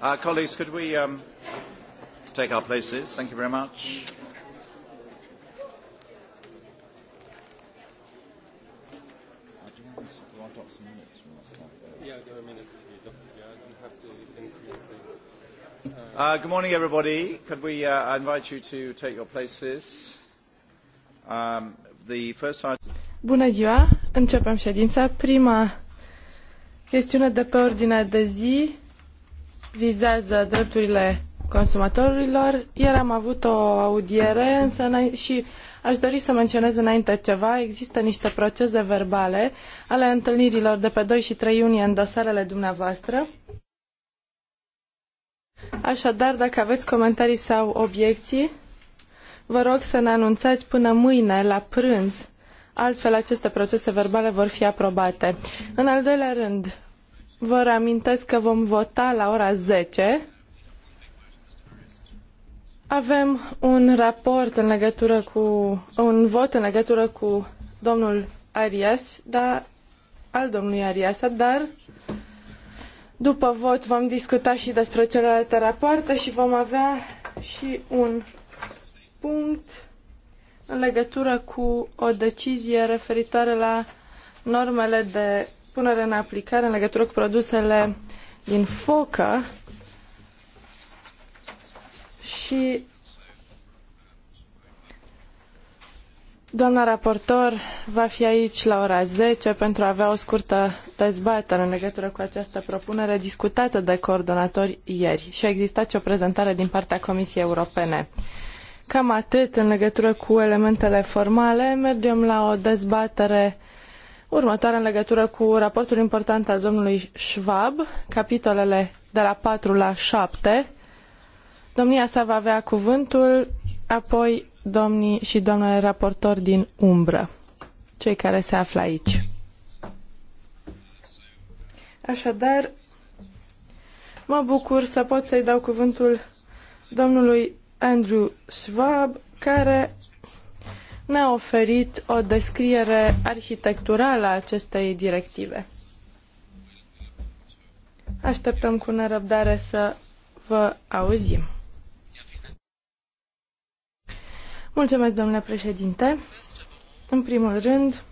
Uh, colleagues, could we um, take our places? Thank you very much. Uh, good morning, everybody. Could we uh, invite you to take your places? Um, the first item. Bună ziua! Începem ședința. Prima chestiune de pe ordinea de zi vizează drepturile consumatorilor. Ieri am avut o audiere însă și aș dori să menționez înainte ceva. Există niște procese verbale ale întâlnirilor de pe 2 și 3 iunie în dosarele dumneavoastră. Așadar, dacă aveți comentarii sau obiecții, vă rog să ne anunțați până mâine la prânz. Altfel, aceste procese verbale vor fi aprobate. În al doilea rând, Vă reamintesc că vom vota la ora zece. Avem un raport în legătură cu un vot în legătură cu domnul Arias, dar al domnului Arias, dar după vot vom discuta și despre celelalte rapoarte și vom avea și un punct în legătură cu o decizie referitoare la normele de punere în aplicare în legătură cu produsele din focă și doamna raportor va fi aici la ora zece pentru a avea o scurtă dezbatere în legătură cu această propunere discutată de coordonatori ieri și a existat și o prezentare din partea Comisiei Europene. Cam atât în legătură cu elementele formale. Mergem la o dezbatere următoare în legătură cu raportul important al domnului Schwab, capitolele de la 4 la 7. Domnia sa va avea cuvântul, apoi domnii și domnule raportori din umbră, cei care se află aici. Așadar, mă bucur să pot să-i dau cuvântul domnului Andrew Schwab, care ne-a oferit o descriere arhitecturală a acestei directive. Așteptăm cu nerăbdare să vă auzim. Mulțumesc, domnule președinte. În primul rând,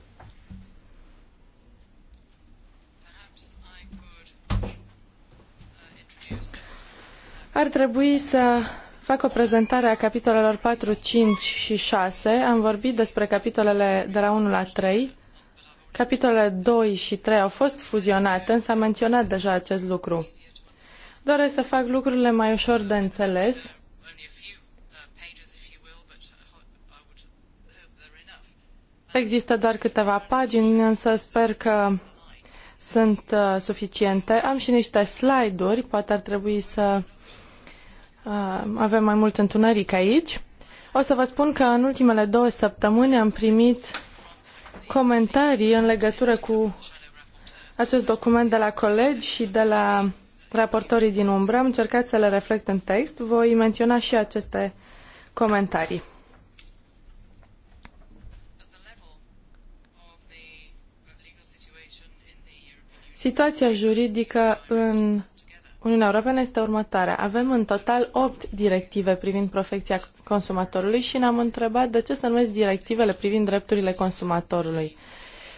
ar trebui să fac o prezentare a capitolelor 4, 5 și 6. Am vorbit despre capitolele de la 1 la 3. Capitolele 2 și 3 au fost fuzionate, însă am menționat deja acest lucru. Doresc să fac lucrurile mai ușor de înțeles. Există doar câteva pagini, însă sper că sunt uh, suficiente. Am și niște slide-uri, poate ar trebui să Uh, avem mai mult întuneric aici. O să vă spun că în ultimele două săptămâni am primit comentarii în legătură cu acest document de la colegi și de la raportorii din umbră. Am încercat să le reflect în text. Voi menționa și aceste comentarii. Situația juridică în Uniunea Europeană este următoarea. Avem în total opt directive privind protecția consumatorului și ne-am întrebat de ce se numesc directivele privind drepturile consumatorului.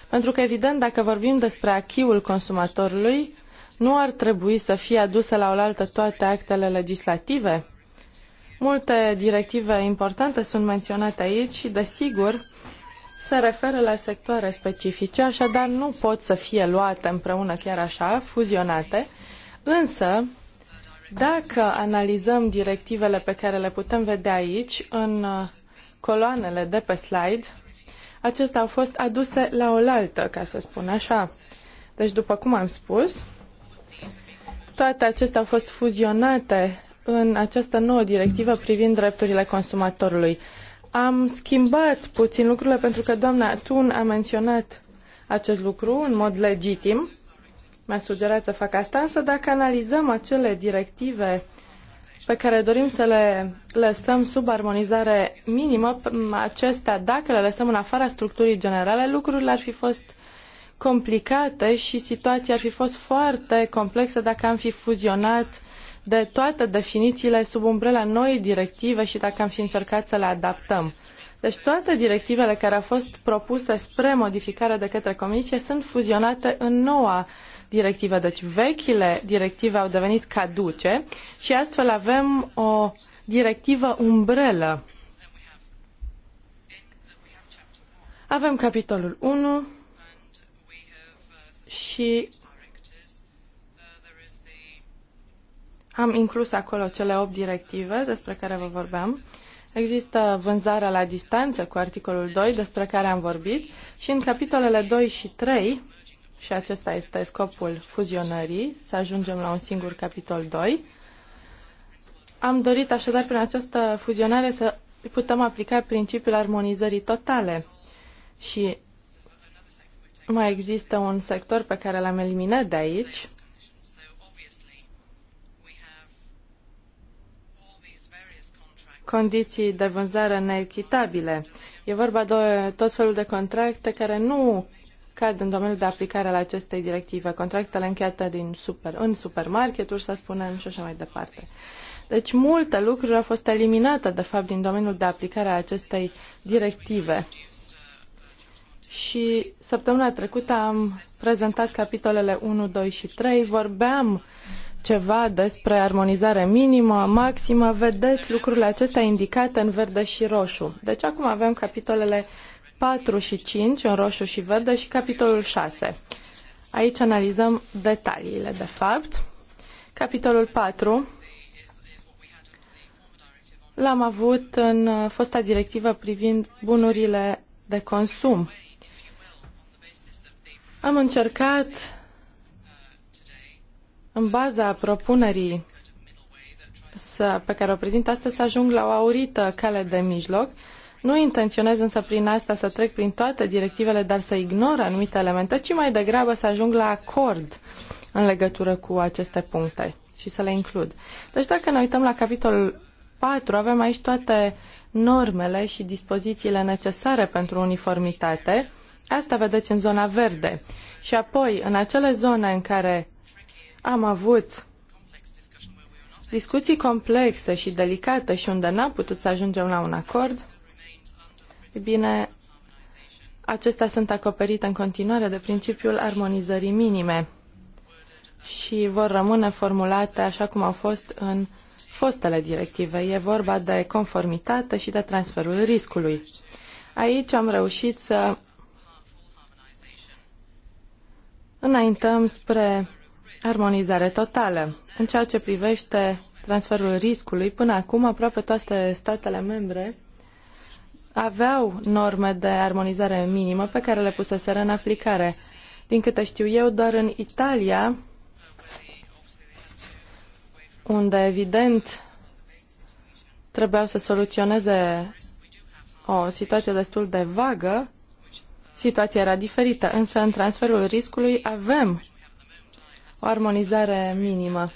Pentru că, evident, dacă vorbim despre achiul consumatorului, nu ar trebui să fie aduse la oaltă toate actele legislative? Multe directive importante sunt menționate aici și, desigur, se referă la sectoare specifice, așadar nu pot să fie luate împreună chiar așa, fuzionate, Însă, dacă analizăm directivele pe care le putem vedea aici, în uh, coloanele de pe slide, acestea au fost aduse la oaltă, ca să spun așa. Deci, după cum am spus, toate acestea au fost fuzionate în această nouă directivă privind drepturile consumatorului. Am schimbat puțin lucrurile pentru că doamna Tun a menționat acest lucru în mod legitim mi-a sugerat să fac asta, însă dacă analizăm acele directive pe care dorim să le lăsăm sub armonizare minimă, acestea, dacă le lăsăm în afara structurii generale, lucrurile ar fi fost complicate și situația ar fi fost foarte complexă dacă am fi fuzionat de toate definițiile sub umbrela noi directive și dacă am fi încercat să le adaptăm. Deci toate directivele care au fost propuse spre modificare de către Comisie sunt fuzionate în noua directivă, Deci vechile directive au devenit caduce și astfel avem o directivă umbrelă. Avem capitolul 1 și am inclus acolo cele 8 directive despre care vă vorbeam. Există vânzarea la distanță cu articolul 2 despre care am vorbit și în capitolele 2 și 3 și acesta este scopul fuzionării, să ajungem la un singur capitol 2. Am dorit așadar prin această fuzionare să putem aplica principiul armonizării totale și mai există un sector pe care l-am eliminat de aici, condiții de vânzare neechitabile. E vorba de tot felul de contracte care nu cad în domeniul de aplicare al acestei directive, contractele încheiate din super, în supermarketuri, să spunem, și așa mai departe. Deci multe lucruri au fost eliminate, de fapt, din domeniul de aplicare a acestei directive. Și săptămâna trecută am prezentat capitolele 1, 2 și 3, vorbeam ceva despre armonizare minimă, maximă, vedeți lucrurile acestea indicate în verde și roșu. Deci acum avem capitolele 4 și 5 în roșu și verde și capitolul 6. Aici analizăm detaliile, de fapt. Capitolul 4 l-am avut în fosta directivă privind bunurile de consum. Am încercat, în baza propunerii pe care o prezint astăzi, să ajung la o aurită cale de mijloc, nu intenționez însă prin asta să trec prin toate directivele, dar să ignor anumite elemente, ci mai degrabă să ajung la acord în legătură cu aceste puncte și să le includ. Deci dacă ne uităm la capitolul 4, avem aici toate normele și dispozițiile necesare pentru uniformitate. Asta vedeți în zona verde. Și apoi, în acele zone în care am avut discuții complexe și delicate și unde n-am putut să ajungem la un acord, bine, acestea sunt acoperite în continuare de principiul armonizării minime și vor rămâne formulate așa cum au fost în fostele directive. E vorba de conformitate și de transferul riscului. Aici am reușit să înaintăm spre armonizare totală. În ceea ce privește transferul riscului, până acum aproape toate statele membre aveau norme de armonizare minimă pe care le puseseră în aplicare. Din câte știu eu, doar în Italia, unde evident trebuiau să soluționeze o situație destul de vagă, situația era diferită, însă în transferul riscului avem o armonizare minimă.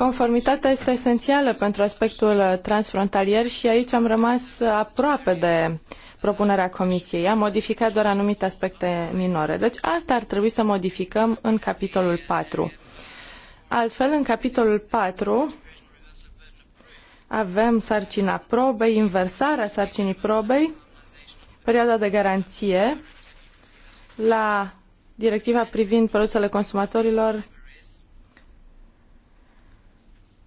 Conformitatea este esențială pentru aspectul uh, transfrontalier și aici am rămas uh, aproape de propunerea Comisiei. Am modificat doar anumite aspecte minore. Deci asta ar trebui să modificăm în capitolul 4. Altfel, în capitolul 4 avem sarcina probei, inversarea sarcinii probei, perioada de garanție la directiva privind produsele consumatorilor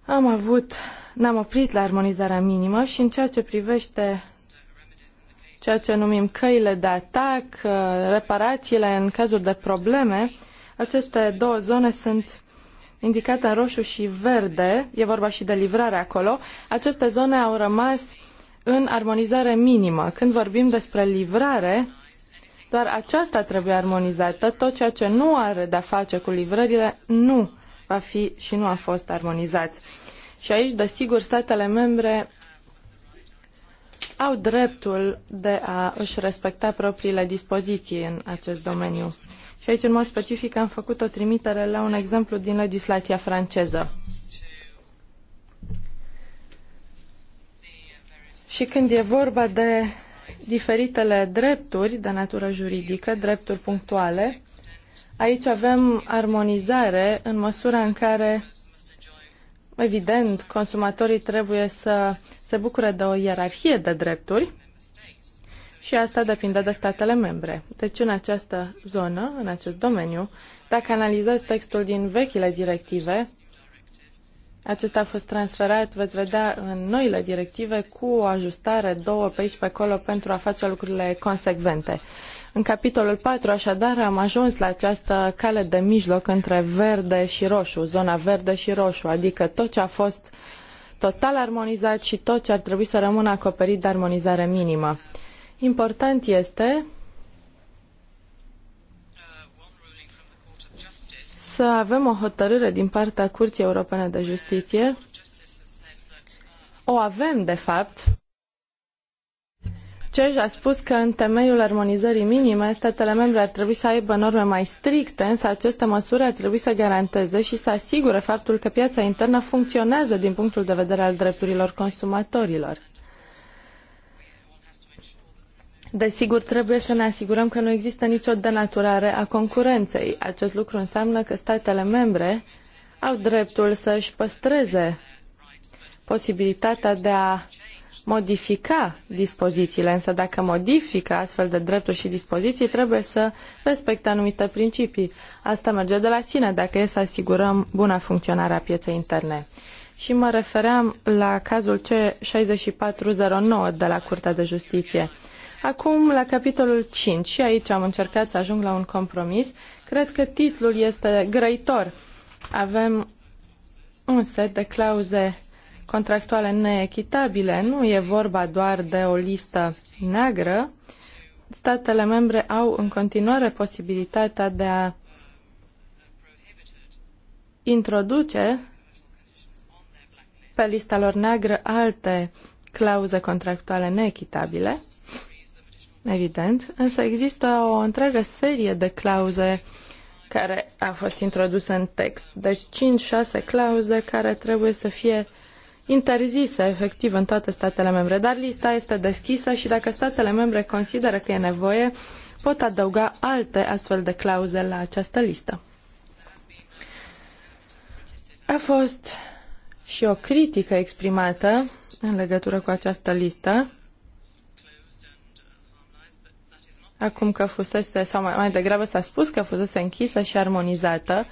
am avut, ne-am oprit la armonizarea minimă și în ceea ce privește ceea ce numim căile de atac, uh, reparațiile în cazuri de probleme, aceste două zone sunt indicate în roșu și verde, e vorba și de livrare acolo, aceste zone au rămas în armonizare minimă. Când vorbim despre livrare, doar aceasta trebuie armonizată, tot ceea ce nu are de-a face cu livrările nu va fi și nu a fost armonizați. Și aici, desigur, statele membre au dreptul de a își respecta propriile dispoziții în acest domeniu. Și aici, în mod specific, am făcut o trimitere la un exemplu din legislația franceză. Și când e vorba de diferitele drepturi de natură juridică, drepturi punctuale, Aici avem armonizare în măsura în care, evident, consumatorii trebuie să se bucure de o ierarhie de drepturi și asta depinde de statele membre. Deci, în această zonă, în acest domeniu, dacă analizați textul din vechile directive, acesta a fost transferat, veți vedea, în noile directive cu o ajustare, două pe aici, pe acolo, pentru a face lucrurile consecvente. În capitolul 4, așadar, am ajuns la această cale de mijloc între verde și roșu, zona verde și roșu, adică tot ce a fost total armonizat și tot ce ar trebui să rămână acoperit de armonizare minimă. Important este să avem o hotărâre din partea Curții Europene de Justiție. O avem, de fapt. CEJ a spus că în temeiul armonizării minime, statele membre ar trebui să aibă norme mai stricte, însă aceste măsuri ar trebui să garanteze și să asigure faptul că piața internă funcționează din punctul de vedere al drepturilor consumatorilor. Desigur, trebuie să ne asigurăm că nu există nicio denaturare a concurenței. Acest lucru înseamnă că statele membre au dreptul să își păstreze posibilitatea de a modifica dispozițiile, însă dacă modifică astfel de drepturi și dispoziții, trebuie să respecte anumite principii. Asta merge de la sine dacă e să asigurăm buna funcționare a pieței interne. Și mă refeream la cazul C6409 de la Curtea de Justiție. Acum, la capitolul 5, și aici am încercat să ajung la un compromis, cred că titlul este grăitor. Avem un set de clauze contractuale neechitabile. Nu e vorba doar de o listă neagră. Statele membre au în continuare posibilitatea de a introduce pe lista lor neagră alte clauze contractuale neechitabile evident, însă există o întreagă serie de clauze care a fost introdusă în text. Deci 5-6 clauze care trebuie să fie interzise efectiv în toate statele membre, dar lista este deschisă și dacă statele membre consideră că e nevoie, pot adăuga alte astfel de clauze la această listă. A fost și o critică exprimată în legătură cu această listă acum că fusese, sau mai, mai degrabă s-a spus că fusese închisă și armonizată,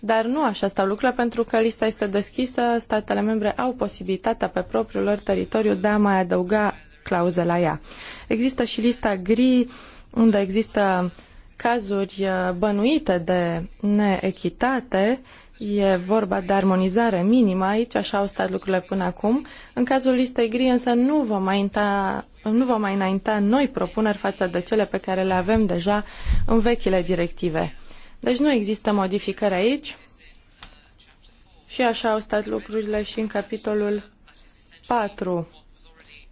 dar nu așa stau lucrurile pentru că lista este deschisă, statele membre au posibilitatea pe propriul lor teritoriu de a mai adăuga clauze la ea. Există și lista gri, unde există cazuri uh, bănuite de neechitate E vorba de armonizare minimă aici, așa au stat lucrurile până acum. În cazul listei gri însă nu vom mai, inta, nu vom mai înainta noi propuneri față de cele pe care le avem deja în vechile directive. Deci nu există modificări aici și așa au stat lucrurile și în capitolul 4.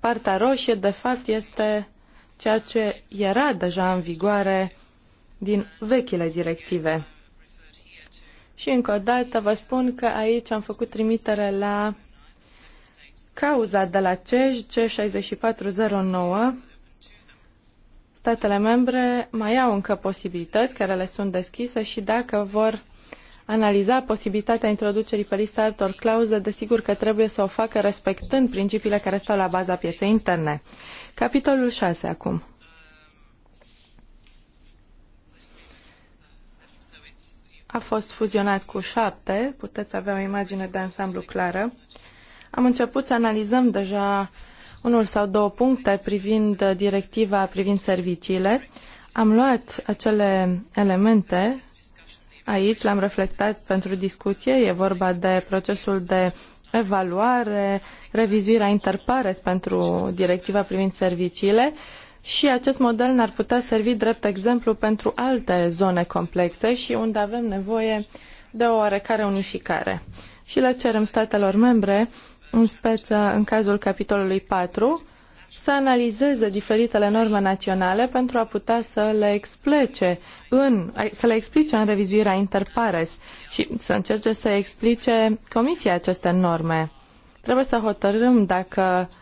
Partea roșie, de fapt, este ceea ce era deja în vigoare din vechile directive. Și încă o dată vă spun că aici am făcut trimitere la cauza de la CEJ, C6409. Statele membre mai au încă posibilități care le sunt deschise și dacă vor analiza posibilitatea introducerii pe lista altor clauze, desigur că trebuie să o facă respectând principiile care stau la baza pieței interne. Capitolul 6 acum. a fost fuzionat cu șapte. puteți avea o imagine de ansamblu clară. Am început să analizăm deja unul sau două puncte privind directiva privind serviciile. Am luat acele elemente aici, le-am reflectat pentru discuție. E vorba de procesul de evaluare, revizuirea interpares pentru directiva privind serviciile și acest model ne-ar putea servi drept exemplu pentru alte zone complexe și unde avem nevoie de o oarecare unificare. Și le cerem statelor membre, în speță în cazul capitolului 4, să analizeze diferitele norme naționale pentru a putea să le explice în, să le explice în revizuirea interpares și să încerce să explice comisia aceste norme. Trebuie să hotărâm dacă uh,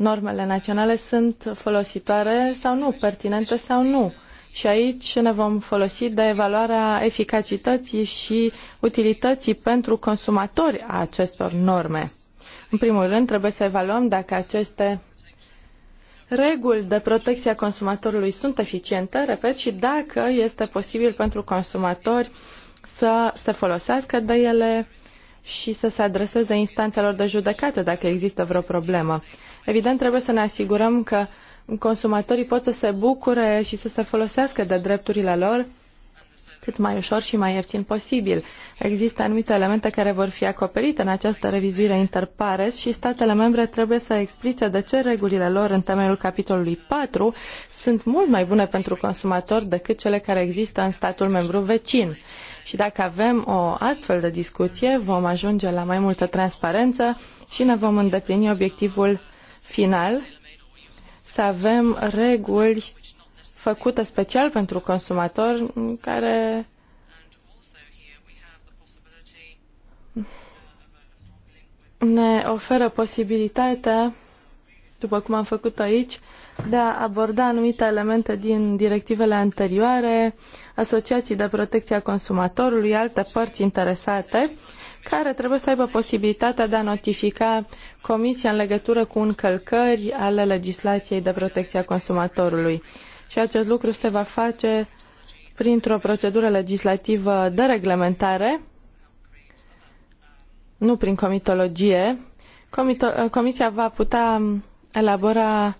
normele naționale sunt folositoare sau nu, pertinente sau nu. Și aici ne vom folosi de evaluarea eficacității și utilității pentru consumatori a acestor norme. În primul rând, trebuie să evaluăm dacă aceste reguli de protecție a consumatorului sunt eficiente, repet, și dacă este posibil pentru consumatori să se folosească de ele, și să se adreseze instanțelor de judecată dacă există vreo problemă. Evident, trebuie să ne asigurăm că consumatorii pot să se bucure și să se folosească de drepturile lor cât mai ușor și mai ieftin posibil. Există anumite elemente care vor fi acoperite în această revizuire interpares și statele membre trebuie să explice de ce regulile lor în temelul capitolului 4 sunt mult mai bune pentru consumatori decât cele care există în statul membru vecin. Și dacă avem o astfel de discuție, vom ajunge la mai multă transparență și ne vom îndeplini obiectivul final să avem reguli făcută special pentru consumator, care ne oferă posibilitatea, după cum am făcut aici, de a aborda anumite elemente din directivele anterioare, asociații de protecție a consumatorului, alte părți interesate, care trebuie să aibă posibilitatea de a notifica Comisia în legătură cu încălcări ale legislației de protecție a consumatorului și acest lucru se va face printr-o procedură legislativă de reglementare, nu prin comitologie. Comito ă, Comisia va putea elabora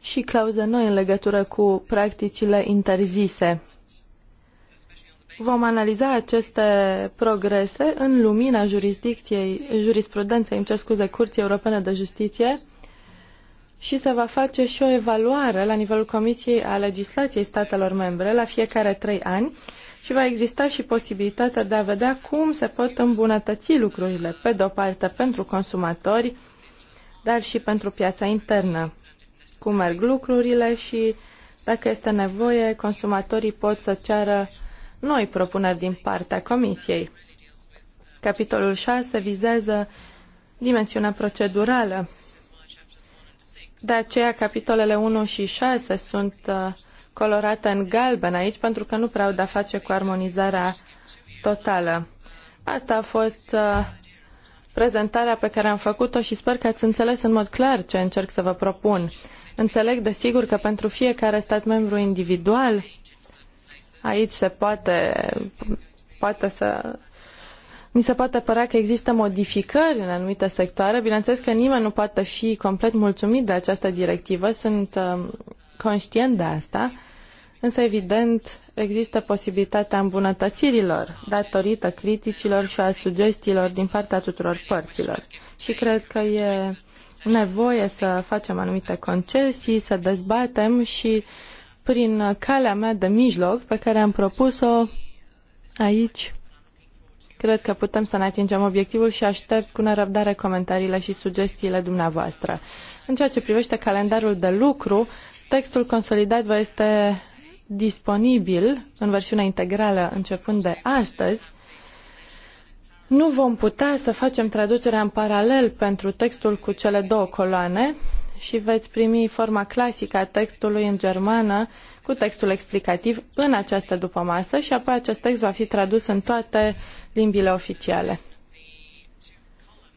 și clauze noi în legătură cu practicile interzise. Vom analiza aceste progrese în lumina jurisdicției, jurisprudenței, îmi cer scuze, Curții Europene de Justiție, și se va face și o evaluare la nivelul Comisiei a legislației statelor membre la fiecare trei ani și va exista și posibilitatea de a vedea cum se pot îmbunătăți lucrurile, pe de o parte pentru consumatori, dar și pentru piața internă. Cum merg lucrurile și, dacă este nevoie, consumatorii pot să ceară noi propuneri din partea Comisiei. Capitolul 6 vizează dimensiunea procedurală de aceea, capitolele 1 și 6 sunt uh, colorate în galben aici, pentru că nu prea au de-a face cu armonizarea totală. Asta a fost uh, prezentarea pe care am făcut-o și sper că ați înțeles în mod clar ce încerc să vă propun. Înțeleg, desigur, că pentru fiecare stat membru individual aici se poate, poate să mi se poate părea că există modificări în anumite sectoare. Bineînțeles că nimeni nu poate fi complet mulțumit de această directivă, sunt um, conștient de asta, însă evident există posibilitatea îmbunătățirilor datorită criticilor și a sugestiilor din partea tuturor părților. Și cred că e nevoie să facem anumite concesii, să dezbatem și prin calea mea de mijloc pe care am propus-o aici Cred că putem să ne atingem obiectivul și aștept cu nerăbdare comentariile și sugestiile dumneavoastră. În ceea ce privește calendarul de lucru, textul consolidat vă este disponibil în versiunea integrală începând de astăzi. Nu vom putea să facem traducerea în paralel pentru textul cu cele două coloane și veți primi forma clasică a textului în germană cu textul explicativ în această dupămasă și apoi acest text va fi tradus în toate limbile oficiale.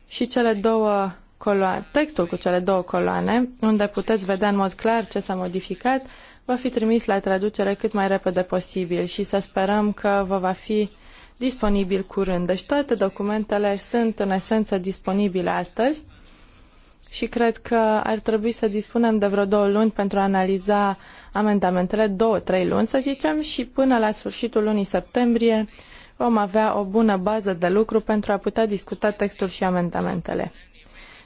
Și cele două coloane, textul cu cele două coloane, unde puteți vedea în mod clar ce s-a modificat, va fi trimis la traducere cât mai repede posibil și să sperăm că vă va fi disponibil curând. Deci toate documentele sunt în esență disponibile astăzi și cred că ar trebui să dispunem de vreo două luni pentru a analiza amendamentele, două, trei luni să zicem, și până la sfârșitul lunii septembrie vom avea o bună bază de lucru pentru a putea discuta textul și amendamentele.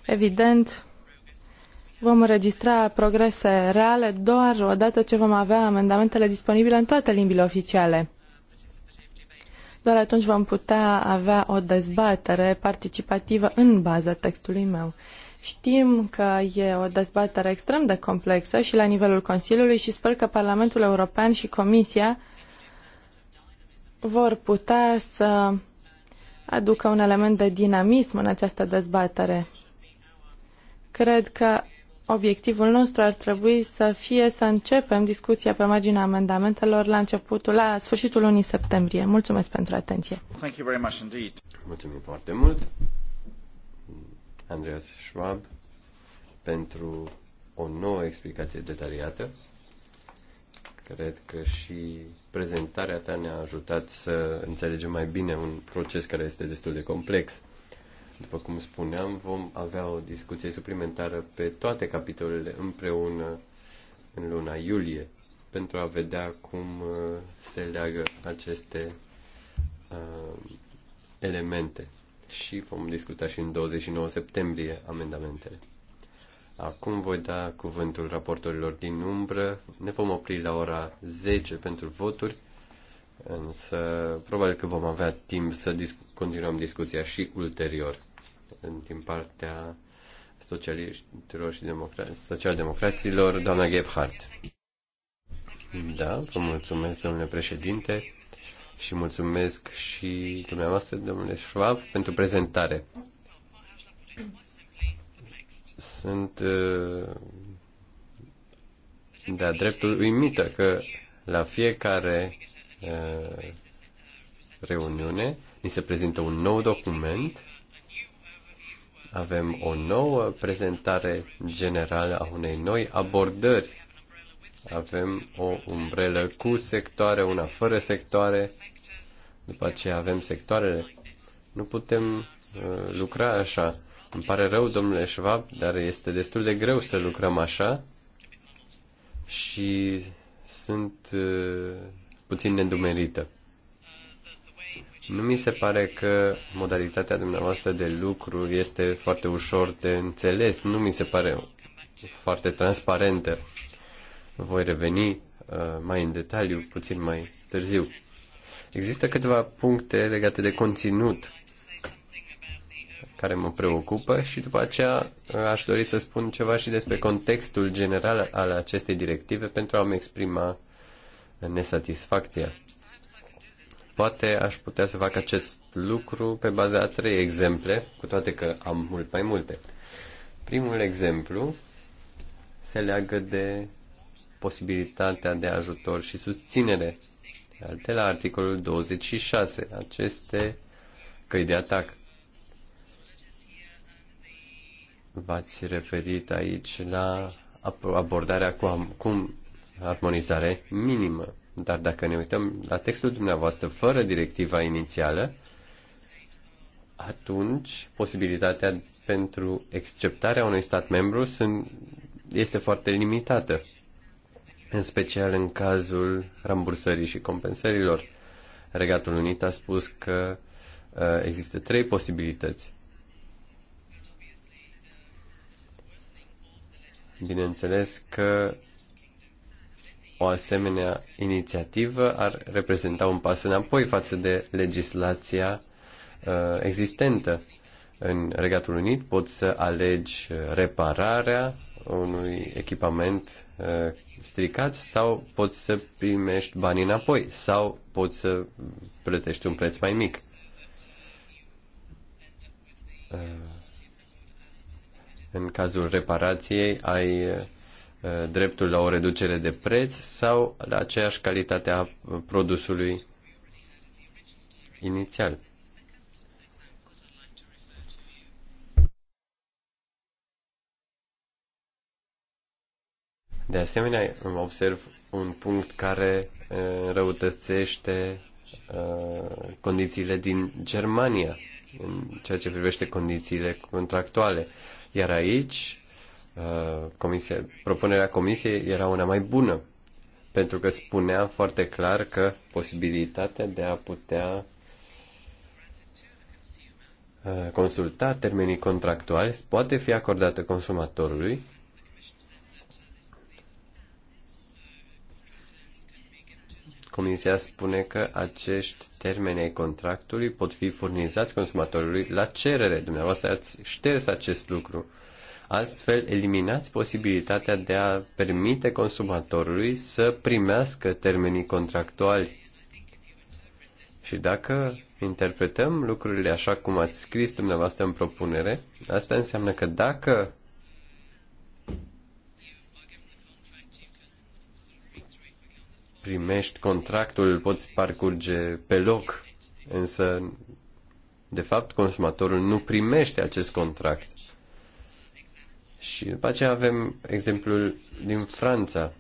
Evident, vom înregistra progrese reale doar odată ce vom avea amendamentele disponibile în toate limbile oficiale. Doar atunci vom putea avea o dezbatere participativă în baza textului meu. Știm că e o dezbatere extrem de complexă și la nivelul Consiliului și sper că Parlamentul European și Comisia vor putea să aducă un element de dinamism în această dezbatere. Cred că obiectivul nostru ar trebui să fie să începem discuția pe marginea amendamentelor la începutul, la sfârșitul lunii septembrie. Mulțumesc pentru atenție. Mulțumim foarte mult. Andreas Schwab pentru o nouă explicație detaliată. Cred că și prezentarea ta ne-a ajutat să înțelegem mai bine un proces care este destul de complex. După cum spuneam, vom avea o discuție suplimentară pe toate capitolele împreună în luna iulie pentru a vedea cum uh, se leagă aceste uh, elemente și vom discuta și în 29 septembrie amendamentele. Acum voi da cuvântul raportorilor din umbră. Ne vom opri la ora 10 pentru voturi, însă probabil că vom avea timp să dis- continuăm discuția și ulterior din partea socialiștilor și democra- democraților doamna Gebhardt. Da, vă mulțumesc, domnule președinte și mulțumesc și dumneavoastră, domnule Schwab, pentru prezentare. Sunt uh, de-a dreptul uimită că la fiecare uh, reuniune ni se prezintă un nou document, avem o nouă prezentare generală a unei noi abordări avem o umbrelă cu sectoare, una fără sectoare după ce avem sectoarele. Nu putem uh, lucra așa. Îmi pare rău, domnule Schwab, dar este destul de greu să lucrăm așa și sunt uh, puțin nedumerită. Nu mi se pare că modalitatea dumneavoastră de lucru este foarte ușor de înțeles, nu mi se pare foarte transparentă. Voi reveni uh, mai în detaliu puțin mai târziu. Există câteva puncte legate de conținut care mă preocupă și după aceea uh, aș dori să spun ceva și despre contextul general al acestei directive pentru a-mi exprima nesatisfacția. Poate aș putea să fac acest lucru pe baza a trei exemple, cu toate că am mult mai multe. Primul exemplu se leagă de posibilitatea de ajutor și susținere alte la articolul 26, aceste căi de atac. V-ați referit aici la abordarea cu, cum armonizare minimă. Dar dacă ne uităm la textul dumneavoastră fără directiva inițială, atunci posibilitatea pentru acceptarea unui stat membru sunt, este foarte limitată în special în cazul rambursării și compensărilor. Regatul Unit a spus că uh, există trei posibilități. Bineînțeles că o asemenea inițiativă ar reprezenta un pas înapoi față de legislația uh, existentă. În Regatul Unit poți să alegi repararea unui echipament uh, stricat sau poți să primești banii înapoi sau poți să plătești un preț mai mic. Uh, în cazul reparației ai uh, dreptul la o reducere de preț sau la aceeași calitate a produsului inițial. De asemenea, observ un punct care uh, răutățește uh, condițiile din Germania în ceea ce privește condițiile contractuale. Iar aici, uh, comisia, propunerea comisiei era una mai bună, pentru că spunea foarte clar că posibilitatea de a putea consulta termenii contractuali poate fi acordată consumatorului Comisia spune că acești termeni ai contractului pot fi furnizați consumatorului la cerere. Dumneavoastră ați șters acest lucru. Astfel, eliminați posibilitatea de a permite consumatorului să primească termenii contractuali. Și dacă interpretăm lucrurile așa cum ați scris dumneavoastră în propunere, asta înseamnă că dacă primești contractul, îl poți parcurge pe loc, însă, de fapt, consumatorul nu primește acest contract. Și după aceea avem exemplul din Franța.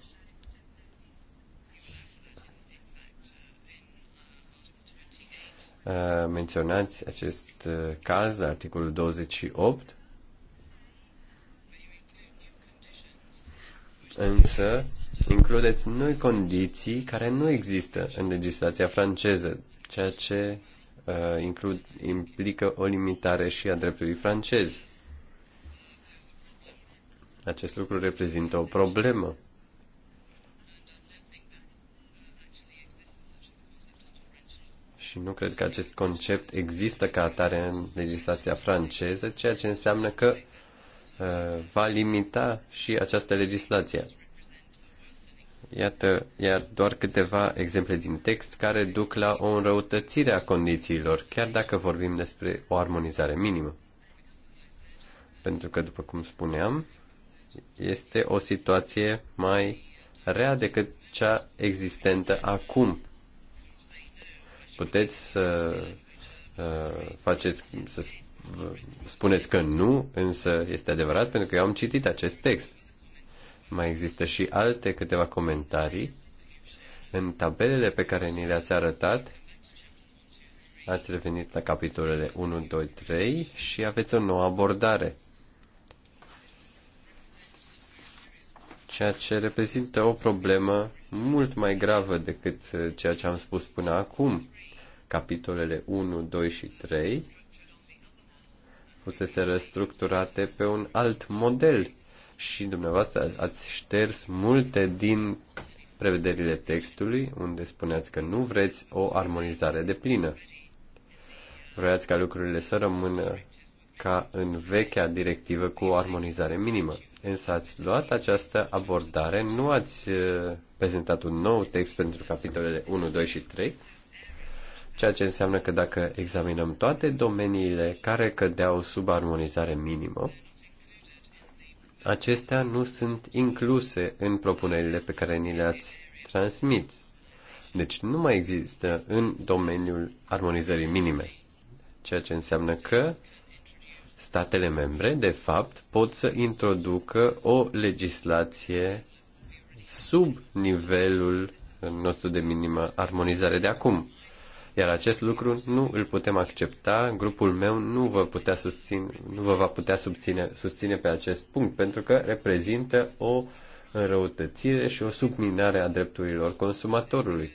Uh, menționați acest uh, caz articolul 28, însă includeți noi condiții care nu există în legislația franceză, ceea ce uh, includ, implică o limitare și a dreptului francez. Acest lucru reprezintă o problemă. Și nu cred că acest concept există ca atare în legislația franceză, ceea ce înseamnă că uh, va limita și această legislație. Iată, iar doar câteva exemple din text care duc la o înrăutățire a condițiilor, chiar dacă vorbim despre o armonizare minimă. Pentru că, după cum spuneam, este o situație mai rea decât cea existentă acum. Puteți să uh, faceți, să spuneți că nu, însă este adevărat pentru că eu am citit acest text. Mai există și alte câteva comentarii. În tabelele pe care ni le-ați arătat, ați revenit la capitolele 1, 2, 3 și aveți o nouă abordare. Ceea ce reprezintă o problemă mult mai gravă decât ceea ce am spus până acum. Capitolele 1, 2 și 3 fusese restructurate pe un alt model și dumneavoastră ați șters multe din prevederile textului, unde spuneați că nu vreți o armonizare de plină. Vreați ca lucrurile să rămână ca în vechea directivă cu o armonizare minimă. Însă ați luat această abordare, nu ați uh, prezentat un nou text pentru capitolele 1, 2 și 3, ceea ce înseamnă că dacă examinăm toate domeniile care cădeau sub armonizare minimă, acestea nu sunt incluse în propunerile pe care ni le-ați transmit. Deci nu mai există în domeniul armonizării minime, ceea ce înseamnă că statele membre, de fapt, pot să introducă o legislație sub nivelul nostru de minimă armonizare de acum. Iar acest lucru nu îl putem accepta, grupul meu nu vă, putea susține, nu vă va putea subține, susține pe acest punct, pentru că reprezintă o înrăutățire și o subminare a drepturilor consumatorului.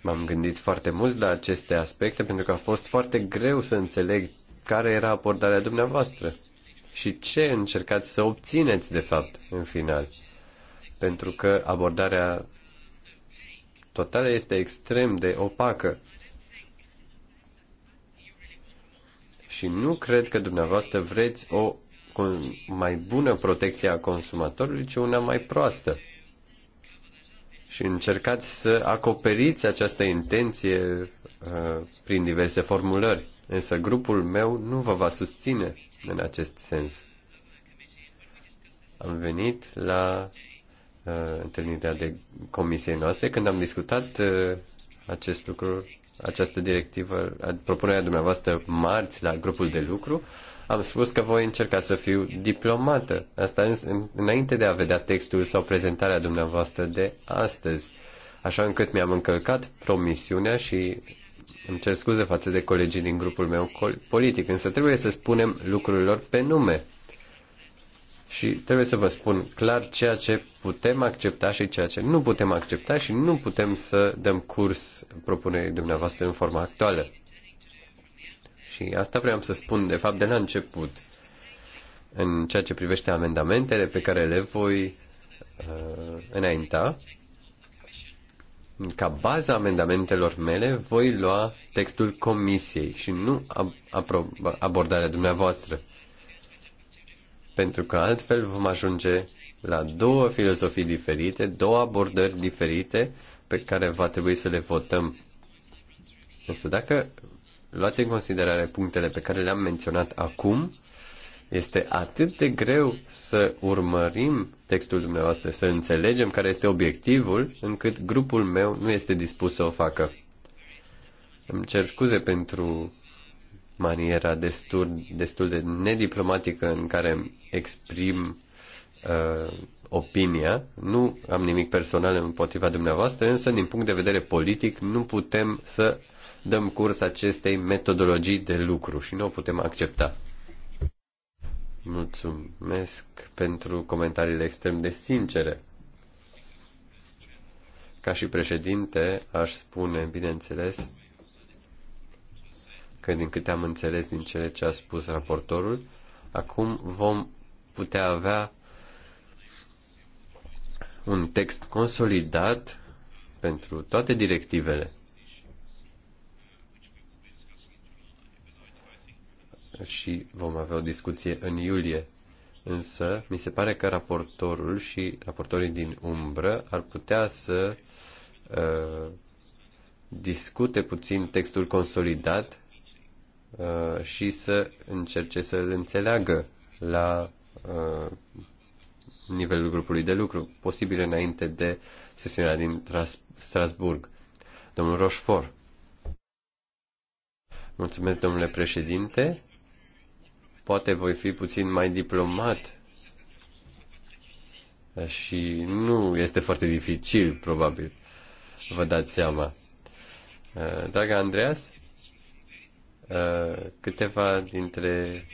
M-am gândit foarte mult la aceste aspecte pentru că a fost foarte greu să înțeleg care era abordarea dumneavoastră și ce încercați să obțineți de fapt în final. Pentru că abordarea totală este extrem de opacă și nu cred că dumneavoastră vreți o mai bună protecție a consumatorului, ci una mai proastă. Și încercați să acoperiți această intenție uh, prin diverse formulări. Însă grupul meu nu vă va susține în acest sens. Am venit la uh, întâlnirea de comisiei noastre când am discutat uh, acest lucru această directivă, propunerea dumneavoastră marți la grupul de lucru, am spus că voi încerca să fiu diplomată. Asta în, înainte de a vedea textul sau prezentarea dumneavoastră de astăzi. Așa încât mi-am încălcat promisiunea și îmi cer scuze față de colegii din grupul meu politic, însă trebuie să spunem lucrurilor pe nume și trebuie să vă spun clar ceea ce putem accepta și ceea ce nu putem accepta și nu putem să dăm curs propunerii dumneavoastră în forma actuală. Și asta vreau să spun, de fapt, de la început, în ceea ce privește amendamentele pe care le voi uh, înainta, ca baza amendamentelor mele, voi lua textul comisiei și nu ab- abordarea dumneavoastră pentru că altfel vom ajunge la două filozofii diferite, două abordări diferite pe care va trebui să le votăm. Însă dacă luați în considerare punctele pe care le-am menționat acum, este atât de greu să urmărim textul dumneavoastră, să înțelegem care este obiectivul, încât grupul meu nu este dispus să o facă. Îmi cer scuze pentru maniera destul, destul de nediplomatică în care exprim uh, opinia. Nu am nimic personal împotriva dumneavoastră, însă din punct de vedere politic nu putem să dăm curs acestei metodologii de lucru și nu o putem accepta. Mulțumesc pentru comentariile extrem de sincere. Ca și președinte, aș spune, bineînțeles, că din câte am înțeles din cele ce a spus raportorul, acum vom putea avea un text consolidat pentru toate directivele. Și vom avea o discuție în iulie. Însă, mi se pare că raportorul și raportorii din umbră ar putea să uh, discute puțin textul consolidat uh, și să încerce să-l înțeleagă la Uh, nivelul grupului de lucru, posibil înainte de sesiunea din Strasburg. Domnul Rochefort. Mulțumesc, domnule președinte. Poate voi fi puțin mai diplomat și nu este foarte dificil, probabil. Vă dați seama. Uh, dragă Andreas, uh, câteva dintre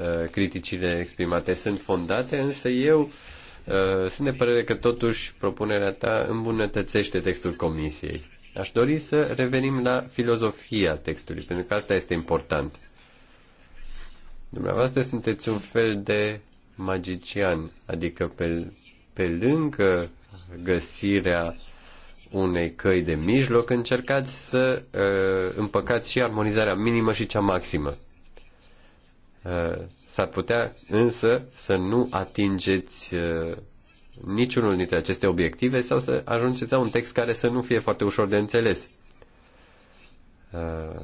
Uh, criticile exprimate sunt fondate, însă eu uh, sunt de părere că totuși propunerea ta îmbunătățește textul comisiei. Aș dori să revenim la filozofia textului, pentru că asta este important. Dumneavoastră sunteți un fel de magician, adică pe, pe lângă găsirea unei căi de mijloc, încercați să uh, împăcați și armonizarea minimă și cea maximă. Uh, s-ar putea însă să nu atingeți uh, niciunul dintre aceste obiective sau să ajungeți la un text care să nu fie foarte ușor de înțeles. Uh,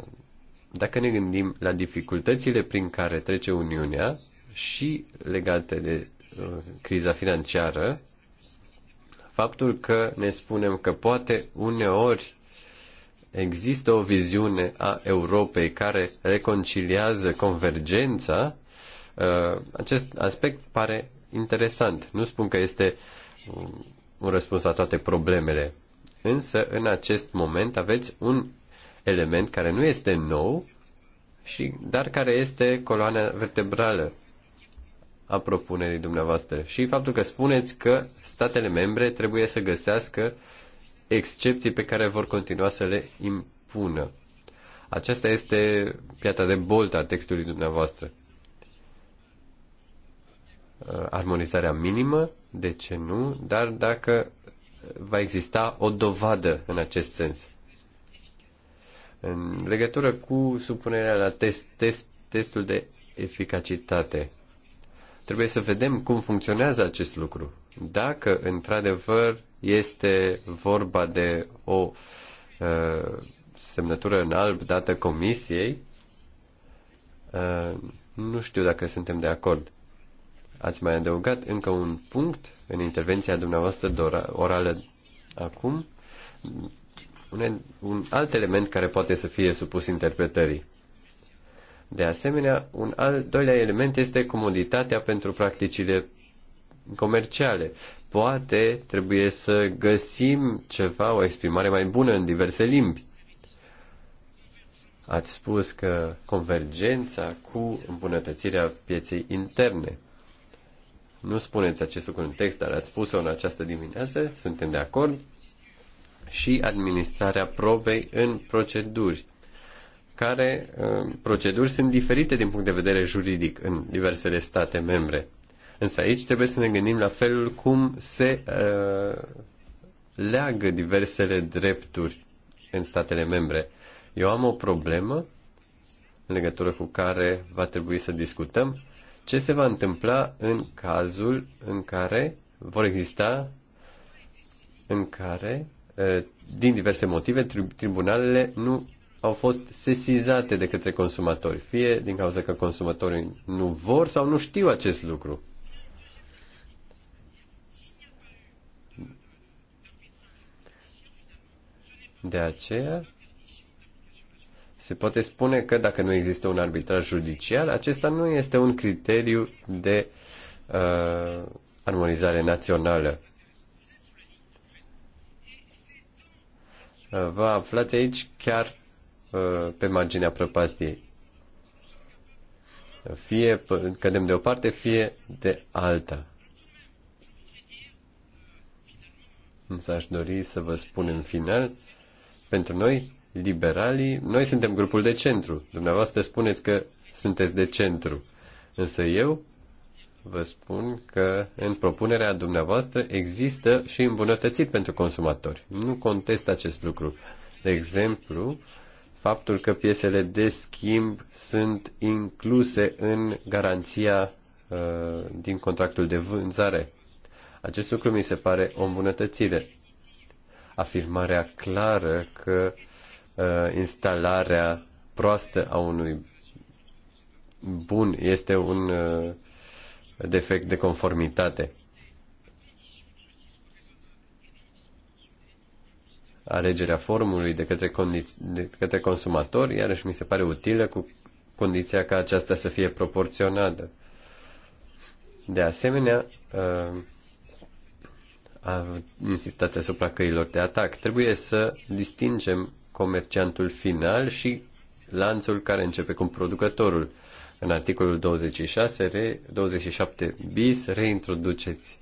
dacă ne gândim la dificultățile prin care trece Uniunea și legate de criza financiară, faptul că ne spunem că poate uneori există o viziune a Europei care reconciliază convergența, uh, acest aspect pare interesant. Nu spun că este un răspuns la toate problemele, însă în acest moment aveți un element care nu este nou, și, dar care este coloana vertebrală a propunerii dumneavoastră și faptul că spuneți că statele membre trebuie să găsească uh, excepții pe care vor continua să le impună. Aceasta este piatra de bolt a textului dumneavoastră. Uh, armonizarea minimă, de ce nu, dar dacă va exista o dovadă în acest sens. În legătură cu supunerea la test, test, testul de eficacitate, Trebuie să vedem cum funcționează acest lucru. Dacă, într-adevăr, este vorba de o uh, semnătură în alb dată comisiei, uh, nu știu dacă suntem de acord. Ați mai adăugat încă un punct în intervenția dumneavoastră dora, orală acum. Un, un alt element care poate să fie supus interpretării. De asemenea, un al doilea element este comoditatea pentru practicile comerciale. Poate trebuie să găsim ceva, o exprimare mai bună în diverse limbi. Ați spus că convergența cu îmbunătățirea pieței interne. Nu spuneți acest lucru în text, dar ați spus-o în această dimineață, suntem de acord, și administrarea probei în proceduri care uh, proceduri sunt diferite din punct de vedere juridic în diversele state membre. Însă aici trebuie să ne gândim la felul cum se uh, leagă diversele drepturi în statele membre. Eu am o problemă în legătură cu care va trebui să discutăm ce se va întâmpla în cazul în care vor exista în care, uh, din diverse motive, tribunalele nu au fost sesizate de către consumatori, fie din cauza că consumatorii nu vor sau nu știu acest lucru. De aceea, se poate spune că dacă nu există un arbitraj judiciar, acesta nu este un criteriu de uh, armonizare națională. Uh, vă aflați aici chiar Uh, pe marginea prăpastiei. Fie cădem de o parte, fie de alta. Însă aș dori să vă spun în final, pentru noi, liberalii, noi suntem grupul de centru. Dumneavoastră spuneți că sunteți de centru. Însă eu vă spun că în propunerea dumneavoastră există și îmbunătățiri pentru consumatori. Nu contest acest lucru. De exemplu, faptul că piesele de schimb sunt incluse în garanția uh, din contractul de vânzare. Acest lucru mi se pare o îmbunătățire. Afirmarea clară că uh, instalarea proastă a unui bun este un uh, defect de conformitate. alegerea formului de către, de către consumator, iarăși mi se pare utilă cu condiția ca aceasta să fie proporționată. De asemenea, uh, a insistat asupra căilor de atac. Trebuie să distingem comerciantul final și lanțul care începe cu producătorul. În articolul 26, re, 27 bis, reintroduceți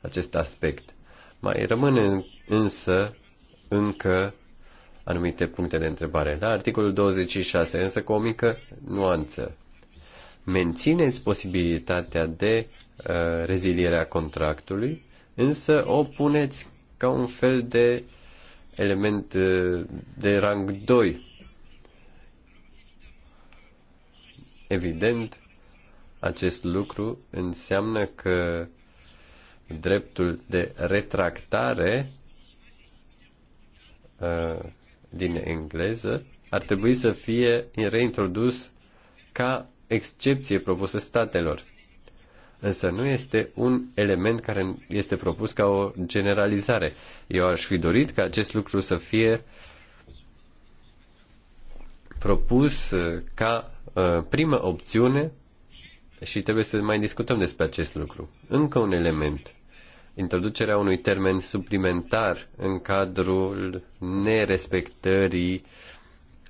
acest aspect. Mai rămâne, însă încă anumite puncte de întrebare. La articolul 26, însă cu o mică nuanță. Mențineți posibilitatea de uh, reziliere a contractului, însă o puneți ca un fel de element uh, de rang 2. Evident, acest lucru înseamnă că dreptul de retractare Uh, din engleză ar trebui să fie reintrodus ca excepție propusă statelor. Însă nu este un element care este propus ca o generalizare. Eu aș fi dorit ca acest lucru să fie propus uh, ca uh, primă opțiune și trebuie să mai discutăm despre acest lucru. Încă un element introducerea unui termen suplimentar în cadrul nerespectării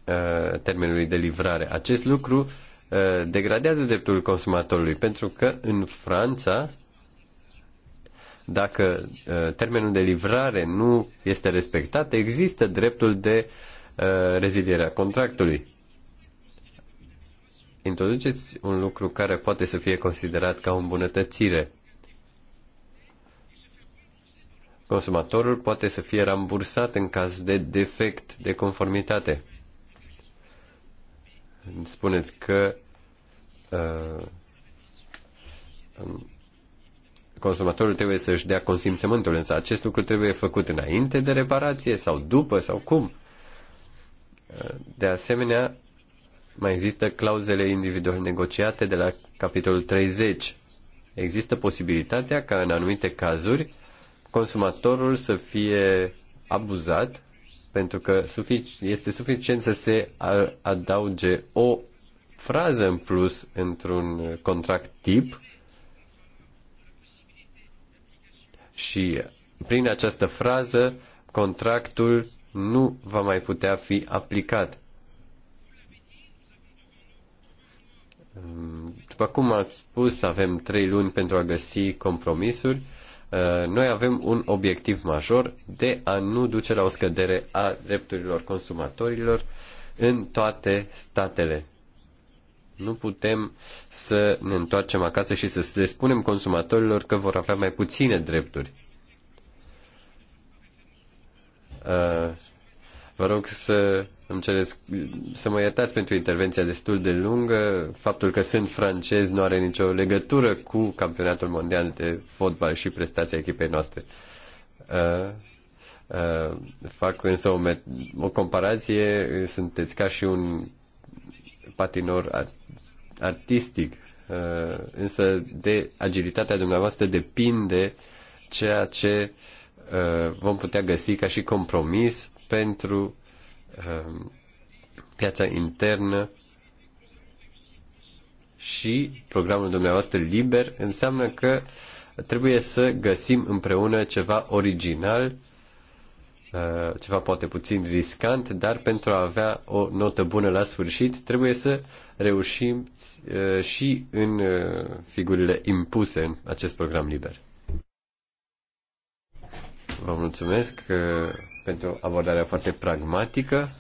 uh, termenului de livrare. Acest lucru uh, degradează dreptul consumatorului, pentru că în Franța, dacă uh, termenul de livrare nu este respectat, există dreptul de rezilierea contractului. Introduceți un lucru care poate să fie considerat ca o îmbunătățire Consumatorul poate să fie rambursat în caz de defect de conformitate. Spuneți că uh, um, consumatorul trebuie să-și dea consimțământul, însă acest lucru trebuie făcut înainte de reparație sau după sau cum. Uh, de asemenea, mai există clauzele individual negociate de la capitolul 30. Există posibilitatea ca în anumite cazuri consumatorul să fie abuzat pentru că este suficient să se adauge o frază în plus într-un contract tip și prin această frază contractul nu va mai putea fi aplicat. După cum ați spus, avem trei luni pentru a găsi compromisuri. Uh, noi avem un obiectiv major de a nu duce la o scădere a drepturilor consumatorilor în toate statele. Nu putem să ne întoarcem acasă și să le spunem consumatorilor că vor avea mai puține drepturi. Uh, vă rog să îmi cer să mă iertați pentru intervenția destul de lungă. Faptul că sunt francez nu are nicio legătură cu campionatul mondial de fotbal și prestația echipei noastre. Uh, uh, fac însă o, o comparație. Sunteți ca și un patinor ar- artistic. Uh, însă de agilitatea dumneavoastră depinde ceea ce uh, vom putea găsi ca și compromis pentru Um, piața internă și programul dumneavoastră liber înseamnă că trebuie să găsim împreună ceva original, uh, ceva poate puțin riscant, dar pentru a avea o notă bună la sfârșit trebuie să reușim uh, și în uh, figurile impuse în acest program liber. Vă mulțumesc pentru abordarea foarte pragmatică.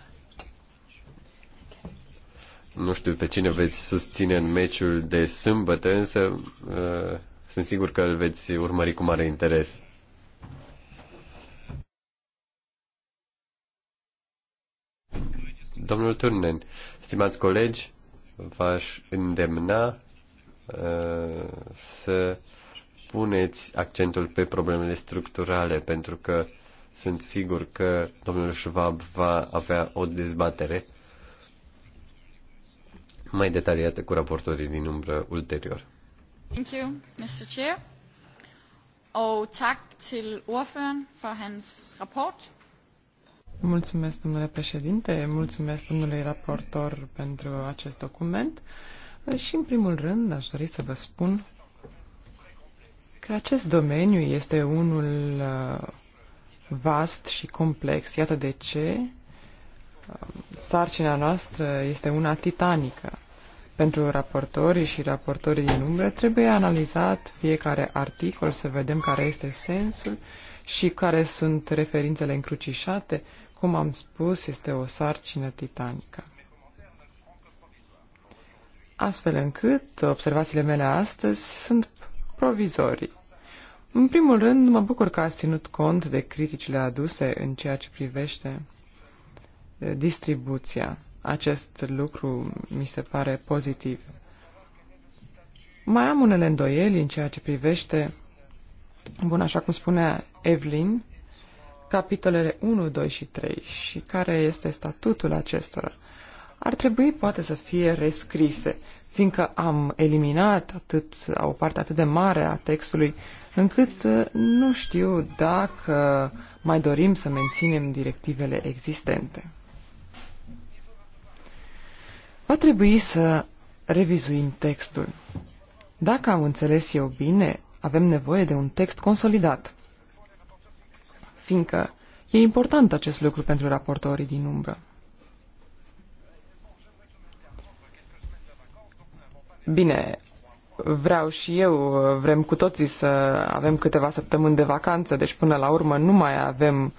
Nu știu pe cine veți susține în meciul de sâmbătă, însă uh, sunt sigur că îl veți urmări cu mare interes. Domnul Turnen, stimați colegi, v-aș îndemna uh, să puneți accentul pe problemele structurale, pentru că uh, sunt sigur că domnul Schwab va avea o dezbatere mai detaliată cu raportorii din umbră ulterior. Thank you, Mr. Chair. Og tak til ordføreren for hans rapport. Mulțumesc, domnule președinte, mulțumesc, domnului raportor, pentru acest document. Și, în primul rând, aș dori să vă spun că acest domeniu este unul vast și complex. Iată de ce um, sarcina noastră este una titanică. Pentru raportorii și raportorii din umbră trebuie analizat fiecare articol să vedem care este sensul și care sunt referințele încrucișate. Cum am spus, este o sarcină titanică. Astfel încât observațiile mele astăzi sunt provizorii. În primul rând, mă bucur că ați ținut cont de criticile aduse în ceea ce privește distribuția. Acest lucru mi se pare pozitiv. Mai am unele îndoieli în ceea ce privește, bun, așa cum spunea Evelyn, capitolele 1, 2 și 3 și care este statutul acestora. Ar trebui poate să fie rescrise fiindcă am eliminat atât, o parte atât de mare a textului, încât uh, nu știu dacă mai dorim să menținem directivele existente. Va trebui să revizuim textul. Dacă am înțeles eu bine, avem nevoie de un text consolidat, fiindcă e important acest lucru pentru raportorii din umbră. Bine, vreau și eu, vrem cu toții să avem câteva săptămâni de vacanță, deci până la urmă nu mai avem,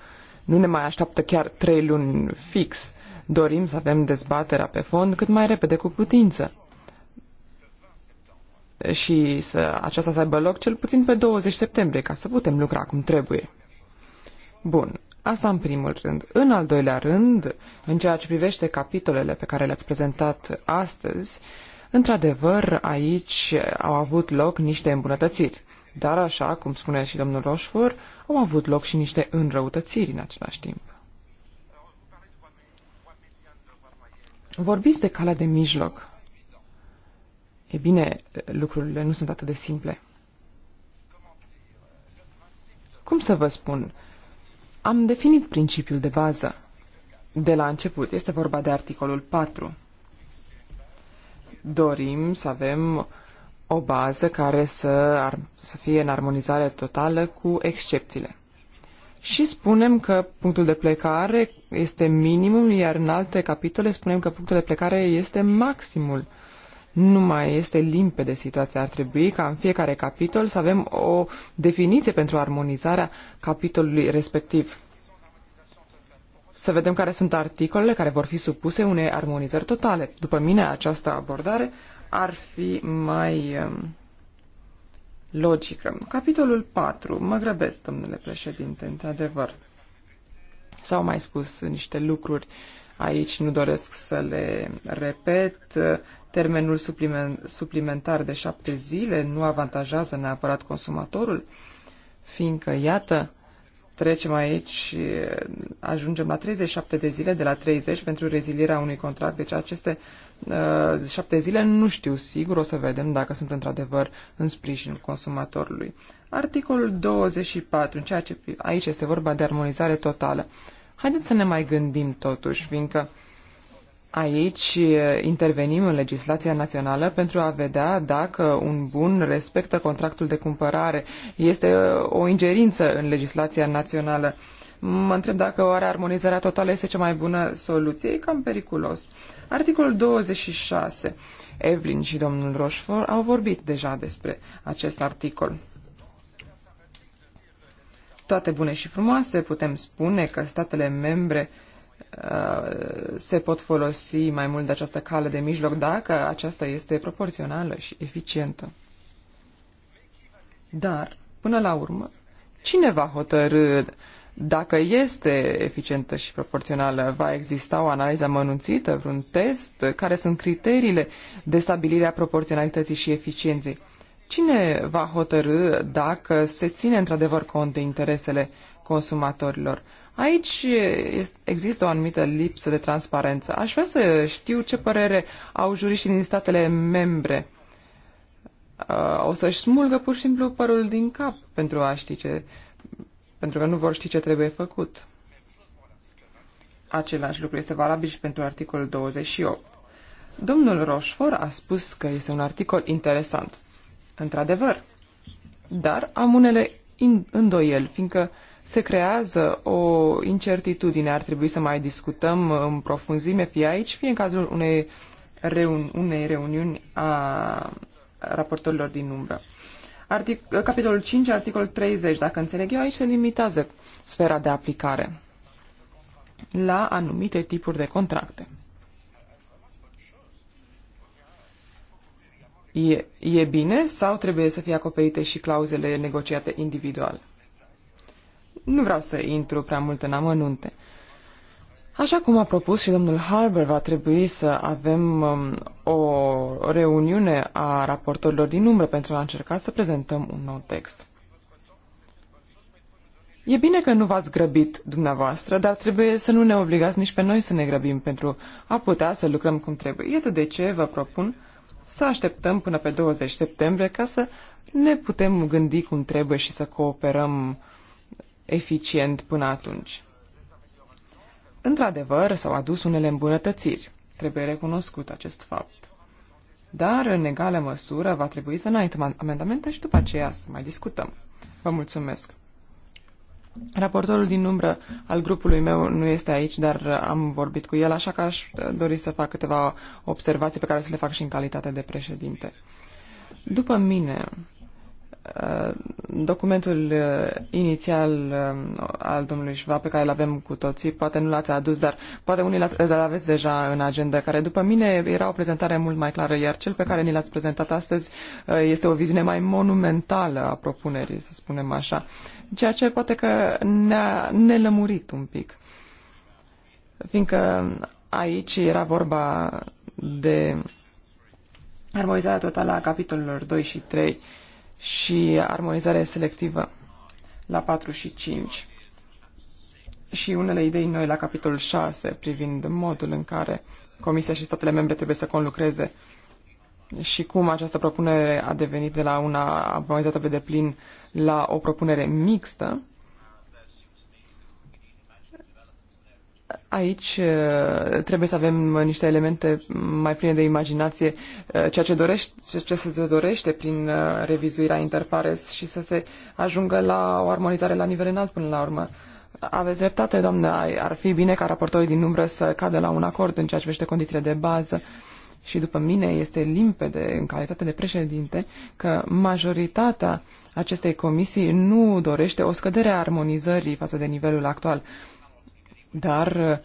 nu ne mai așteaptă chiar trei luni fix. Dorim să avem dezbaterea pe fond cât mai repede cu putință. Și să aceasta să aibă loc cel puțin pe 20 septembrie, ca să putem lucra cum trebuie. Bun, asta în primul rând. În al doilea rând, în ceea ce privește capitolele pe care le-ați prezentat astăzi, uh, Într-adevăr, aici au avut loc niște îmbunătățiri, dar așa, cum spune și domnul Roșfor, au avut loc și niște înrăutățiri în același timp. Vorbiți de calea de mijloc. E bine, lucrurile nu sunt atât de simple. Cum să vă spun? Am definit principiul de bază. De la început este vorba de articolul 4 dorim să avem o bază care să, ar, să fie în armonizare totală cu excepțiile. Și spunem că punctul de plecare este minimum, iar în alte capitole spunem că punctul de plecare este maximul. Nu mai este limpede situația. Ar trebui ca în fiecare capitol să avem o definiție pentru armonizarea capitolului respectiv să vedem care sunt articolele care vor fi supuse unei armonizări totale. După mine, această abordare ar fi mai um, logică. Capitolul 4. Mă grăbesc, domnule președinte, într-adevăr. S-au mai spus niște lucruri aici, nu doresc să le repet. Termenul suplimentar de șapte zile nu avantajează neapărat consumatorul, fiindcă, iată, Trecem aici și eh, ajungem la 37 de zile, de la 30 pentru rezilierea unui contract. Deci aceste uh, șapte zile nu știu sigur, o să vedem dacă sunt într-adevăr în sprijinul consumatorului. Articolul 24, în ceea ce aici este vorba de armonizare totală. Haideți să ne mai gândim totuși, fiindcă uh, Aici intervenim în legislația națională pentru a vedea dacă un bun respectă contractul de cumpărare. Este o ingerință în legislația națională. Mă întreb dacă oare armonizarea totală este cea mai bună soluție. E cam periculos. Articolul 26. Evelyn și domnul Rochefort au vorbit deja despre acest articol. Toate bune și frumoase putem spune că statele membre uh, Uh, se pot folosi mai mult de această cale de mijloc dacă aceasta este proporțională și eficientă. Dar, până la urmă, cine va hotărâ dacă este eficientă și proporțională? Va exista o analiză mănunțită, vreun test? Care sunt criteriile de stabilire a proporționalității și eficienței? Cine va hotărâ dacă se ține într-adevăr cont de interesele consumatorilor? Aici există o anumită lipsă de transparență. Aș vrea să știu ce părere au juriștii din statele membre. Uh, o să-și smulgă pur și simplu părul din cap pentru a ști ce, pentru că nu vor ști ce trebuie făcut. Același lucru este valabil și pentru articolul 28. Domnul Roșfor a spus că este un articol interesant. Într-adevăr, dar am unele îndoieli, fiindcă uh, se creează o incertitudine. Ar trebui să mai discutăm în profunzime, fie aici, fie în cadrul unei, reuni- unei reuniuni a raportorilor din umbră. Artic- capitolul 5, articol 30, dacă înțeleg eu, aici se limitează sfera de aplicare la anumite tipuri de contracte. E, e bine sau trebuie să fie acoperite și clauzele negociate individual? Nu vreau să intru prea mult în amănunte. Așa cum a propus și domnul Harber, va trebui să avem um, o reuniune a raportorilor din umbră pentru a încerca să prezentăm un nou text. E bine că nu v-ați grăbit dumneavoastră, dar trebuie să nu ne obligați nici pe noi să ne grăbim pentru a putea să lucrăm cum trebuie. Iată de ce vă propun să așteptăm până pe 20 septembrie ca să ne putem gândi cum trebuie și să cooperăm eficient până atunci. Într-adevăr, s-au adus unele îmbunătățiri. Trebuie recunoscut acest fapt. Dar, în egală măsură, va trebui să înaintăm amendamente și după aceea să mai discutăm. Vă mulțumesc. Raportorul din umbră al grupului meu nu este aici, dar am vorbit cu el, așa că aș dori să fac câteva observații pe care să le fac și în calitate de președinte. După mine, Uh, documentul uh, inițial uh, al domnului Șva, pe care îl avem cu toții, poate nu l-ați adus, dar poate unii l-ați, aveți deja în agenda, care după mine era o prezentare mult mai clară, iar cel pe care ni l-ați prezentat astăzi este o viziune mai monumentală a propunerii, să spunem așa, ceea ce poate că ne-a nelămurit un pic. Fiindcă aici era vorba de armonizarea totală a capitolelor 2 și 3 și armonizare selectivă la 4 și 5 și unele idei noi la capitolul 6 privind modul în care Comisia și statele membre trebuie să conlucreze și cum această propunere a devenit de la una armonizată pe deplin la o propunere mixtă. Aici uh, trebuie să avem niște elemente mai pline de imaginație, uh, ceea ce, dorește, ce se dorește prin uh, revizuirea interpares și să se ajungă la o armonizare la nivel înalt până la urmă. Aveți dreptate, doamnă, ar fi bine ca raportorii din umbră să cadă la un acord în ceea ce vește condițiile de bază și după mine este limpede în calitate de președinte că majoritatea acestei comisii nu dorește o scădere a armonizării față de nivelul actual. Dar uh,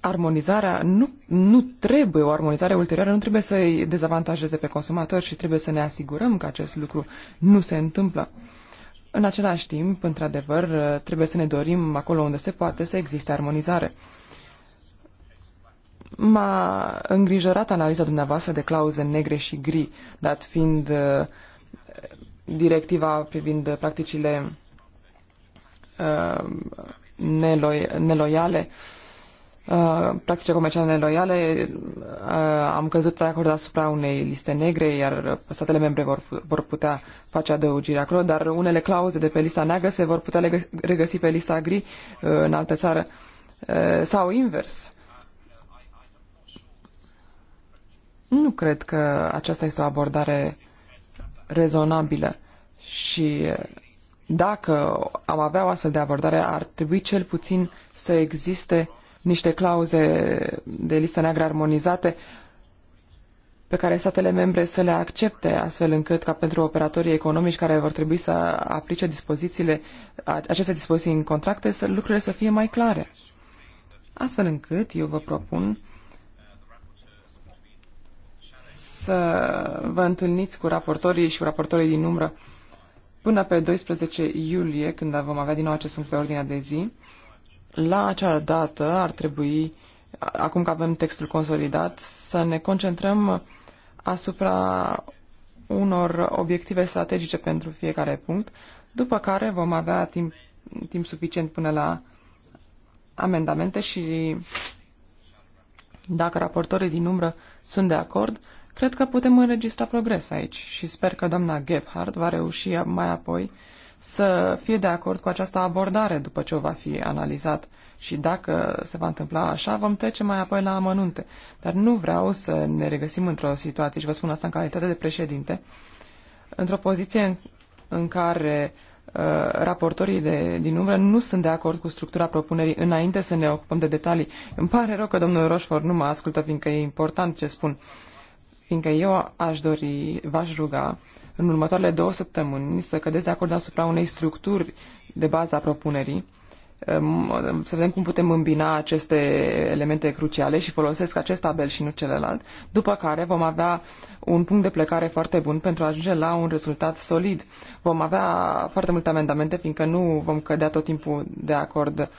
armonizarea nu, nu trebuie, o armonizare ulterioară nu trebuie să-i dezavantajeze pe consumatori și trebuie să ne asigurăm că acest lucru nu se întâmplă. În același timp, într-adevăr, uh, trebuie să ne dorim acolo unde se poate să existe armonizare. M-a îngrijorat analiza dumneavoastră de clauze negre și gri, dat fiind uh, directiva privind practicile uh, neloi, neloiale, uh, practice comerciale neloiale. Uh, am căzut de acord asupra unei liste negre, iar statele membre vor, vor putea face adăugiri acolo, dar unele clauze de pe lista neagră se vor putea regăsi pe lista gri uh, în altă țară sau invers. Nu cred că aceasta este o abordare rezonabilă și dacă am avea o astfel de abordare, ar trebui cel puțin să existe niște clauze de listă neagră armonizate pe care statele membre să le accepte, astfel încât ca pentru operatorii economici care vor trebui să aplice dispozițiile, aceste dispoziții în contracte, să, lucrurile să fie mai clare. Astfel încât eu vă propun să vă întâlniți cu raportorii și cu raportorii din umbră până pe 12 iulie, când vom avea din nou acest punct pe ordinea de zi, la acea dată ar trebui, acum că avem textul consolidat, să ne concentrăm asupra unor obiective strategice pentru fiecare punct, după care vom avea timp, timp suficient până la amendamente și dacă raportorii din umbră sunt de acord, Cred că putem înregistra progres aici și sper că doamna Gebhardt va reuși mai apoi să fie de acord cu această abordare după ce o va fi analizat și dacă se va întâmpla așa, vom trece mai apoi la amănunte. Dar nu vreau să ne regăsim într-o situație, și vă spun asta în calitate de președinte, într-o poziție în, în care uh, raportorii de, din umbră nu sunt de acord cu structura propunerii înainte să ne ocupăm de detalii. Îmi pare rău că domnul Roșfor nu mă ascultă, fiindcă e important ce spun. Uh, fiindcă eu aș dori, v-aș ruga în următoarele două săptămâni să cădeți de acord asupra unei structuri de bază a propunerii, ehm, să vedem cum putem îmbina aceste elemente cruciale și folosesc acest tabel și nu celălalt, după care vom avea un punct de plecare foarte bun pentru a ajunge la un rezultat solid. Vom avea foarte multe amendamente, fiindcă nu vom cădea tot timpul de acord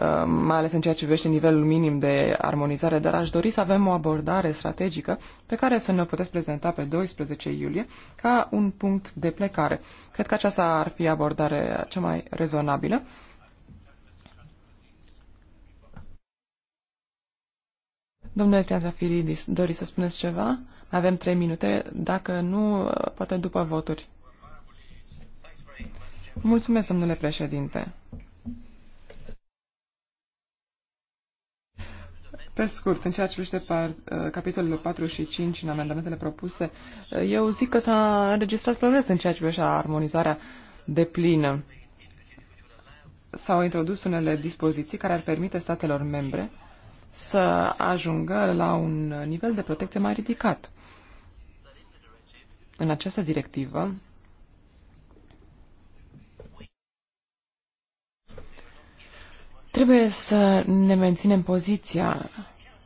Uh, mai ales în ceea ce privește nivelul minim de armonizare, dar aș dori să avem o abordare strategică pe care să ne o puteți prezenta pe 12 iulie ca un punct de plecare. Cred că aceasta ar fi abordarea cea mai rezonabilă. Domnule Triantafilidis, doriți să spuneți ceva? Avem trei minute, dacă nu, poate după voturi. Mulțumesc, domnule președinte. Pe scurt, în ceea ce privește uh, capitolele 4 și 5 în amendamentele propuse, uh, eu zic că s-a înregistrat progres în ceea ce privește armonizarea de plină. S-au introdus unele dispoziții care ar permite statelor membre să ajungă la un nivel de protecție mai ridicat. În această directivă Trebuie să ne menținem poziția,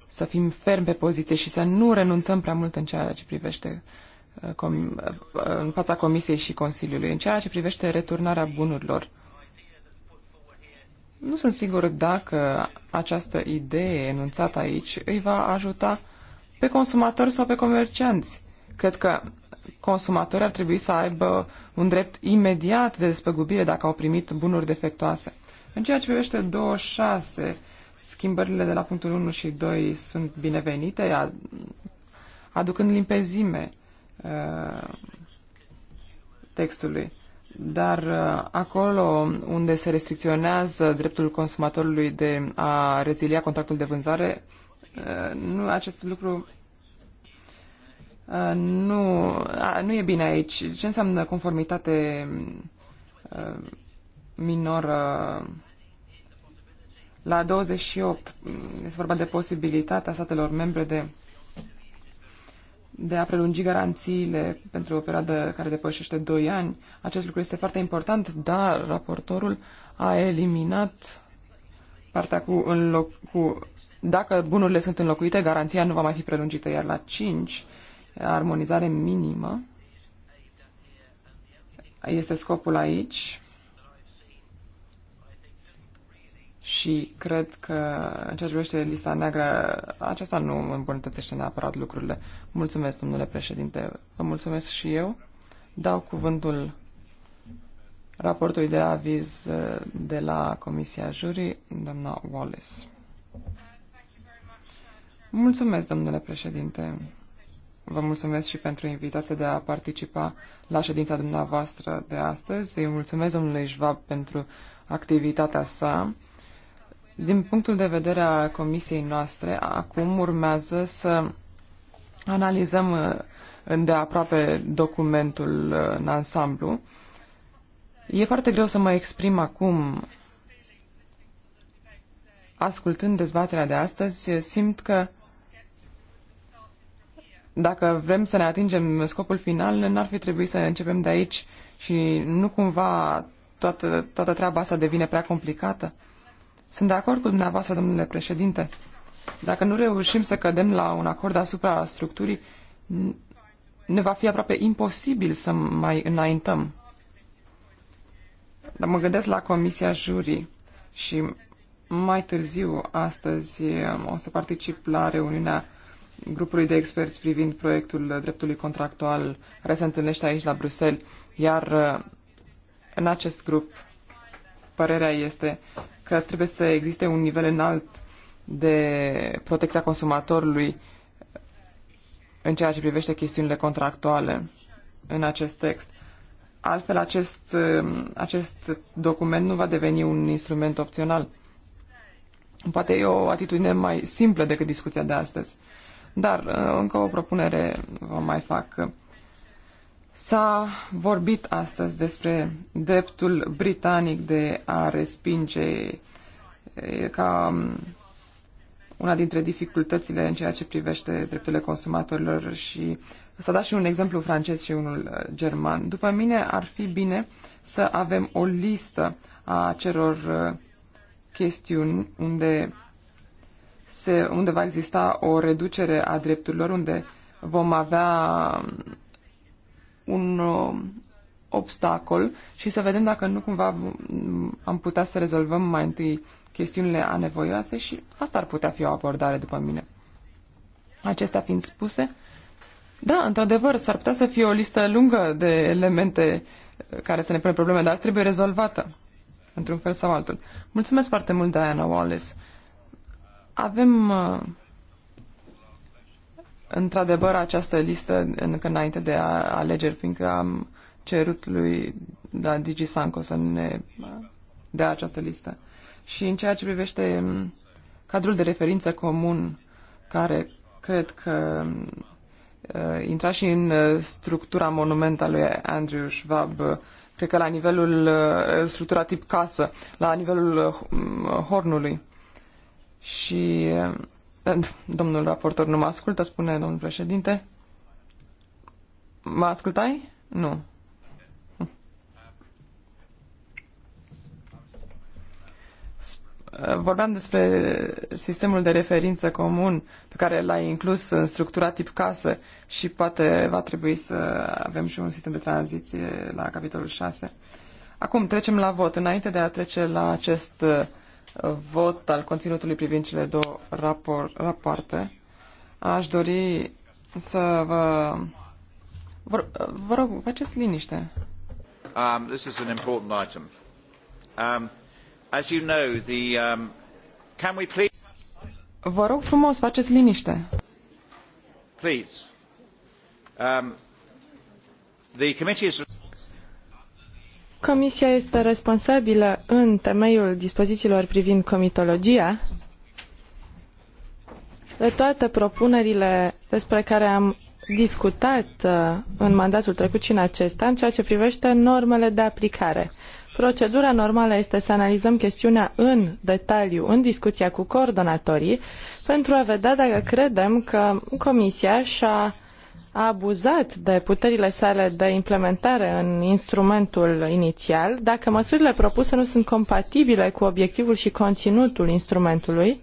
să fim fermi pe poziție și să nu renunțăm prea mult în ceea ce privește uh, uh, în fața Comisiei și Consiliului, în ceea ce privește returnarea bunurilor. Nu sunt sigur dacă această idee enunțată aici îi va ajuta pe consumatori sau pe comercianți. Cred că consumatorii ar trebui să aibă un drept imediat de despăgubire dacă au primit bunuri defectoase. În ceea ce privește 26, schimbările de la punctul 1 și 2 sunt binevenite, aducând limpezime textului. Dar acolo unde se restricționează dreptul consumatorului de a rezilia contractul de vânzare, nu, acest lucru nu, nu e bine aici. Ce înseamnă conformitate minoră. La 28 este vorba de posibilitatea statelor membre de, de a prelungi garanțiile pentru o perioadă care depășește 2 ani. Acest lucru este foarte important, dar raportorul a eliminat partea cu, înloc, cu dacă bunurile sunt înlocuite, garanția nu va mai fi prelungită, iar la 5, armonizare minimă, este scopul aici. și cred că în ceea ce privește lista neagră, aceasta nu îmbunătățește neapărat lucrurile. Mulțumesc, domnule președinte. Vă mulțumesc și eu. Dau cuvântul raportului de aviz uh, de la Comisia Jurii, doamna Wallace. Mulțumesc, domnule președinte. Vă mulțumesc și pentru invitația de a participa la ședința dumneavoastră de astăzi. Îi mulțumesc domnului Schwab pentru activitatea sa din punctul de vedere a comisiei noastre, acum urmează să analizăm uh, îndeaproape documentul uh, în ansamblu. E foarte greu să mă exprim acum. Ascultând dezbaterea de astăzi, simt că dacă vrem să ne atingem scopul final, n-ar fi trebuit să începem de aici și nu cumva toată, toată treaba asta devine prea complicată. Sunt de acord cu dumneavoastră, domnule președinte. Dacă nu reușim să cădem la un acord asupra structurii, ne va fi aproape imposibil să mai înaintăm. Dar mă gândesc la Comisia Jurii și mai târziu astăzi o să particip la reuniunea grupului de experți privind proiectul dreptului contractual care se întâlnește aici la Bruxelles, iar în acest grup părerea este că trebuie să existe un nivel înalt de protecția consumatorului în ceea ce privește chestiunile contractuale în acest text. Altfel, acest, acest document nu va deveni un instrument opțional. Poate e o atitudine mai simplă decât discuția de astăzi. Dar încă o propunere vă mai fac. S-a vorbit astăzi despre dreptul britanic de a respinge ca una dintre dificultățile în ceea ce privește drepturile consumatorilor și s-a dat și un exemplu francez și unul uh, german. După mine ar fi bine să avem o listă a celor uh, chestiuni unde, se, unde va exista o reducere a drepturilor, unde vom avea un uh, obstacol și să vedem dacă nu cumva am putea să rezolvăm mai întâi chestiunile anevoioase și asta ar putea fi o abordare după mine. Acestea fiind spuse, da, într-adevăr, s-ar putea să fie o listă lungă de elemente uh, care să ne pună probleme, dar trebuie rezolvată într-un fel sau altul. Mulțumesc foarte mult, Diana Wallace. Avem uh, într-adevăr această listă încă înainte de alegeri, fiindcă am cerut lui da, Digi Sanco să ne dea această listă. Și în ceea ce privește mm, cadrul de referință comun, care cred că mm, uh, intra și în uh, structura monumentală a lui Andrew Schwab, uh, cred că la nivelul, uh, structura tip casă, la nivelul uh, mm, hornului. Și uh, Eh, domnul raportor nu mă ascultă, spune domnul președinte. Mă ascultai? Nu. Vorbeam despre sistemul de referință comun pe care l-ai inclus în structura tip casă și poate va trebui să avem și un sistem de tranziție la capitolul 6. Acum trecem la vot. Înainte de a trece la acest vot al conținutului privind cele două rapor, rapoarte, aș dori să vă... Vă, vă rog, faceți liniște. Um, this is an important item. Um, as you know, the... Um, can we please... Vă rog frumos, faceți liniște. Please. Um, the committee is... Comisia este responsabilă în temeiul dispozițiilor privind comitologia de toate propunerile despre care am discutat uh, în mandatul trecut și în acesta în ceea ce privește normele de aplicare. Procedura normală este să analizăm chestiunea în detaliu în discuția cu coordonatorii pentru a vedea dacă credem că Comisia și-a a abuzat de puterile sale de implementare în instrumentul inițial, dacă măsurile propuse nu sunt compatibile cu obiectivul și conținutul instrumentului,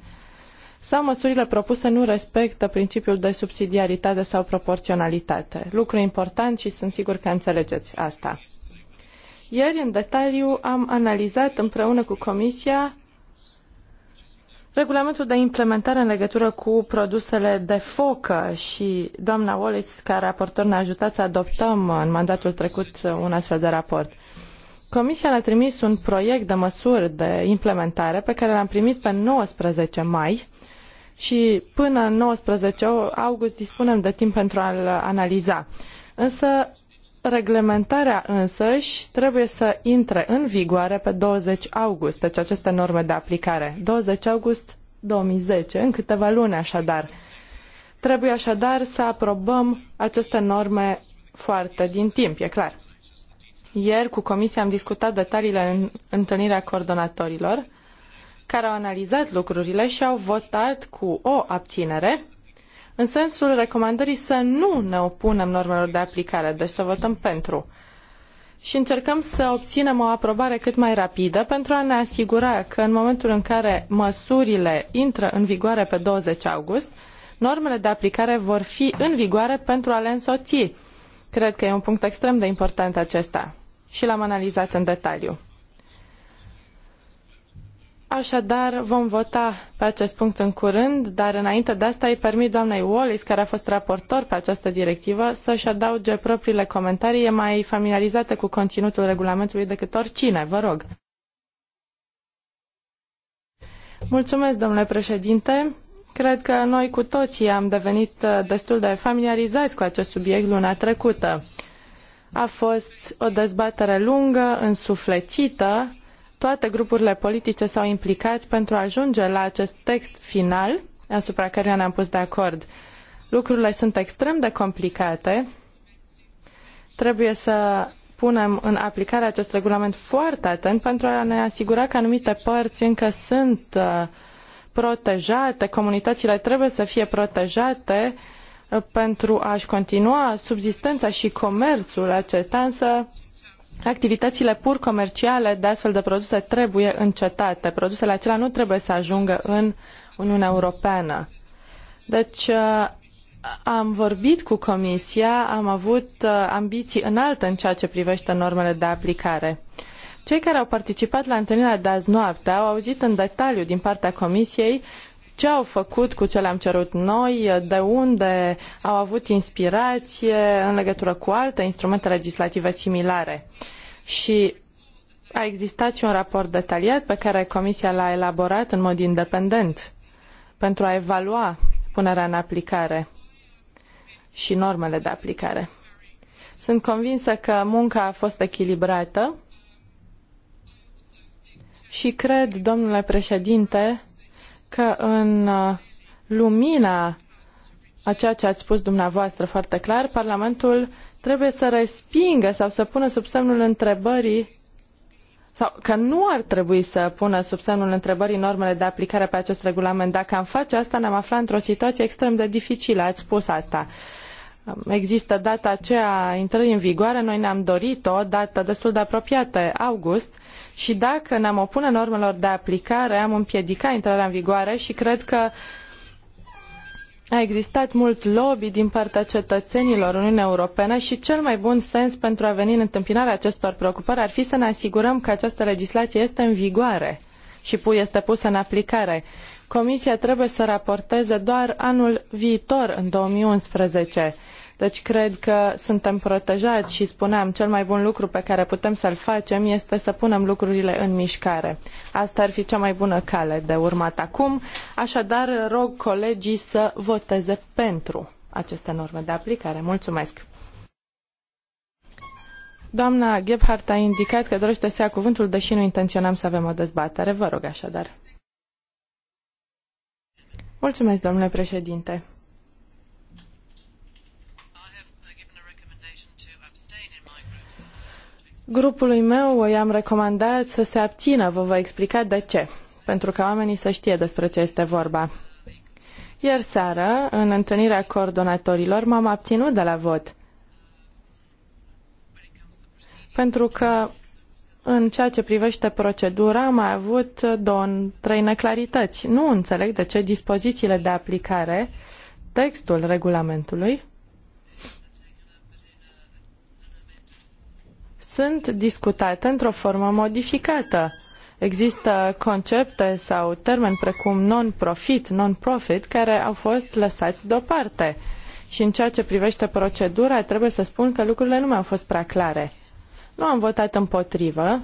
sau măsurile propuse nu respectă principiul de subsidiaritate sau proporționalitate. Lucru important și sunt sigur că înțelegeți asta. Ieri, în detaliu, am analizat împreună cu Comisia regulamentul de implementare în legătură cu produsele de focă și doamna Wallis, ca raportor, ne-a ajutat să adoptăm în mandatul trecut un astfel de raport. Comisia ne-a trimis un proiect de măsuri de implementare pe care l-am primit pe 19 mai și până în 19 august dispunem de timp pentru a-l analiza. Însă Reglementarea însăși trebuie să intre în vigoare pe 20 august, deci aceste norme de aplicare. 20 august 2010, în câteva luni așadar. Trebuie așadar să aprobăm aceste norme foarte din timp, e clar. Ieri cu Comisia am discutat detaliile în întâlnirea coordonatorilor, care au analizat lucrurile și au votat cu o abținere în sensul recomandării să nu ne opunem normelor de aplicare, deci să votăm pentru. Și încercăm să obținem o aprobare cât mai rapidă pentru a ne asigura că în momentul în care măsurile intră în vigoare pe 20 august, normele de aplicare vor fi în vigoare pentru a le însoți. Cred că e un punct extrem de important acesta și l-am analizat în detaliu. Așadar, vom vota pe acest punct în curând, dar înainte de asta îi permit doamnei Wallis, care a fost raportor pe această directivă, să-și adauge propriile comentarii. E mai familiarizată cu conținutul regulamentului decât oricine, vă rog. Mulțumesc, domnule președinte. Cred că noi cu toții am devenit uh, destul de familiarizați cu acest subiect luna trecută. A fost o dezbatere lungă, însuflețită, toate grupurile politice s-au implicat pentru a ajunge la acest text final asupra căruia ne-am pus de acord. Lucrurile sunt extrem de complicate. Trebuie să punem în aplicare acest regulament foarte atent pentru a ne asigura că anumite părți încă sunt uh, protejate, comunitățile trebuie să fie protejate uh, pentru a-și continua subzistența și comerțul acesta, însă activitățile pur comerciale de astfel de produse trebuie încetate. Produsele acelea nu trebuie să ajungă în Uniunea Europeană. Deci uh, am vorbit cu Comisia, am avut uh, ambiții înalte în ceea ce privește normele de aplicare. Cei care au participat la întâlnirea de azi noapte au auzit în detaliu din partea Comisiei ce au făcut cu ce le-am cerut noi, de unde au avut inspirație în legătură cu alte instrumente legislative similare. Și a existat și un raport detaliat pe care Comisia l-a elaborat în mod independent pentru a evalua punerea în aplicare și normele de aplicare. Sunt convinsă că munca a fost echilibrată și cred, domnule președinte, că în uh, lumina a ceea ce ați spus dumneavoastră foarte clar, Parlamentul trebuie să respingă sau să pună sub semnul întrebării sau că nu ar trebui să pună sub semnul întrebării normele de aplicare pe acest regulament. Dacă am face asta, ne-am afla într-o situație extrem de dificilă. Ați spus asta. Uh, există data aceea intrării în vigoare, noi ne-am dorit o dată destul de apropiată, august, și dacă ne-am opune normelor de aplicare, am împiedica intrarea în vigoare și cred că a existat mult lobby din partea cetățenilor Uniunii Europene și cel mai bun sens pentru a veni în întâmpinarea acestor preocupări ar fi să ne asigurăm că această legislație este în vigoare și este pusă în aplicare. Comisia trebuie să raporteze doar anul viitor, în 2011. Deci cred că suntem protejați și spuneam, cel mai bun lucru pe care putem să-l facem este să punem lucrurile în mișcare. Asta ar fi cea mai bună cale de urmat acum. Așadar, rog colegii să voteze pentru aceste norme de aplicare. Mulțumesc! Doamna Gebhardt a indicat că dorește să ia cuvântul, deși nu intenționam să avem o dezbatere. Vă rog așadar domnule Grupului meu i-am recomandat să se abțină, vă voi explica de ce, pentru ca oamenii să știe despre ce este vorba. Ieri seară, în întâlnirea coordonatorilor, m-am abținut de la vot. Pentru că în ceea ce privește procedura, am mai avut uh, două, trei neclarități. Nu înțeleg de ce dispozițiile de aplicare, textul regulamentului, sunt discutate într-o formă modificată. Există concepte sau termeni precum non-profit, non-profit, care au fost lăsați deoparte. Și în ceea ce privește procedura, trebuie să spun că lucrurile nu mi-au fost prea clare. Nu am votat împotrivă,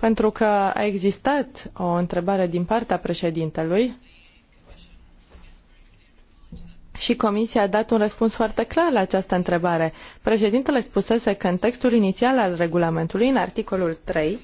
pentru că a existat o întrebare din partea președintelui și Comisia a dat un răspuns foarte clar la această întrebare. Președintele spusese că în textul inițial al regulamentului, în articolul 3,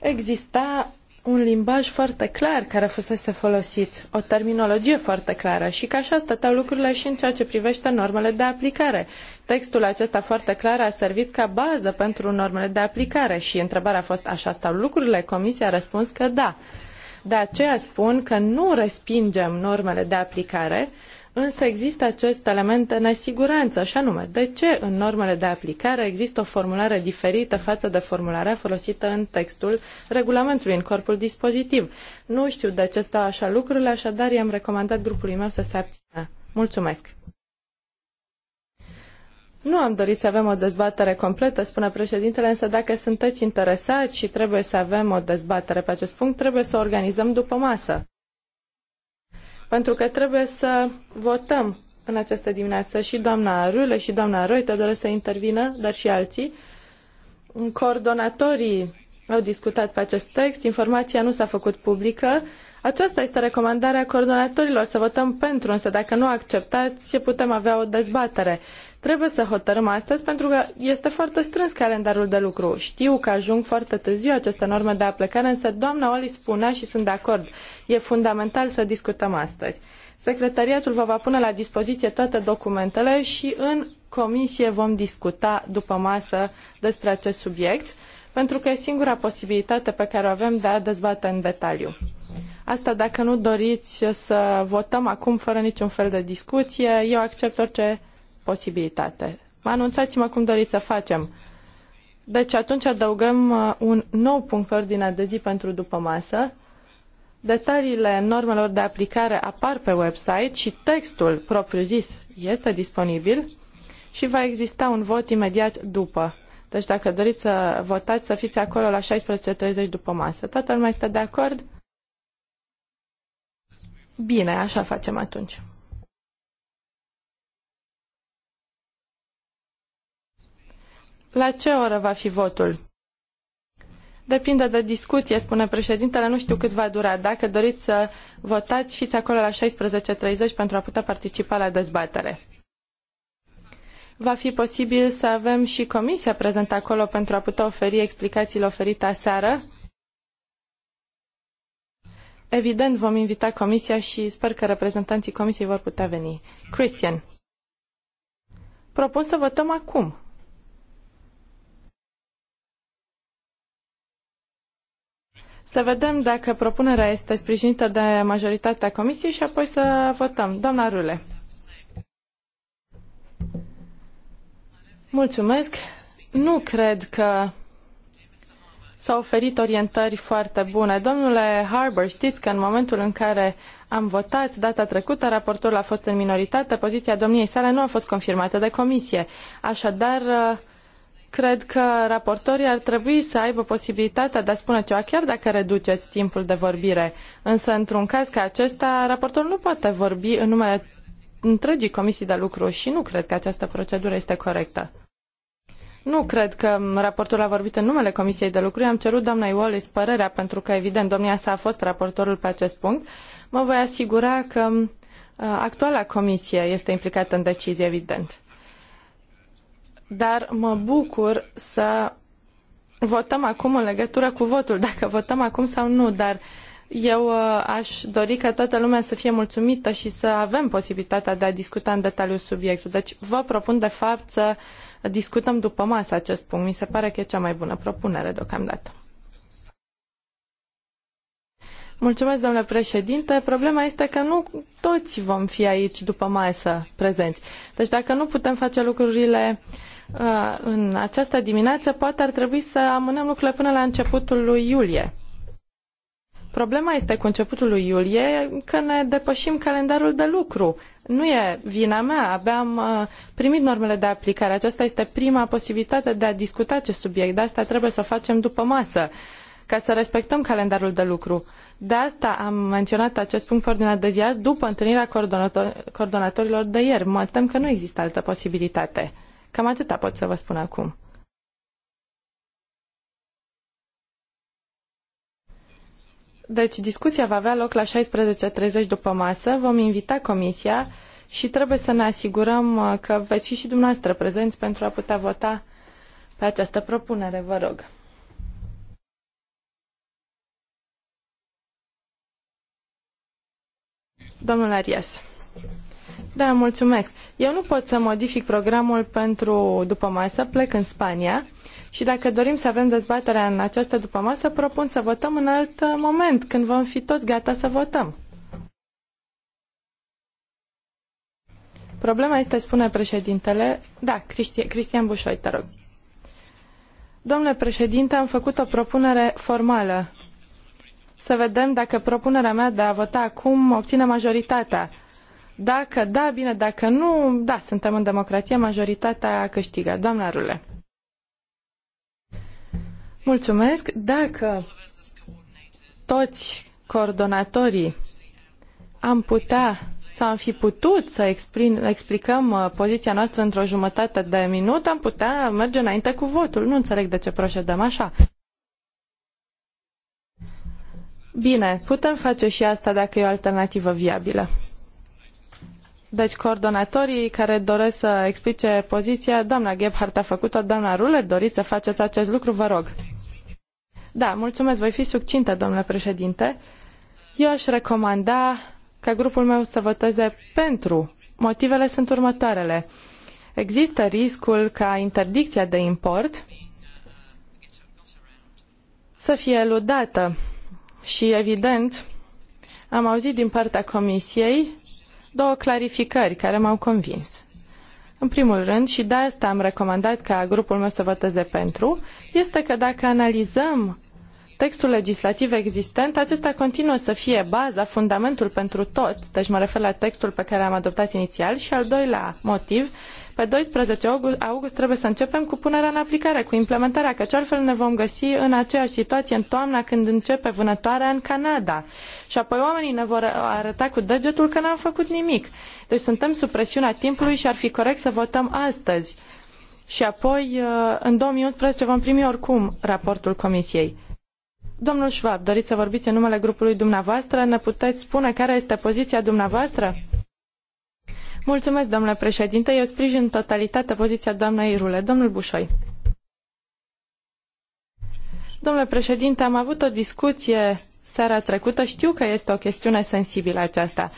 exista un limbaj foarte clar care fusese folosit, o terminologie foarte clară și că așa stăteau lucrurile și în ceea ce privește normele de aplicare. Textul acesta foarte clar a servit ca bază pentru normele de aplicare și întrebarea a fost așa stau lucrurile, comisia a răspuns că da. De aceea spun că nu respingem normele de aplicare, Însă există acest element de nesiguranță, și anume, de ce în normele de aplicare există o formulare diferită față de formularea folosită în textul regulamentului, în corpul dispozitiv? Nu știu de ce stau așa lucrurile, așadar i-am recomandat grupului meu să se abțină. Mulțumesc! Nu am dorit să avem o dezbatere completă, spune președintele, însă dacă sunteți interesați și trebuie să avem o dezbatere pe acest punct, trebuie să o organizăm după masă pentru că trebuie să votăm în această dimineață și doamna Rule și doamna Reuter doresc să intervină, dar și alții. Coordonatorii au discutat pe acest text, informația nu s-a făcut publică. Aceasta este recomandarea coordonatorilor să votăm pentru, însă dacă nu acceptați, putem avea o dezbatere. Trebuie să hotărâm astăzi pentru că este foarte strâns calendarul de lucru. Știu că ajung foarte târziu aceste norme de aplicare, însă doamna Oli spunea și sunt de acord. E fundamental să discutăm astăzi. Secretariatul vă va pune la dispoziție toate documentele și în comisie vom discuta după masă despre acest subiect, pentru că e singura posibilitate pe care o avem de a dezbate în detaliu. Asta dacă nu doriți să votăm acum fără niciun fel de discuție, eu accept orice posibilitate. Anunțați-mă cum doriți să facem. Deci atunci adăugăm uh, un nou punct pe ordinea de zi pentru după masă. Detaliile normelor de aplicare apar pe website și textul propriu-zis este disponibil și va exista un vot imediat după. Deci dacă doriți să votați, să fiți acolo la 16.30 după masă. Toată lumea este de acord? Bine, așa facem atunci. La ce oră va fi votul? Depinde de discuție, spune președintele, nu știu cât va dura. Dacă doriți să votați, fiți acolo la 16.30 pentru a putea participa la dezbatere. Va fi posibil să avem și comisia prezentă acolo pentru a putea oferi explicațiile oferite aseară? Evident, vom invita comisia și sper că reprezentanții comisiei vor putea veni. Christian, propun să votăm acum. Să vedem dacă propunerea este sprijinită de majoritatea comisiei și apoi să votăm. Doamna Rule. Mulțumesc. Nu cred că s-au oferit orientări foarte bune. Domnule Harbour, știți că în momentul în care am votat data trecută, raportul a fost în minoritate, poziția domniei sale nu a fost confirmată de comisie. Așadar, uh, Cred că raportorii ar trebui să aibă posibilitatea de a spune ceva, chiar dacă reduceți timpul de vorbire. Însă, într-un caz ca acesta, raportorul nu poate vorbi în numele întregii comisii de lucru și nu cred că această procedură este corectă. Nu cred că raportul a vorbit în numele Comisiei de Lucru. Am cerut doamnei Wallis părerea, pentru că, evident, domnia sa a fost raportorul pe acest punct. Mă voi asigura că uh, actuala comisie este implicată în decizie, evident dar mă bucur să votăm acum în legătură cu votul, dacă votăm acum sau nu, dar eu uh, aș dori ca toată lumea să fie mulțumită și să avem posibilitatea de a discuta în detaliu subiectul. Deci vă propun de fapt să discutăm după masă acest punct. Mi se pare că e cea mai bună propunere deocamdată. Mulțumesc, domnule președinte. Problema este că nu toți vom fi aici după masă prezenți. Deci dacă nu putem face lucrurile uh, Uh, în această dimineață, poate ar trebui să amânăm lucrurile până la începutul lui iulie. Problema este cu începutul lui iulie că ne depășim calendarul de lucru. Nu e vina mea, abia am uh, primit normele de aplicare. Aceasta este prima posibilitate de a discuta acest subiect, de asta trebuie să o facem după masă, ca să respectăm calendarul de lucru. De asta am menționat acest punct pe ordinea de zi azi, după întâlnirea coordonatorilor de ieri. Mă tem că nu există altă posibilitate. Cam atâta pot să vă spun acum. Deci discuția va avea loc la 16.30 după masă. Vom invita comisia și trebuie să ne asigurăm uh, că veți fi și dumneavoastră prezenți pentru a putea vota pe această propunere. Vă rog. Domnul Arias. Da, mulțumesc. Eu nu pot să modific programul pentru după masă, plec în Spania și dacă dorim să avem dezbaterea în această după masă, propun să votăm în alt moment, când vom fi toți gata să votăm. Problema este, spune președintele, da, Cristi- Cristian Bușoi, te rog. Domnule președinte, am făcut o propunere formală. Să vedem dacă propunerea mea de a vota acum obține majoritatea. Dacă da, bine, dacă nu, da, suntem în democrație, majoritatea câștigă. Doamna Rule. Mulțumesc. Dacă toți coordonatorii am putea sau am fi putut să exprim, explicăm uh, poziția noastră într-o jumătate de minut, am putea merge înainte cu votul. Nu înțeleg de ce procedăm așa. Bine, putem face și asta dacă e o alternativă viabilă. Deci coordonatorii care doresc să explice poziția, doamna Gebhardt a făcut-o, doamna Rule, doriți să faceți acest lucru, vă rog. Da, mulțumesc, voi fi succintă, domnule președinte. Eu aș recomanda ca grupul meu să voteze pentru. Motivele sunt următoarele. Există riscul ca interdicția de import să fie eludată și, evident, am auzit din partea Comisiei două clarificări care m-au convins. În primul rând, și de asta am recomandat ca grupul meu să voteze pentru, este că dacă analizăm textul legislativ existent, acesta continuă să fie baza, fundamentul pentru tot, deci mă refer la textul pe care l-am adoptat inițial și al doilea motiv, pe 12 august, august trebuie să începem cu punerea în aplicare, cu implementarea, căci altfel ne vom găsi în aceeași situație în toamna când începe vânătoarea în Canada. Și apoi oamenii ne vor arăta cu degetul că n-am făcut nimic. Deci suntem sub presiunea timpului și ar fi corect să votăm astăzi. Și apoi, uh, în 2011, vom primi oricum raportul Comisiei. Domnul Schwab, doriți să vorbiți în numele grupului dumneavoastră? Ne puteți spune care este poziția dumneavoastră? Mulțumesc, domnule președinte. Eu sprijin totalitate poziția doamnei Rule. Domnul Bușoi. Domnule președinte, am avut o discuție seara trecută. Știu că este o chestiune sensibilă aceasta.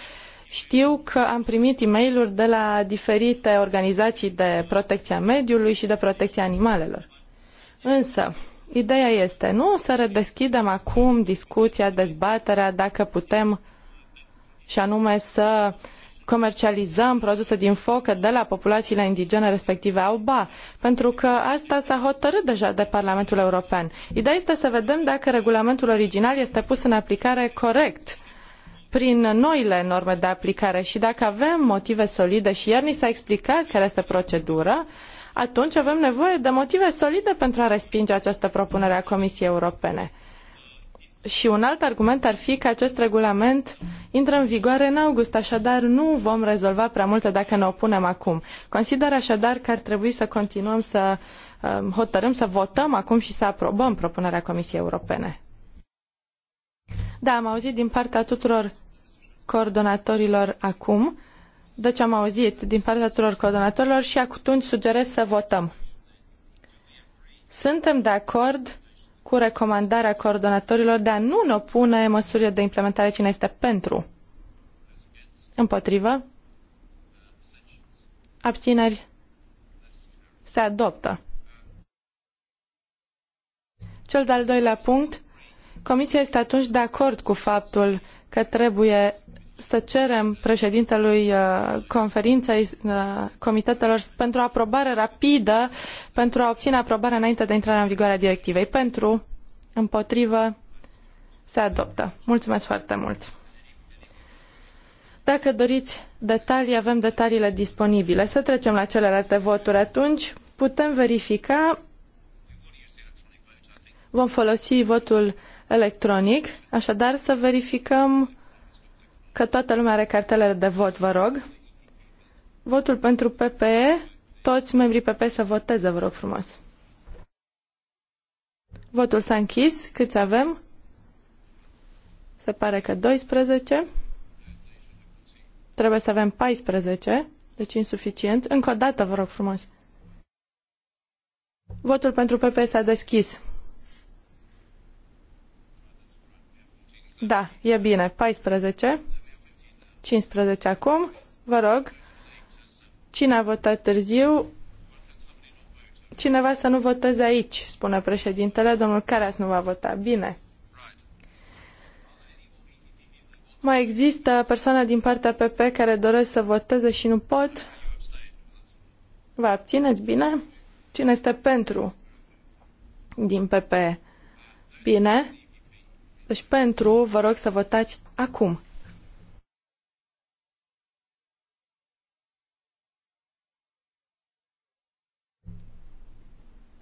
Știu că am primit e mail de la diferite organizații de protecție a mediului și de protecție a animalelor. Însă, Ideea este nu să redeschidem acum discuția, dezbaterea dacă putem și anume să comercializăm produse din focă de la populațiile indigene respective au ba, pentru că asta s-a hotărât deja de Parlamentul European. Ideea este să vedem dacă regulamentul original este pus în aplicare corect prin noile norme de aplicare și dacă avem motive solide și iar ni s-a explicat care este procedura, atunci avem nevoie de motive solide pentru a respinge această propunere a Comisiei Europene. Și un alt argument ar fi că acest regulament intră în vigoare în august, așadar nu vom rezolva prea multe dacă ne opunem acum. Consider așadar că ar trebui să continuăm să um, hotărâm să votăm acum și să aprobăm propunerea Comisiei Europene. Da, am auzit din partea tuturor coordonatorilor acum ce am auzit din partea tuturor coordonatorilor și atunci sugerez să votăm. Suntem de acord cu recomandarea coordonatorilor de a nu ne opune măsurile de implementare cine este pentru. Împotrivă. Abțineri. Se adoptă. Cel de-al doilea punct. Comisia este atunci de acord cu faptul că trebuie să cerem președintelui uh, conferinței uh, comitetelor pentru aprobare rapidă, pentru a obține aprobarea înainte de intrarea în vigoare a directivei. Pentru, împotrivă, se adoptă. Mulțumesc foarte mult! Dacă doriți detalii, avem detaliile disponibile. Să trecem la celelalte voturi atunci. Putem verifica. Vom folosi votul electronic, așadar să verificăm că toată lumea are cartelele de vot, vă rog. Votul pentru PPE, toți membrii PPE să voteze, vă rog frumos. Votul s-a închis, câți avem? Se pare că 12. Trebuie să avem 14, deci insuficient. Încă o dată, vă rog frumos. Votul pentru PP s-a deschis. Da, e bine. 14. 15 acum. Vă rog. Cine a votat târziu? Cineva să nu voteze aici, spune președintele. Domnul Caras nu va vota. Bine. Mai există persoane din partea PP care doresc să voteze și nu pot? Vă abțineți bine? Cine este pentru din PP? Bine. Deci pentru, vă rog să votați acum.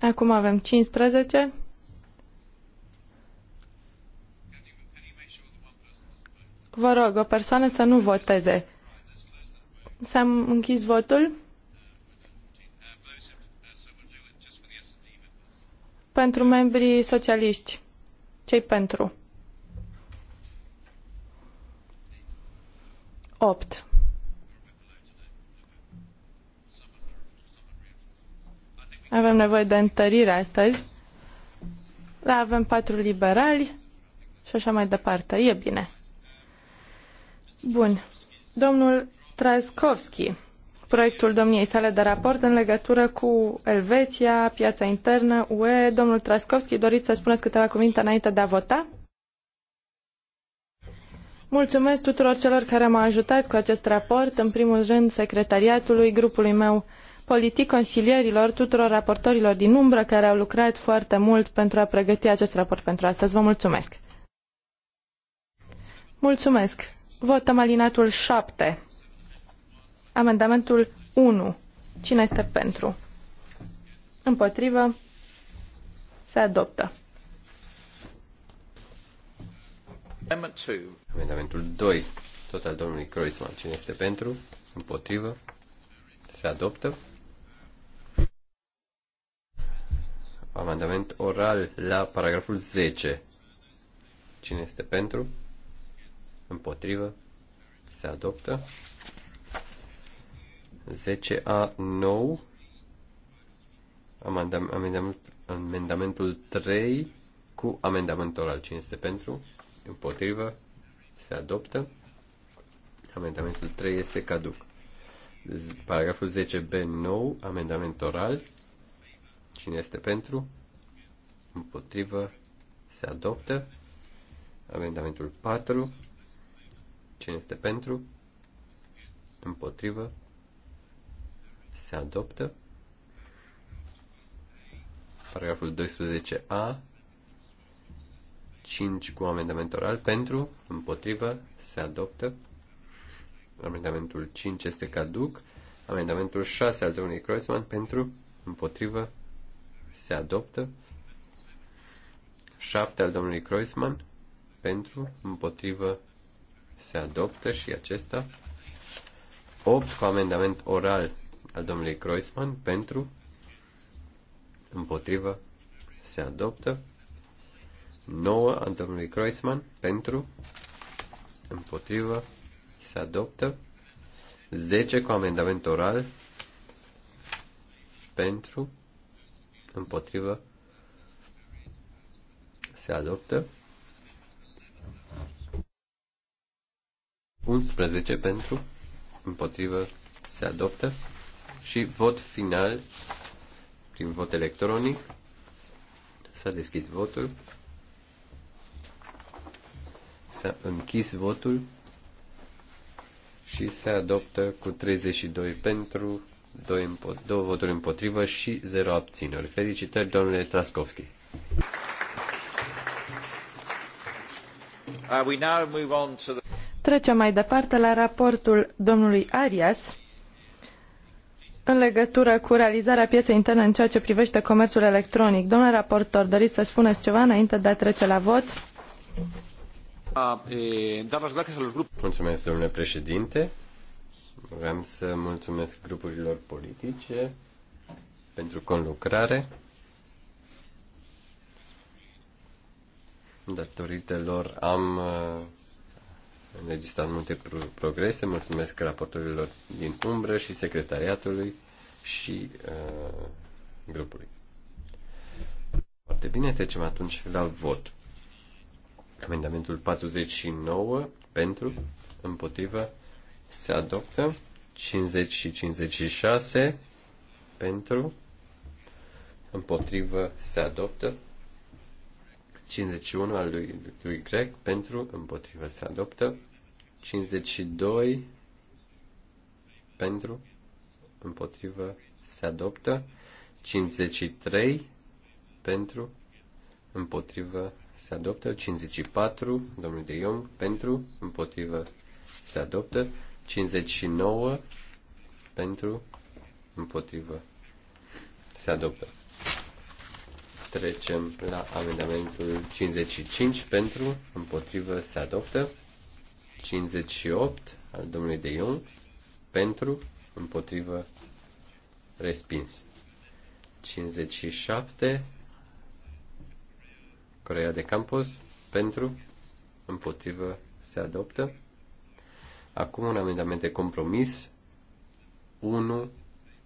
Acum avem 15. Vă rog, o persoană să nu voteze. S-a închis votul. Pentru membrii socialiști. Cei pentru? 8. Avem nevoie de întărire astăzi. Da, avem patru liberali și așa mai departe. E bine. Bun. Domnul Traskovski, proiectul domniei sale de raport în legătură cu Elveția, piața internă, UE. Domnul Traskovski, doriți să spuneți câteva cuvinte înainte de a vota? Mulțumesc tuturor celor care m-au ajutat cu acest raport, în primul rând secretariatului, grupului meu politic consilierilor, tuturor raportorilor din umbră care au lucrat foarte mult pentru a pregăti acest raport pentru astăzi. Vă mulțumesc! Mulțumesc! Votăm alinatul 7. Amendamentul 1. Cine este pentru? Împotrivă? Se adoptă. Amendamentul 2, tot al domnului Croisman. Cine este pentru? Împotrivă? Se adoptă. amendament oral la paragraful 10. Cine este pentru? Împotrivă? Se adoptă. 10A 9 amendamentul 3 cu amendament oral. Cine este pentru? Împotrivă? Se adoptă. Amendamentul 3 este caduc. Paragraful 10B 9 amendament oral. Cine este pentru? Împotrivă. Se adoptă. Amendamentul 4. Cine este pentru? Împotrivă. Se adoptă. Paragraful 12a. 5 cu amendament oral pentru, împotrivă, se adoptă. Amendamentul 5 este caduc. Amendamentul 6 al domnului Kreuzmann pentru, împotrivă, se adoptă. 7 al domnului Kreuzmann pentru, împotrivă, se adoptă și acesta. 8 cu amendament oral al domnului Kreuzmann pentru, împotrivă, se adoptă. 9 al domnului Kreuzmann pentru, împotrivă, se adoptă. 10 cu amendament oral pentru, împotrivă, se adoptă. 11 pentru, împotrivă, se adoptă. Și vot final prin vot electronic. S-a deschis votul. S-a închis votul și se adoptă cu 32 pentru, 2, împo- 2 voturi împotrivă și 0 abțineri. Felicitări, domnule Traskovski. Uh, Trecem mai departe la raportul domnului Arias în legătură cu realizarea pieței interne în ceea ce privește comerțul electronic. Domnule raportor, doriți să spuneți ceva înainte de a trece la vot? Uh, eh, Mulțumesc, domnule președinte. Vreau să mulțumesc grupurilor politice pentru conlucrare. Datorită lor am uh, înregistrat multe progrese. Mulțumesc raportorilor din umbră și secretariatului și uh, grupului. Foarte bine, trecem atunci la vot. Amendamentul 49 pentru, împotrivă, se adoptă. 50 și 56 pentru, împotrivă se adoptă. 51 al lui, lui Greg pentru, împotrivă se adoptă. 52 pentru, împotrivă se adoptă. 53 pentru, împotrivă se adoptă. 54 domnul de Iong pentru, împotrivă se adoptă. 59 pentru, împotrivă, se adoptă. Trecem la amendamentul 55 pentru, împotrivă, se adoptă. 58 al domnului de Ion pentru, împotrivă, respins. 57 Corea de Campos pentru, împotrivă, se adoptă. Acum un amendament de compromis 1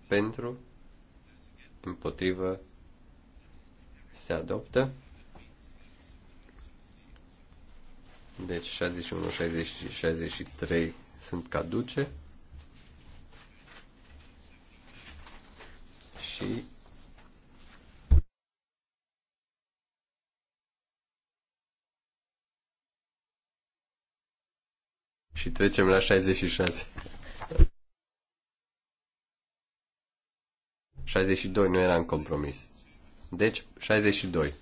pentru, împotrivă, se adoptă. Deci 61, 60 și 63 sunt caduce. Și trecem la 66. 62 nu era în compromis. Deci, 62.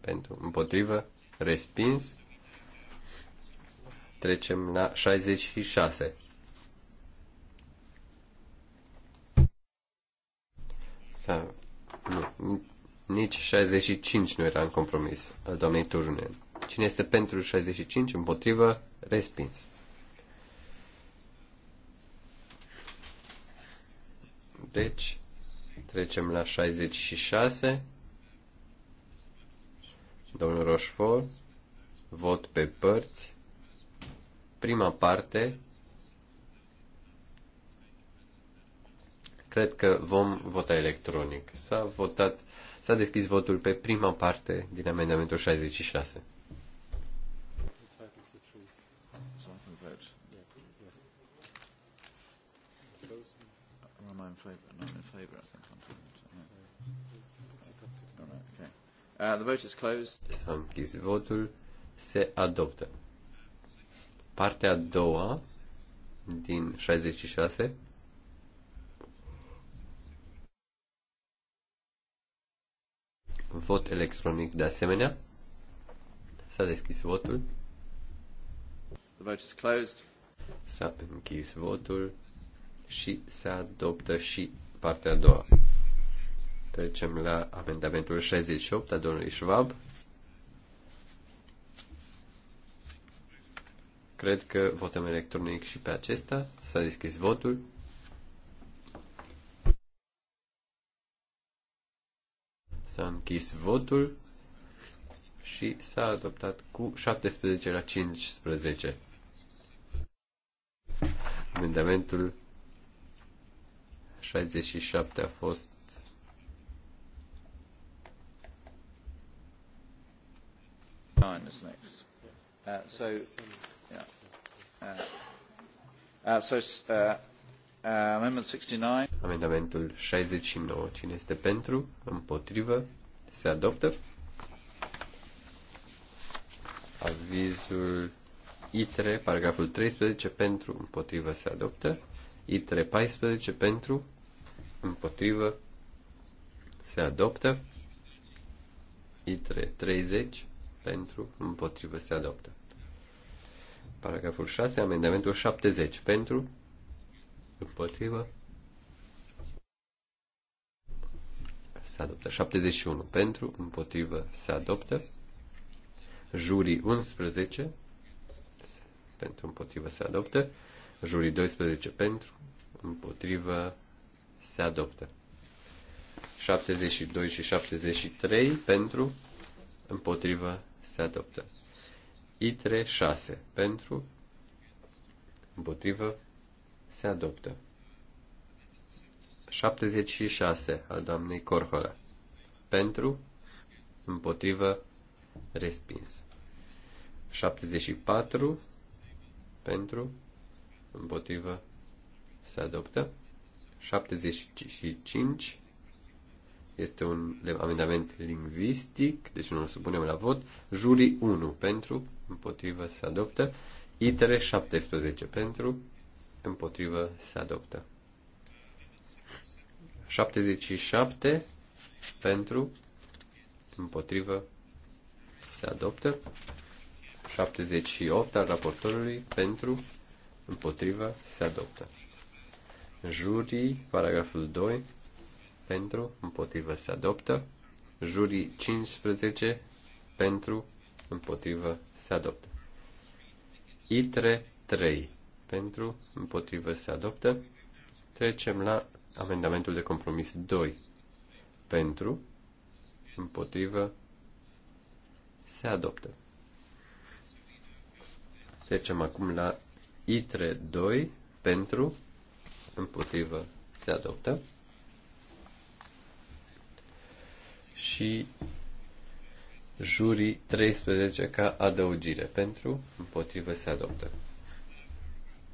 Pentru, împotrivă, respins. Trecem la 66. Sau, nu, nici 65 nu era în compromis al doamnei Turunen. Cine este pentru 65, împotrivă, respins. Deci, trecem la 66. Domnul Roșfort, vot pe părți. Prima parte, cred că vom vota electronic. S-a votat, s-a deschis votul pe prima parte din amendamentul 66. Uh, the vote is closed. S-a închis votul. Se adoptă. Partea a doua din 66. Vot electronic de asemenea. S-a deschis votul. The vote is closed. S-a închis votul și se adoptă și partea a doua. Trecem la amendamentul 68 a domnului Schwab. Cred că votăm electronic și pe acesta. S-a deschis votul. S-a închis votul și s-a adoptat cu 17 la 15. Amendamentul 67 a fost Nine is next. Uh, so, yeah. Uh, uh so, uh, uh, amendment 69. Amendamentul 69. Cine este pentru? Împotrivă? Se adoptă? Avizul ITRE, paragraful 13, pentru, împotrivă, se adoptă. ITRE 14, pentru, împotrivă, se adoptă. ITRE 30, pentru, împotrivă se adoptă. Paragraful 6, amendamentul 70 pentru, împotrivă, se adoptă. 71 pentru, împotrivă se adoptă. Jurii 11 pentru, împotrivă se adoptă. Jurii 12 pentru, împotrivă se adoptă. 72 și 73 pentru, împotrivă se adoptă. ITRE 6 pentru, împotrivă, se adoptă. 76 Al doamnei Corhola pentru, împotrivă, respins. 74 pentru, împotrivă, se adoptă. 75 este un amendament lingvistic, deci nu îl supunem la vot. Juri 1 pentru, împotrivă se adoptă. Itere 17 pentru, împotrivă se adoptă. 77 pentru, împotrivă se adoptă. 78 al raportorului pentru, împotrivă se adoptă. Jurii, paragraful 2, pentru, împotrivă se adoptă. Jurii 15 pentru, împotrivă se adoptă. ITRE 3 pentru, împotrivă se adoptă. Trecem la amendamentul de compromis 2 pentru, împotrivă se adoptă. Trecem acum la ITRE 2 pentru, împotrivă se adoptă. și jurii 13 ca adăugire. Pentru, împotrivă, se adoptă.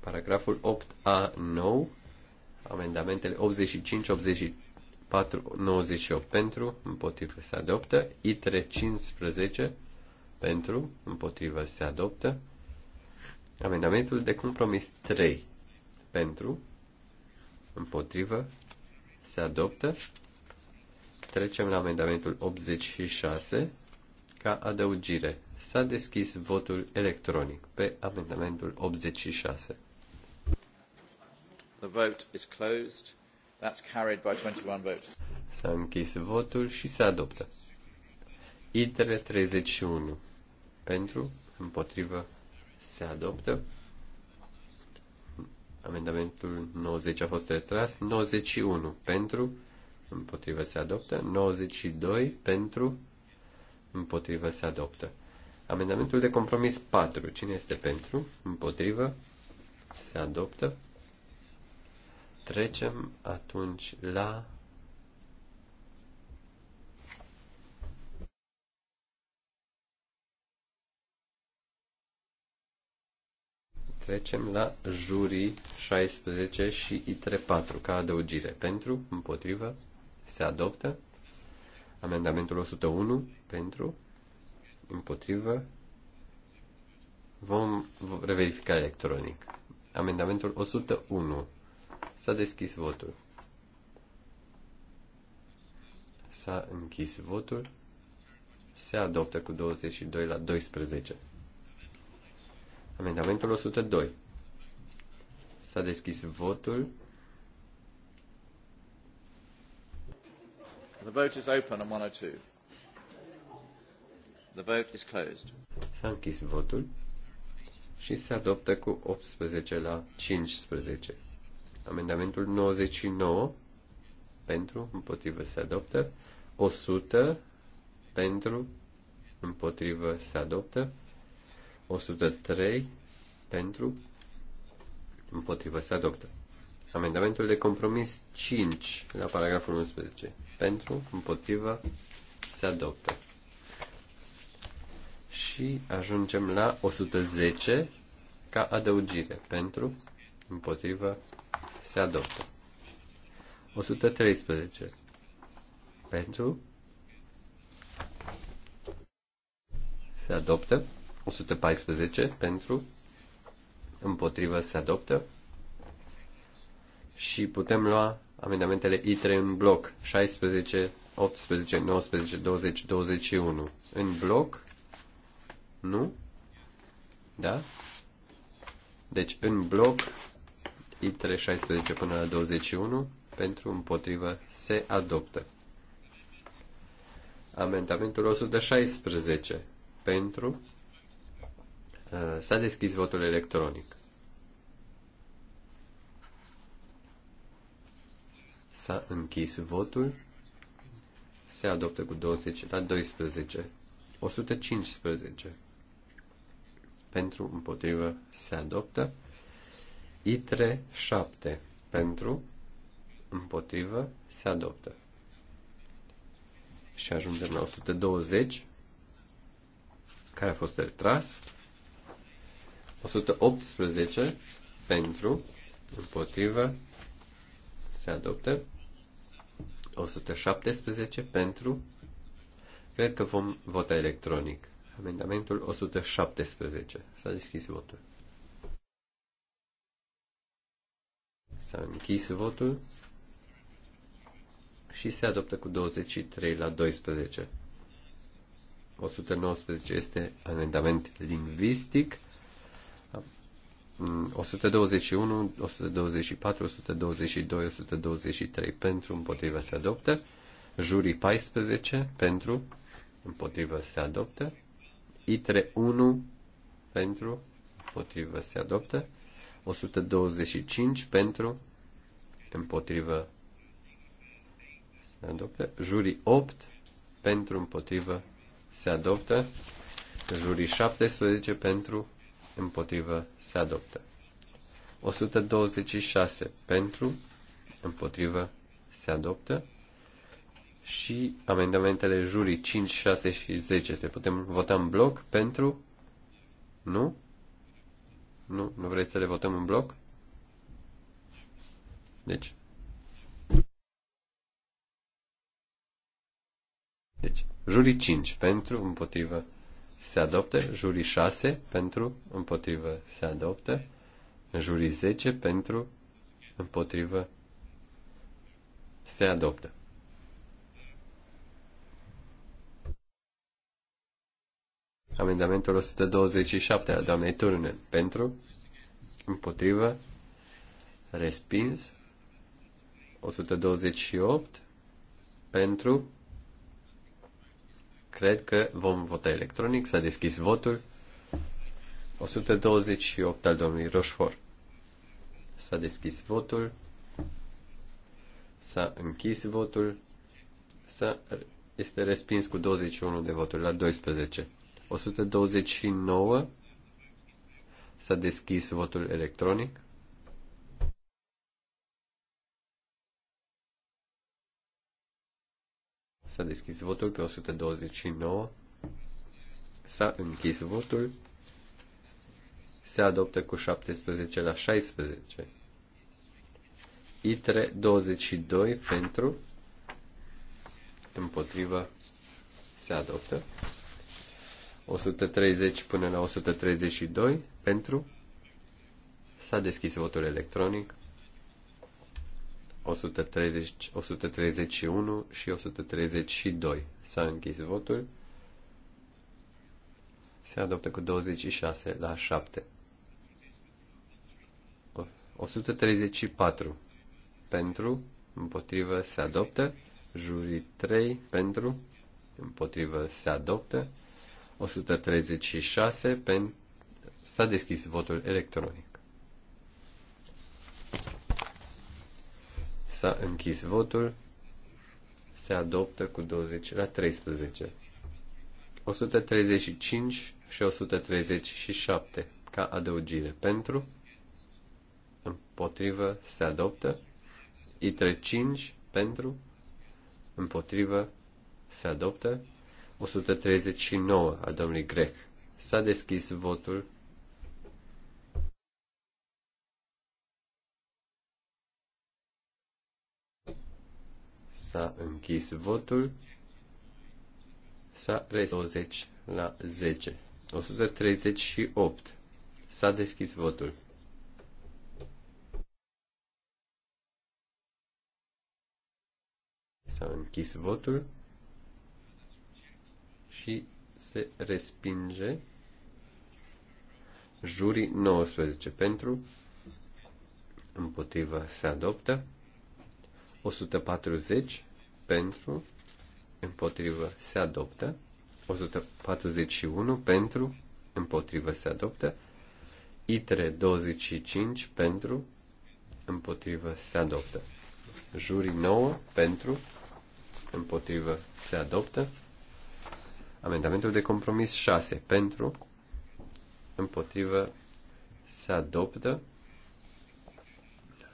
Paragraful 8A9, amendamentele 85, 84, 98 pentru, împotrivă, se adoptă. ITRE 15 pentru, împotrivă, se adoptă. Amendamentul de compromis 3 pentru, împotrivă, se adoptă. Trecem la amendamentul 86 ca adăugire. S-a deschis votul electronic pe amendamentul 86. The vote is closed. That's carried by 21 votes. S-a închis votul și se adoptă. ITRE 31. Pentru, împotrivă, se adoptă. Amendamentul 90 a fost retras. 91 pentru, împotrivă se adoptă, 92 pentru, împotrivă se adoptă. Amendamentul de compromis 4, cine este pentru, împotrivă, se adoptă. Trecem atunci la trecem la jurii 16 și 3 4 ca adăugire. Pentru, împotrivă, se adoptă. Amendamentul 101 pentru, împotrivă, vom reverifica electronic. Amendamentul 101. S-a deschis votul. S-a închis votul. Se adoptă cu 22 la 12. Amendamentul 102. S-a deschis votul. The vote is open on 102. The vote is closed. S-a închis votul și se adoptă cu 18 la 15. Amendamentul 99 pentru, împotrivă se adoptă, 100 pentru, împotrivă se adoptă, 103 pentru, împotrivă se adoptă. Amendamentul de compromis 5 la paragraful 11 pentru, împotrivă, se adoptă. Și ajungem la 110 ca adăugire. Pentru, împotrivă, se adoptă. 113. Pentru, se adoptă. 114. Pentru, împotrivă, se adoptă. Și putem lua amendamentele I3 în bloc 16, 18, 19, 20, 21. În bloc? Nu? Da? Deci în bloc I3 16 până la 21 pentru împotrivă se adoptă. Amendamentul 116 pentru uh, s-a deschis votul electronic. S-a închis votul. Se adoptă cu 20 la 12. 115. Pentru, împotrivă, se adoptă. ITRE 7. Pentru, împotrivă, se adoptă. Și ajungem la 120, care a fost retras. 118 pentru, împotrivă, se adoptă. 117 pentru. Cred că vom vota electronic. Amendamentul 117. S-a deschis votul. S-a închis votul și se adoptă cu 23 la 12. 119 este amendament lingvistic. 121, 124, 122, 123 pentru, împotriva se adoptă. Jurii 14 pentru, împotriva se adoptă. ITRE 1 pentru, împotriva se adoptă. 125 pentru, împotriva se adoptă. Jurii 8 pentru, împotriva se adoptă. Jurii 17 pentru, împotrivă, se adoptă. 126 pentru, împotrivă, se adoptă. Și amendamentele jurii 5, 6 și 10 le putem vota în bloc pentru, nu? Nu, nu vreți să le votăm în bloc? Deci, deci, jurii 5 pentru, împotrivă, se adopte jurii 6 pentru, împotrivă, se adopte jurii 10 pentru, împotrivă, se adoptă. Amendamentul 127 al doamnei Turunen pentru, împotrivă, respins, 128 pentru, Cred că vom vota electronic. S-a deschis votul. 128 al domnului Roșfor. S-a deschis votul. S-a închis votul. S-a, este respins cu 21 de voturi la 12. 129. S-a deschis votul electronic. S-a deschis votul pe 129. S-a închis votul. Se adoptă cu 17 la 16. ITRE 22 pentru. Împotrivă. Se adoptă. 130 până la 132 pentru. S-a deschis votul electronic. 130, 131 și 132. S-a închis votul. Se adoptă cu 26 la 7. 134 pentru, împotrivă se adoptă. Jurii 3 pentru, împotrivă se adoptă. 136 pentru. S-a deschis votul electronic. S-a închis votul. Se adoptă cu 20 la 13. 135 și 137 ca adăugire pentru, împotrivă, se adoptă, I35 pentru, împotrivă, se adoptă, 139 a domnului Grec. S-a deschis votul S-a închis votul. S-a res 20 la 10. 138. S-a deschis votul. S-a închis votul și se respinge jurii 19 pentru împotriva se adoptă 140 pentru, împotrivă se adoptă, 141 pentru, împotrivă se adoptă, ITRE 25 pentru, împotrivă se adoptă, juri 9 pentru, împotrivă se adoptă, amendamentul de compromis 6 pentru, împotrivă se adoptă,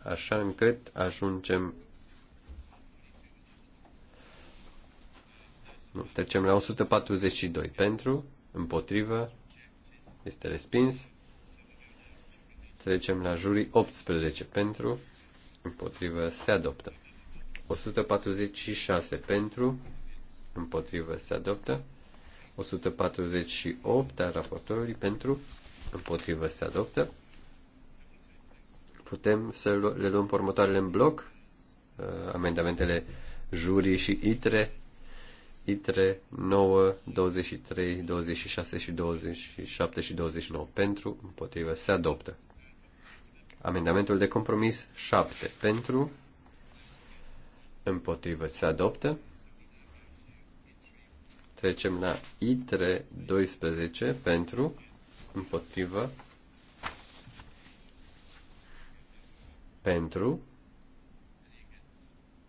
așa încât ajungem Nu. Trecem la 142. Pentru, împotrivă, este respins. Trecem la jurii 18. Pentru, împotrivă, se adoptă. 146 pentru, împotrivă, se adoptă. 148 a raportorului pentru, împotrivă, se adoptă. Putem să le luăm pe următoarele în bloc, uh, amendamentele jurii și itre ITRE 9, 23, 26 și 27 și 29 pentru, împotrivă, se adoptă. Amendamentul de compromis 7 pentru, împotrivă, se adoptă. Trecem la ITRE 12 pentru, împotrivă, pentru,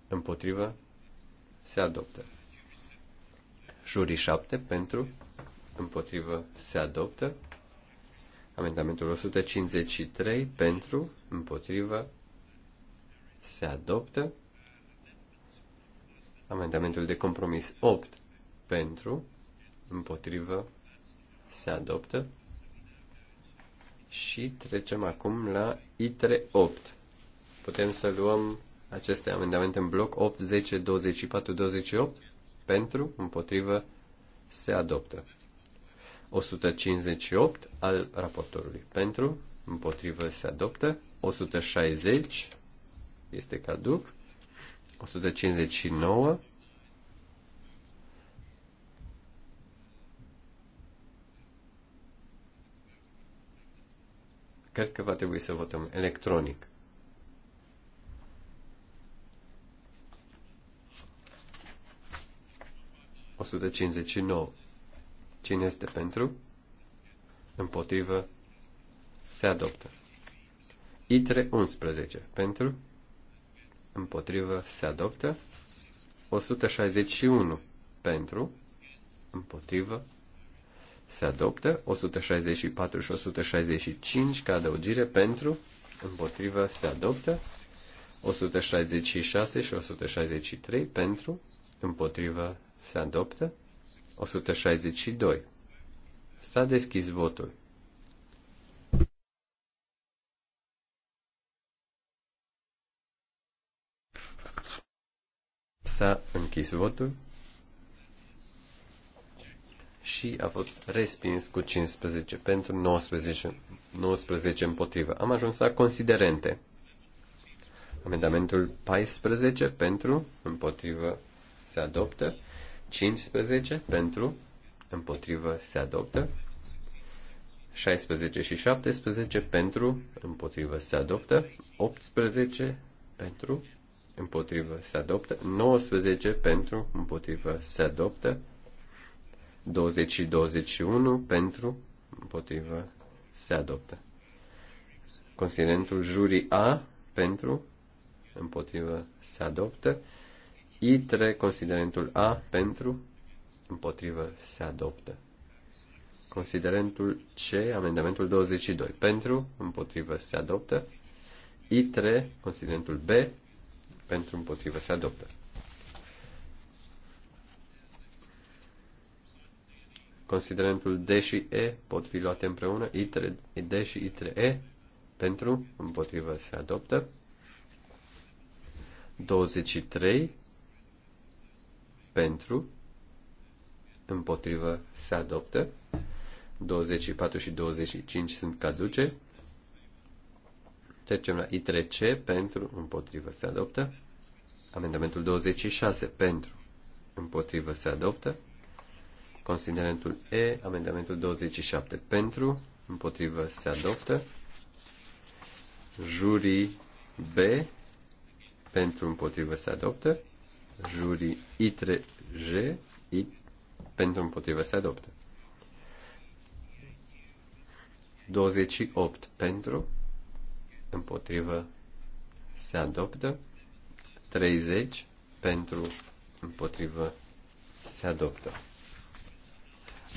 împotrivă, se adoptă. Jurii 7 pentru, împotrivă, se adoptă. Amendamentul 153 pentru, împotrivă, se adoptă. Amendamentul de compromis 8 pentru, împotrivă, se adoptă. Și trecem acum la ITRE 8. Putem să luăm aceste amendamente în bloc 8, 10, 24, 28? pentru, împotrivă, se adoptă. 158 al raportorului pentru, împotrivă, se adoptă. 160 este caduc. 159 Cred că va trebui să votăm electronic. 159. Cine este pentru? Împotrivă. Se adoptă. ITRE 11. Pentru? Împotrivă. Se adoptă. 161. Pentru? Împotrivă. Se adoptă. 164 și 165 ca adăugire pentru? Împotrivă. Se adoptă. 166 și 163 pentru? Împotrivă se adoptă. 162. S-a deschis votul. S-a închis votul și a fost respins cu 15 pentru 19, 19 împotrivă. Am ajuns la considerente. Amendamentul 14 pentru împotrivă se adoptă. 15 pentru, împotrivă se adoptă. 16 și 17 pentru, împotrivă se adoptă. 18 pentru, împotrivă se adoptă. 19 pentru, împotrivă se adoptă. 20 și 21 pentru, împotrivă se adoptă. Considerentul jurii A pentru, împotrivă se adoptă. ITRE, considerentul A, pentru, împotrivă, se adoptă. Considerentul C, amendamentul 22, pentru, împotrivă, se adoptă. I3, considerentul B, pentru, împotrivă, se adoptă. Considerentul D și E pot fi luate împreună. I3, D și I3E, pentru, împotrivă, se adoptă. 23 pentru, împotrivă, se adoptă. 24 și 25 sunt caduce. Trecem la I3C, pentru, împotrivă, se adoptă. Amendamentul 26, pentru, împotrivă, se adoptă. Considerentul E, amendamentul 27, pentru, împotrivă, se adoptă. Jurii B, pentru, împotrivă, se adoptă. Juri i j I, pentru împotrivă se adoptă. 28 pentru împotrivă se adoptă. 30 pentru împotrivă se adoptă.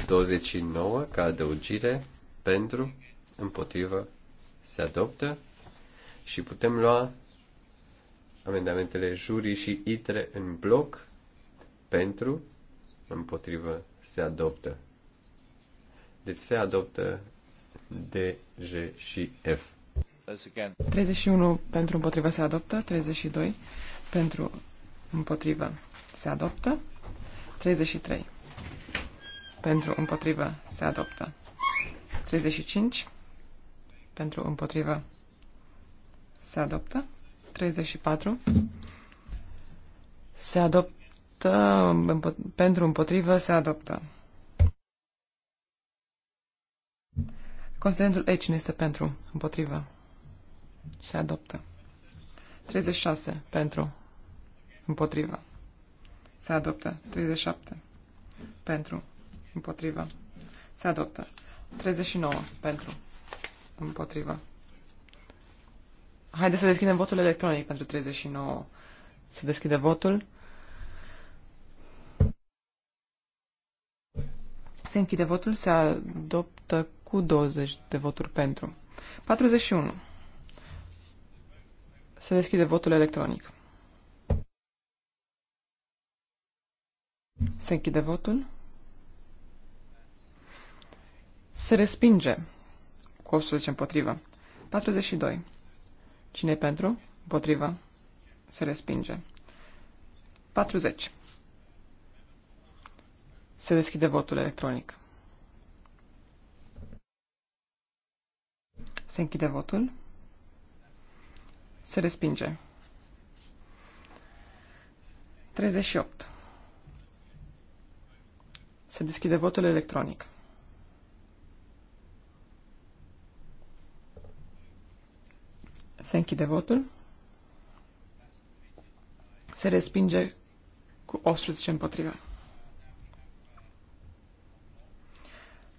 29 ca adăugire pentru împotrivă se adoptă și putem lua amendamentele jurii și itre în bloc pentru, împotrivă, se adoptă. Deci se adoptă D, G și F. 31 pentru împotrivă se adoptă, 32 pentru împotrivă se adoptă, 33 pentru împotrivă se adoptă, 35 pentru împotrivă se adoptă, 34. Se adoptă, pentru împotrivă se adoptă. Considerentul E cine este pentru, împotrivă. Se adoptă. 36 pentru, împotrivă. Se adoptă. 37 pentru, împotrivă. Se adoptă. 39 pentru, împotrivă. Haideți să deschidem votul electronic pentru 39. Se deschide votul. Se închide votul, se adoptă cu 20 de voturi pentru. 41. Se deschide votul electronic. Se închide votul. Se respinge cu 18 împotrivă. 42. Cine pentru? Potrivă. Se respinge. 40. Se deschide votul electronic. Se închide votul. Se respinge. 38. Se deschide votul electronic. Se închide votul. Se respinge cu 18 împotriva.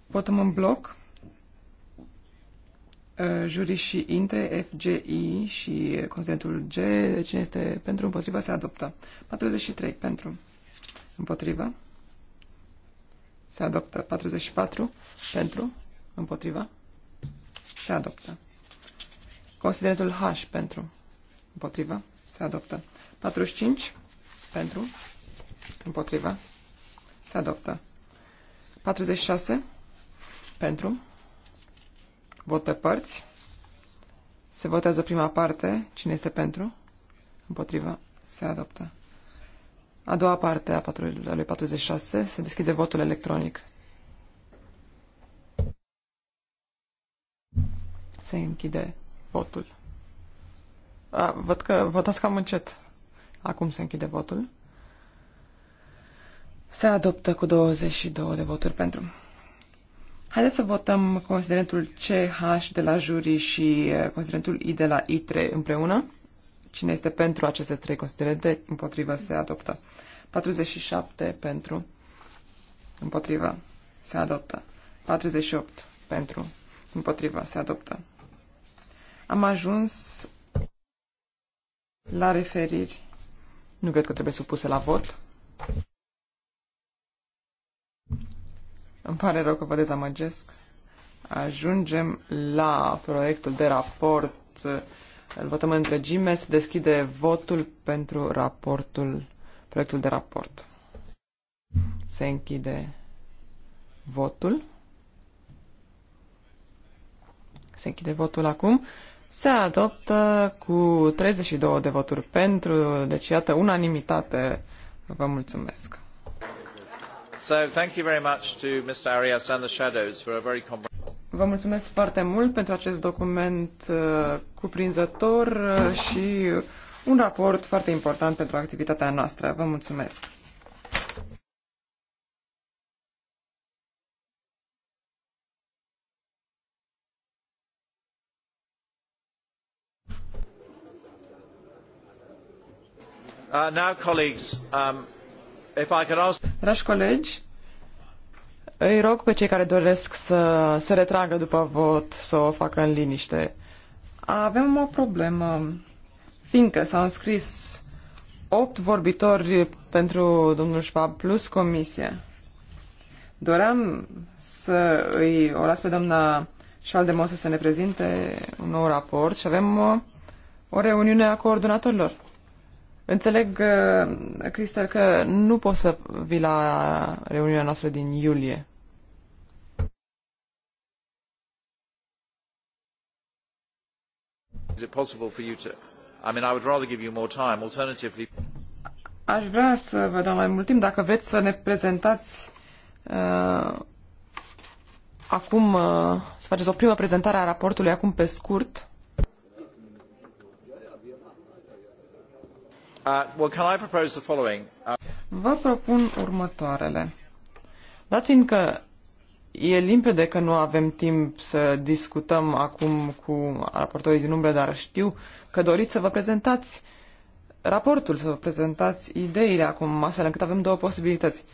Votăm în bloc. Uh, Juri și intre, FGI și consentul G. Cine este pentru, împotriva, se adoptă. 43 pentru, împotriva. Se adoptă. 44 pentru, împotriva. Se adoptă. Considerentul H pentru. Împotrivă. Se adoptă. 45 pentru. Împotrivă. Se adoptă. 46 pentru. Vot pe părți. Se votează prima parte. Cine este pentru? Împotrivă. Se adoptă. A doua parte a, lui 46 se deschide votul electronic. Se închide votul. A, văd că votați cam încet. Acum se închide votul. Se adoptă cu 22 de voturi pentru. Haideți să votăm considerentul CH de la juri și considerentul I de la I3 împreună. Cine este pentru aceste trei considerente, împotrivă se adoptă. 47 pentru, împotrivă se adoptă. 48 pentru, împotrivă se adoptă. Am ajuns la referiri. Nu cred că trebuie supuse la vot. Îmi pare rău că vă dezamăgesc. Ajungem la proiectul de raport. Îl votăm în întregime. Se deschide votul pentru raportul, proiectul de raport. Se închide votul. Se închide votul acum se adoptă cu 32 de voturi pentru, deci iată unanimitate. Vă mulțumesc. So, thank you very much to Mr. Arias and the Shadows for a very Vă mulțumesc foarte mult pentru acest document uh, cuprinzător uh, și un raport foarte important pentru activitatea noastră. Vă mulțumesc. Uh, now, colleagues, um, if I ask... Dragi colegi, îi rog pe cei care doresc să se retragă după vot să o facă în liniște. Avem o problemă, fiindcă s-au înscris opt vorbitori pentru domnul Schwab plus comisia. Doream să îi o las pe doamna Șaldemon să se ne prezinte un nou raport și avem o, uh, o reuniune a coordonatorilor. Înțeleg, uh, Cristel, că nu poți să vii la reuniunea noastră din iulie. Is it possible for you to... I mean, I would rather give you more time. Alternatively... Aș vrea să vă dau mai mult timp dacă vreți să ne prezentați uh, acum, uh, să faceți o primă prezentare a raportului acum pe scurt. Uh, uh, vă propun următoarele. Dat că e limpede că nu avem timp să discutăm acum cu raportorii din umbră, dar știu că doriți să vă prezentați raportul, să vă prezentați ideile acum, astfel încât avem două posibilități.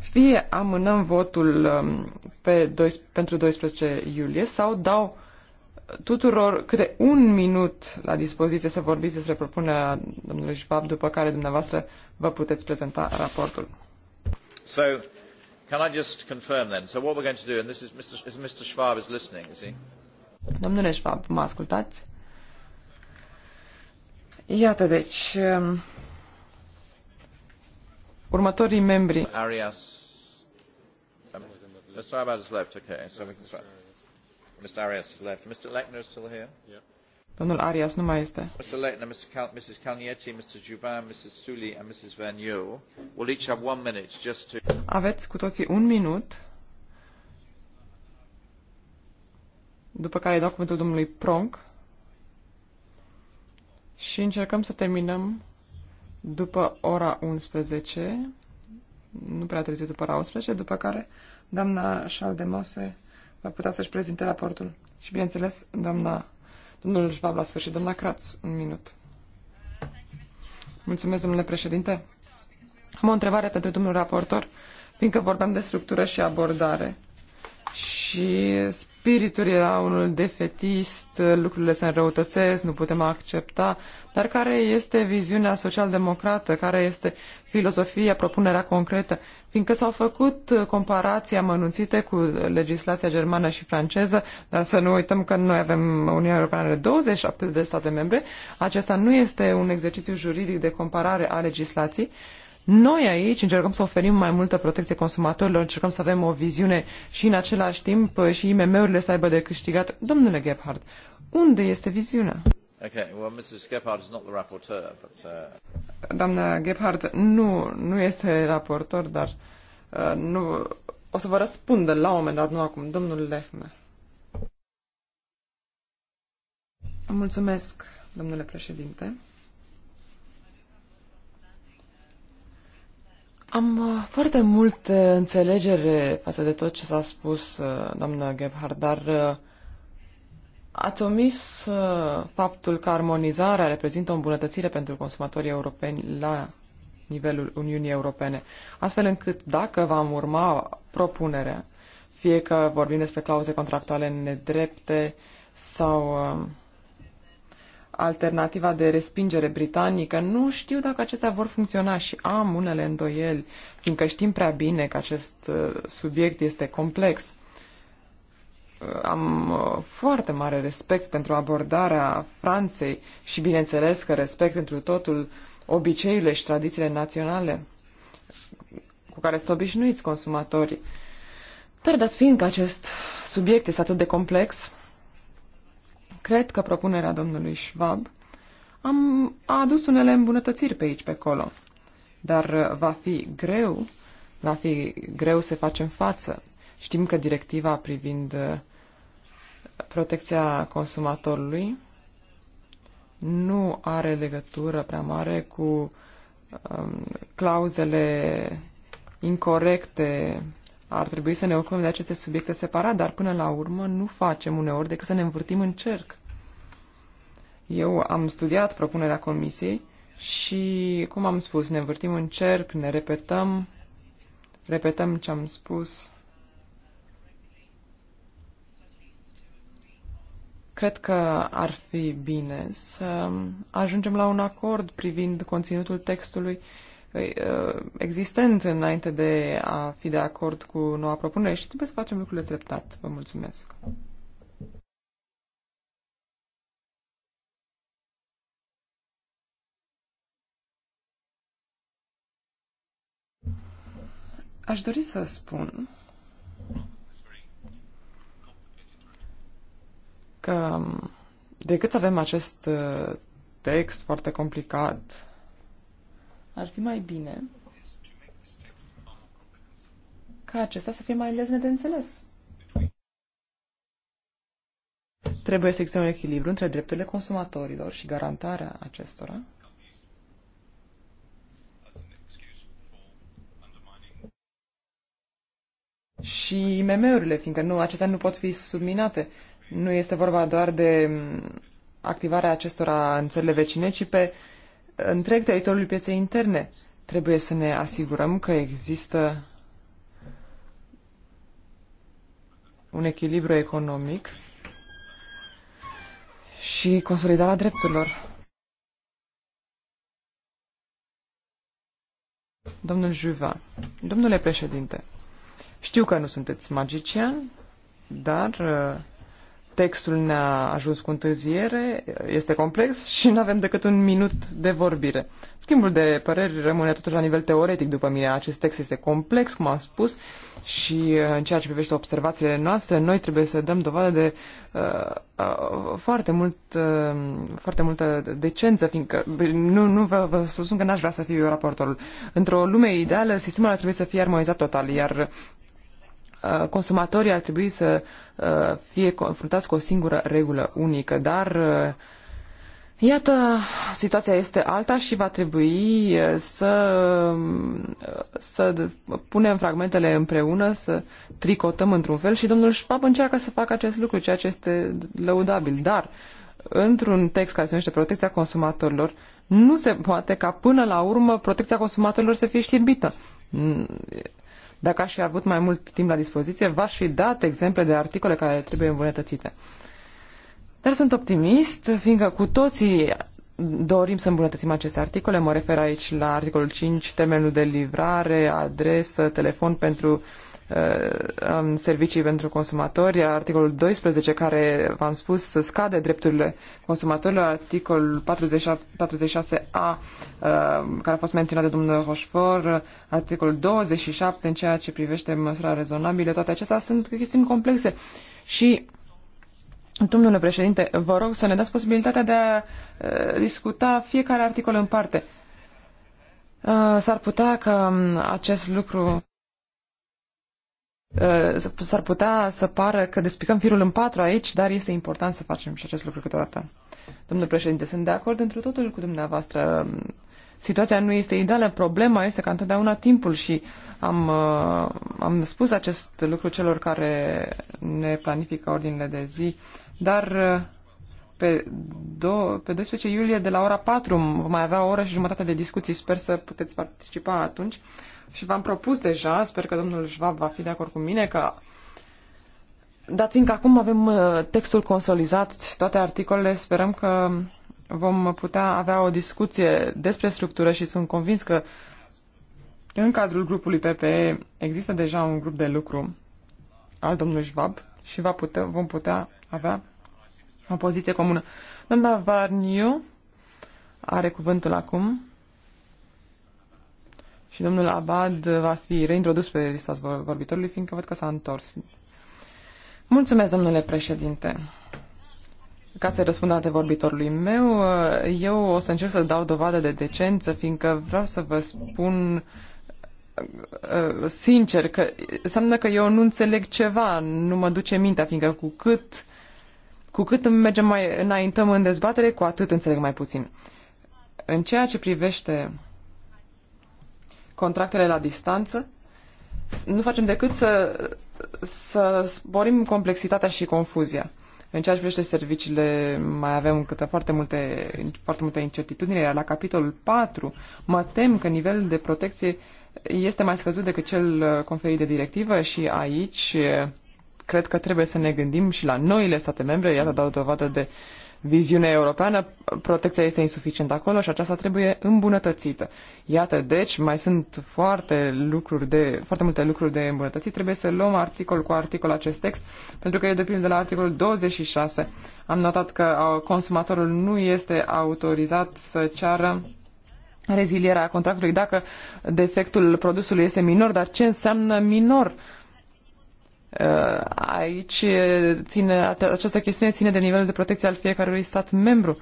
Fie amânăm votul um, pe 12, pentru 12 iulie sau dau tuturor câte un minut la dispoziție să vorbiți despre propunerea domnului Schwab, după care dumneavoastră vă puteți prezenta raportul. So, can I just confirm then? So what we're going to do, and this is Mr. Is Mr. Schwab is listening, is he? Domnule Schwab, mă ascultați? Iată deci, um, următorii membri. Arias. Um, sorry about his left, okay, so we can start. Mr. Arias has left. Mr. Lechner is still here? Yeah. Domnul Arias nu mai este. Mr. Lechner, Mr. Cal Mrs. Calnietti, Mr. Juvin, Mrs. Sully and Mrs. Van Yul will each have one minute just to... Aveți cu toții un minut, după care îi dau cuvântul domnului Pronk și încercăm să terminăm după ora 11, nu prea târziu după ora 11, după care doamna Mose va putea să-și prezinte raportul. Și, bineînțeles, doamna, domnul Schwab la sfârșit, doamna Kratz, un minut. Mulțumesc, domnule președinte. Am o întrebare pentru domnul raportor, fiindcă vorbeam de structură și abordare și spiritul era unul defetist, lucrurile se înrăutățesc, nu putem accepta, dar care este viziunea social-democrată, care este filozofia, propunerea concretă, fiindcă s-au făcut comparații amănunțite cu legislația germană și franceză, dar să nu uităm că noi avem Uniunea Europeană de 27 de state membre, acesta nu este un exercițiu juridic de comparare a legislației, noi aici încercăm să oferim mai multă protecție consumatorilor, încercăm să avem o viziune și în același timp uh, și IMM-urile să aibă de câștigat. Domnule Gebhard, unde este viziunea? Okay, well, Mrs. Gephardt is not the rapporteur, but, uh... Doamna Gephardt nu, nu este raportor, dar uh, nu, o să vă răspundă la un moment dat, nu acum. Domnul Lehme. Mulțumesc, domnule președinte. Am uh, foarte multe înțelegere față de tot ce s-a spus, uh, doamnă Gebhard, dar uh, ați omis faptul că armonizarea reprezintă o îmbunătățire pentru consumatorii europeni la nivelul Uniunii Europene, astfel încât dacă vom urma propunerea, fie că vorbim despre clauze contractuale nedrepte sau uh, alternativa de respingere britanică, nu știu dacă acestea vor funcționa și am unele îndoieli, fiindcă știm prea bine că acest uh, subiect este complex. Uh, am uh, foarte mare respect pentru abordarea Franței și bineînțeles că respect pentru totul obiceiurile și tradițiile naționale cu care sunt obișnuiți consumatorii. Dar dat fiind că acest subiect este atât de complex, Cred că propunerea domnului Schwab am, a adus unele îmbunătățiri pe aici, pe acolo. Dar uh, va fi greu, va fi greu să facem față. Știm că directiva privind uh, protecția consumatorului nu are legătură prea mare cu um, clauzele incorrecte ar trebui să ne ocupăm de aceste subiecte separat, dar până la urmă nu facem uneori decât să ne învârtim în cerc. Eu am studiat propunerea comisiei și, cum am spus, ne învârtim în cerc, ne repetăm, repetăm ce am spus. Cred că ar fi bine să ajungem la un acord privind conținutul textului Păi, ă, existent înainte de a fi de acord cu noua propunere și trebuie să facem lucrurile treptat. Vă mulțumesc. Aș dori să spun că decât cât avem acest ă, text foarte complicat ar fi mai bine ca acesta să fie mai lezne de înțeles. Trebuie să existe un echilibru între drepturile consumatorilor și garantarea acestora. Și IMM-urile, fiindcă nu, acestea nu pot fi subminate. Nu este vorba doar de activarea acestora în țările vecine, ci pe uh, întreg teritoriul pieței interne. Trebuie să ne asigurăm că există un echilibru economic și consolidarea drepturilor. Domnul Juva, domnule președinte, știu că nu sunteți magician, dar uh, textul ne-a ajuns cu întârziere, este complex și nu avem decât un minut de vorbire. Schimbul de păreri rămâne totuși la nivel teoretic, după mine. Acest text este complex, cum am spus, și uh, în ceea ce privește observațiile noastre, noi trebuie să dăm dovadă de uh, uh, foarte, mult, uh, foarte multă decență, fiindcă nu, nu vă, vă spun că n-aș vrea să fiu eu raportorul. Într-o lume ideală, sistemul ar trebui să fie armonizat total, iar Uh, consumatorii ar trebui să uh, fie confruntați cu o singură regulă unică, dar uh, Iată, situația este alta și va trebui să, să punem fragmentele împreună, să tricotăm într-un fel și domnul Schwab încearcă să facă acest lucru, ceea ce este lăudabil. Dar, într-un text care se numește Protecția consumatorilor, nu se poate ca până la urmă protecția consumatorilor să fie știrbită. Dacă aș fi avut mai mult timp la dispoziție, v-aș fi dat exemple de articole care trebuie îmbunătățite. Dar sunt optimist, fiindcă cu toții dorim să îmbunătățim aceste articole. Mă refer aici la articolul 5, termenul de livrare, adresă, telefon pentru Uh, în servicii pentru consumatori, articolul 12 care, v-am spus, scade drepturile consumatorilor, articolul 46A uh, care a fost menționat de domnul Rochefort, articolul 27 în ceea ce privește măsura rezonabilă, toate acestea sunt chestiuni complexe și Domnule președinte, vă rog să ne dați posibilitatea de a uh, discuta fiecare articol în parte. S-ar putea ca um, acest lucru Uh, s-ar putea să pară că despicăm firul în patru aici, dar este important să facem și acest lucru câteodată. Domnule președinte, sunt de acord într totul cu dumneavoastră. Situația nu este ideală, problema este că întotdeauna timpul și am, uh, am spus acest lucru celor care ne planifică ordinele de zi, dar uh, pe, do- pe 12 iulie de la ora 4 vom mai avea o oră și jumătate de discuții, sper să puteți participa atunci și v-am propus deja, sper că domnul Schwab va fi de acord cu mine, că dat fiindcă acum avem uh, textul și toate articolele, sperăm că vom putea avea o discuție despre structură și sunt convins că în cadrul grupului PPE există deja un grup de lucru al domnului Schwab și va putea, vom putea avea o poziție comună. Doamna Varniu are cuvântul acum și domnul Abad va fi reintrodus pe lista vorbitorului, fiindcă văd că s-a întors. Mulțumesc, domnule președinte. Ca să răspund vorbitorului meu, eu o să încerc să dau dovadă de decență, fiindcă vreau să vă spun uh, sincer că înseamnă că eu nu înțeleg ceva, nu mă duce mintea, fiindcă cu cât cu cât mergem mai înaintăm în dezbatere, cu atât înțeleg mai puțin. În ceea ce privește contractele la distanță, nu facem decât să, să sporim complexitatea și confuzia. În ceea ce privește serviciile, mai avem câte foarte multe, foarte multe incertitudini, iar la capitolul 4 mă tem că nivelul de protecție este mai scăzut decât cel uh, conferit de directivă și aici uh, cred că trebuie să ne gândim și la noile state membre, iată dau dovadă de uh, viziune europeană, protecția este insuficientă acolo și aceasta trebuie îmbunătățită. Iată, deci, mai sunt foarte, lucruri de, foarte multe lucruri de îmbunătățit. Trebuie să luăm articol cu articol acest text, pentru că eu, de pildă, la articolul 26 am notat că consumatorul nu este autorizat să ceară rezilierea contractului dacă defectul produsului este minor, dar ce înseamnă minor? Aici ține, această chestiune ține de nivelul de protecție al fiecărui stat membru.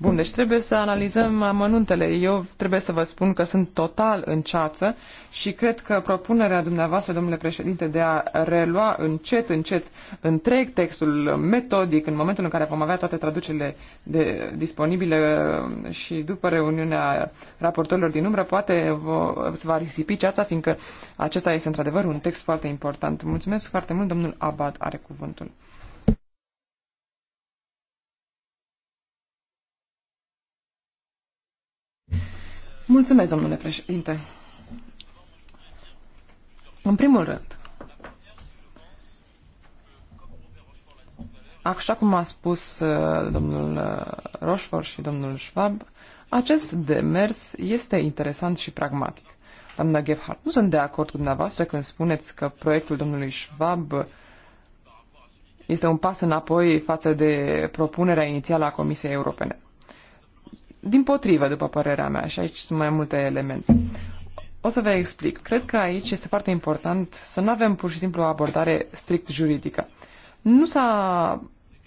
Bun, deci trebuie să analizăm amănuntele. Eu trebuie să vă spun că sunt total în ceață și cred că propunerea dumneavoastră, domnule președinte, de a relua încet, încet întreg textul metodic în momentul în care vom avea toate traducerile de, disponibile și după reuniunea raportorilor din umbră, poate vă, va risipi ceața, fiindcă acesta este într-adevăr un text foarte important. Mulțumesc foarte mult, domnul Abad are cuvântul. Mulțumesc, domnule președinte. În primul rând, așa cum a spus uh, domnul uh, Roșfor și domnul Schwab, acest demers este interesant și pragmatic. Doamna Gebhardt, nu sunt de acord cu dumneavoastră când spuneți că proiectul domnului Schwab este un pas înapoi față de propunerea inițială a Comisiei Europene din potrivă, după părerea mea, și aici sunt mai multe elemente. O să vă explic. Cred că aici este foarte important să nu avem pur și simplu o abordare strict juridică. Nu s-a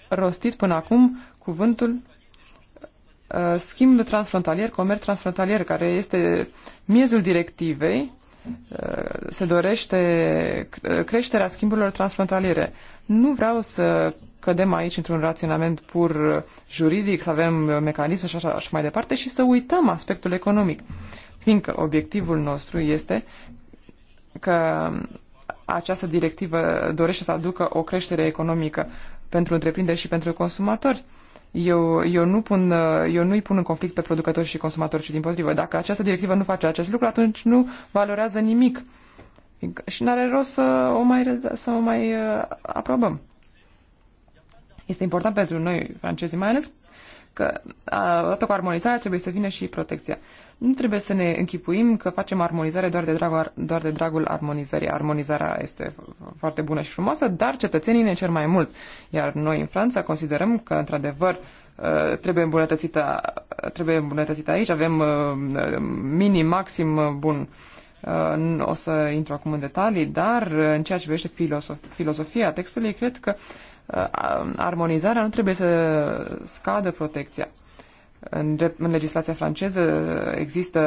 rostit până acum cuvântul uh, schimb transfrontalier, comerț transfrontalier, care este miezul directivei. Uh, se dorește creșterea schimburilor transfrontaliere. Nu vreau să cădem aici într-un raționament pur juridic, să avem mecanisme și așa și mai departe și să uităm aspectul economic. Fiindcă obiectivul nostru este că această directivă dorește să aducă o creștere economică pentru întreprinderi și pentru consumatori. Eu, eu, nu pun, eu nu-i pun în conflict pe producători și consumatori, ci din potrivă. Dacă această directivă nu face acest lucru, atunci nu valorează nimic. Și n-are rost să o mai, să o mai uh, aprobăm. Este important pentru noi, francezii, mai ales că, odată cu armonizarea, trebuie să vină și protecția. Nu trebuie să ne închipuim că facem armonizare doar de dragul, doar de dragul armonizării. Armonizarea este foarte bună și frumoasă, dar cetățenii ne cer mai mult. Iar noi, în Franța, considerăm că, într-adevăr, ă, trebuie îmbunătățită, trebuie îmbunătățită aici. Avem ă, minim-maxim ă, bun. Nu o să intru acum în detalii, dar în ceea ce privește filosofia textului, cred că Uh, armonizarea nu trebuie să scadă protecția. În, în legislația franceză există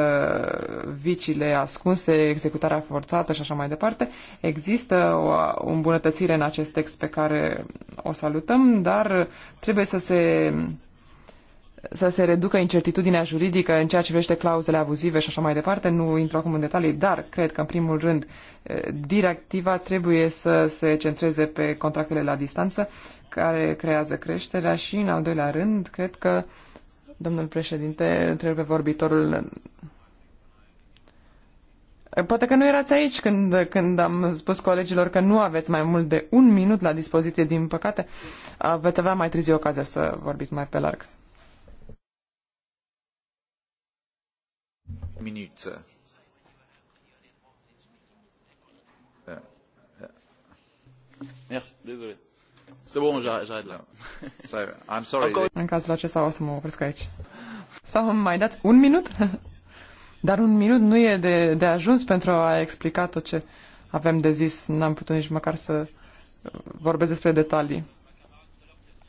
viciile ascunse, executarea forțată și așa mai departe. Există o, o îmbunătățire în acest text pe care o salutăm, dar trebuie să se să se reducă incertitudinea juridică în ceea ce privește clauzele abuzive și așa mai departe. Nu intru acum în detalii, dar cred că, în primul rând, eh, directiva trebuie să se centreze pe contractele la distanță care creează creșterea și, în al doilea rând, cred că, domnul președinte, întrebe vorbitorul eh, Poate că nu erați aici când, când am spus colegilor că nu aveți mai mult de un minut la dispoziție, din păcate. Ah, veți avea mai târziu ocazia să vorbiți mai pe larg. minute. Merci, bon, j'arrête là. So, I'm sorry. În cazul acesta o să mă opresc aici. Sau mai dați un minut? Dar un minut nu e de, de ajuns pentru a explica tot ce avem de zis. N-am putut nici măcar să vorbesc despre detalii.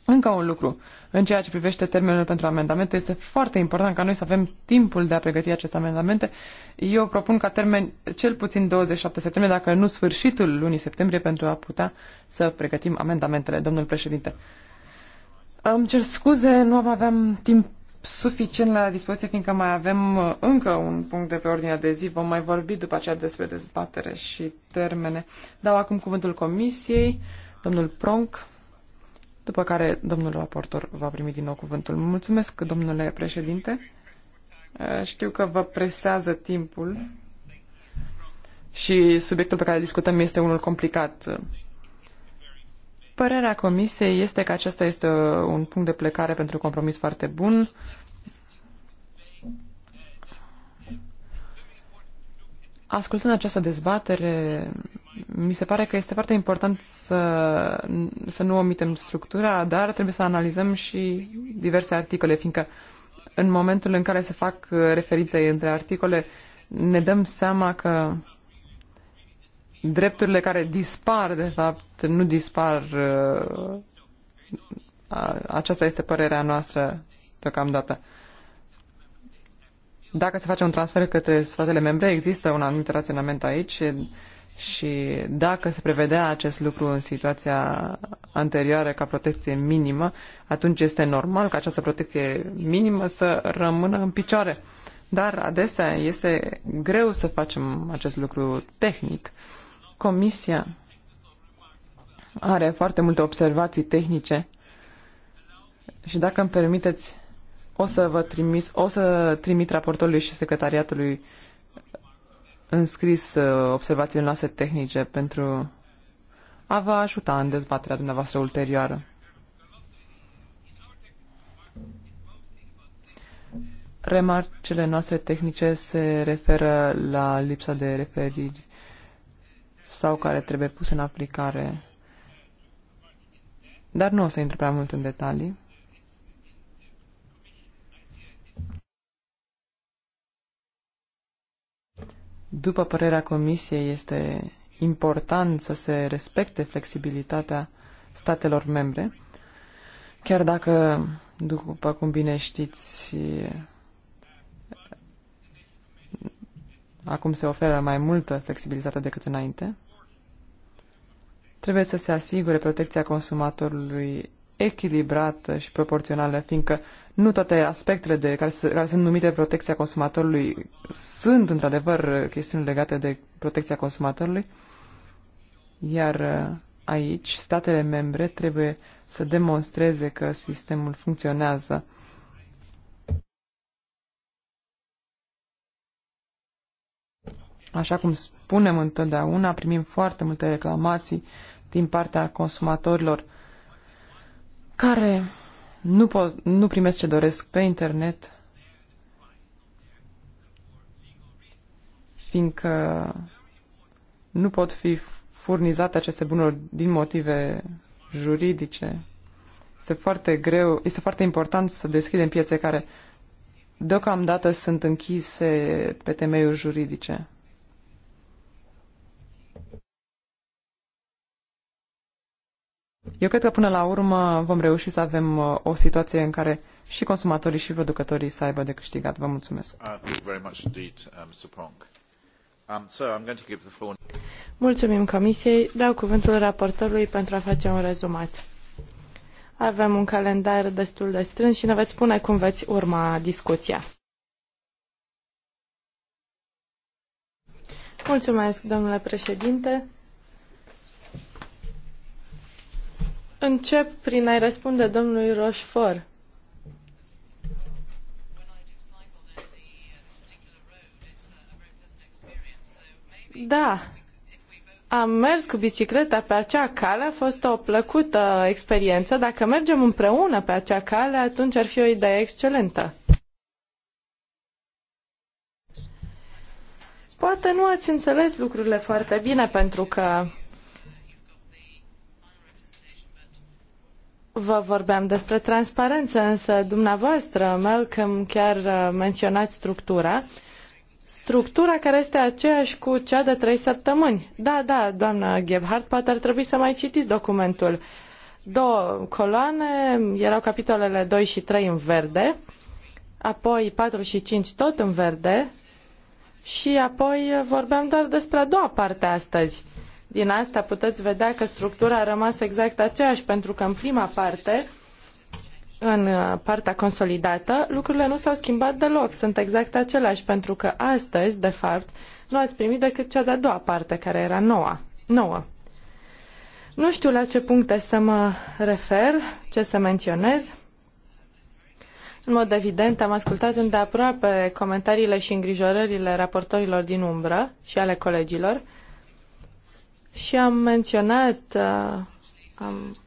Încă un lucru. În ceea ce privește termenul pentru amendamente, este foarte important ca noi să avem timpul de a pregăti aceste amendamente. Eu propun ca termen cel puțin 27 septembrie, dacă nu sfârșitul lunii septembrie, pentru a putea să pregătim amendamentele, domnul președinte. Îmi cer scuze, nu aveam timp suficient la dispoziție, fiindcă mai avem uh, încă un punct de pe ordinea de zi. Vom mai vorbi după aceea despre dezbatere și termene. Dau acum cuvântul comisiei, domnul Pronc după care domnul raportor va primi din nou cuvântul. Mulțumesc, domnule președinte. Eh, știu că vă presează timpul și subiectul pe care discutăm este unul complicat. Părerea comisiei este că acesta este un punct de plecare pentru un compromis foarte bun Ascultând această dezbatere, mi se pare că este foarte important să, să nu omitem structura, dar trebuie să analizăm și diverse articole, fiindcă în momentul în care se fac uh, referințe între articole, ne dăm seama că drepturile care dispar, de fapt, nu dispar. Uh, aceasta este părerea noastră deocamdată dacă se face un transfer către statele membre, există un anumit raționament aici și dacă se prevedea acest lucru în situația anterioară ca protecție minimă, atunci este normal ca această protecție minimă să rămână în picioare. Dar adesea este greu să facem acest lucru tehnic. Comisia are foarte multe observații tehnice și dacă îmi permiteți o să vă trimis, o să trimit raportorului și secretariatului înscris uh, observațiile noastre tehnice pentru a vă ajuta în dezbaterea dumneavoastră ulterioară. Remarcele noastre tehnice se referă la lipsa de referiri sau care trebuie puse în aplicare, dar nu o să intru prea mult în detalii. După părerea Comisiei, este important să se respecte flexibilitatea statelor membre, chiar dacă, după cum bine știți, acum se oferă mai multă flexibilitate decât înainte, trebuie să se asigure protecția consumatorului echilibrată și proporțională, fiindcă nu toate aspectele de, care, care sunt numite protecția consumatorului sunt într-adevăr chestiuni legate de protecția consumatorului, iar uh, aici statele membre trebuie să demonstreze că sistemul funcționează. Așa cum spunem întotdeauna, primim foarte multe reclamații din partea consumatorilor care nu, pot, nu primesc ce doresc pe internet, fiindcă nu pot fi furnizate aceste bunuri din motive juridice. Este foarte greu, este foarte important să deschidem piețe care deocamdată sunt închise pe temeiuri juridice. Eu cred că până la urmă vom reuși să avem uh, o situație în care și consumatorii și producătorii să aibă de câștigat. Vă mulțumesc. Uh, uh, um, Mulțumim Comisiei. Dau cuvântul raportorului pentru a face un rezumat. Avem un calendar destul de strâns și ne veți spune cum veți urma discuția. Mulțumesc, domnule președinte. Încep prin a-i răspunde domnului Rochefort. Da, am mers cu bicicleta pe acea cale, a fost o plăcută experiență. Dacă mergem împreună pe acea cale, atunci ar fi o idee excelentă. Poate nu ați înțeles lucrurile foarte bine, pentru că Vă vorbeam despre transparență, însă dumneavoastră, Malcolm, chiar uh, menționați structura. Structura care este aceeași cu cea de trei săptămâni. Da, da, doamnă Gebhardt, poate ar trebui să mai citiți documentul. Două coloane, erau capitolele 2 și 3 în verde, apoi 4 și 5 tot în verde și apoi vorbeam doar despre a doua parte astăzi. Din asta puteți vedea că structura a rămas exact aceeași, pentru că în prima parte, în uh, partea consolidată, lucrurile nu s-au schimbat deloc, sunt exact aceleași, pentru că astăzi, de fapt, nu ați primit decât cea de-a doua parte, care era noua. nouă. Nu știu la ce puncte să mă refer, ce să menționez. În mod evident, am ascultat îndeaproape comentariile și îngrijorările raportorilor din umbră și ale colegilor și am menționat, uh, am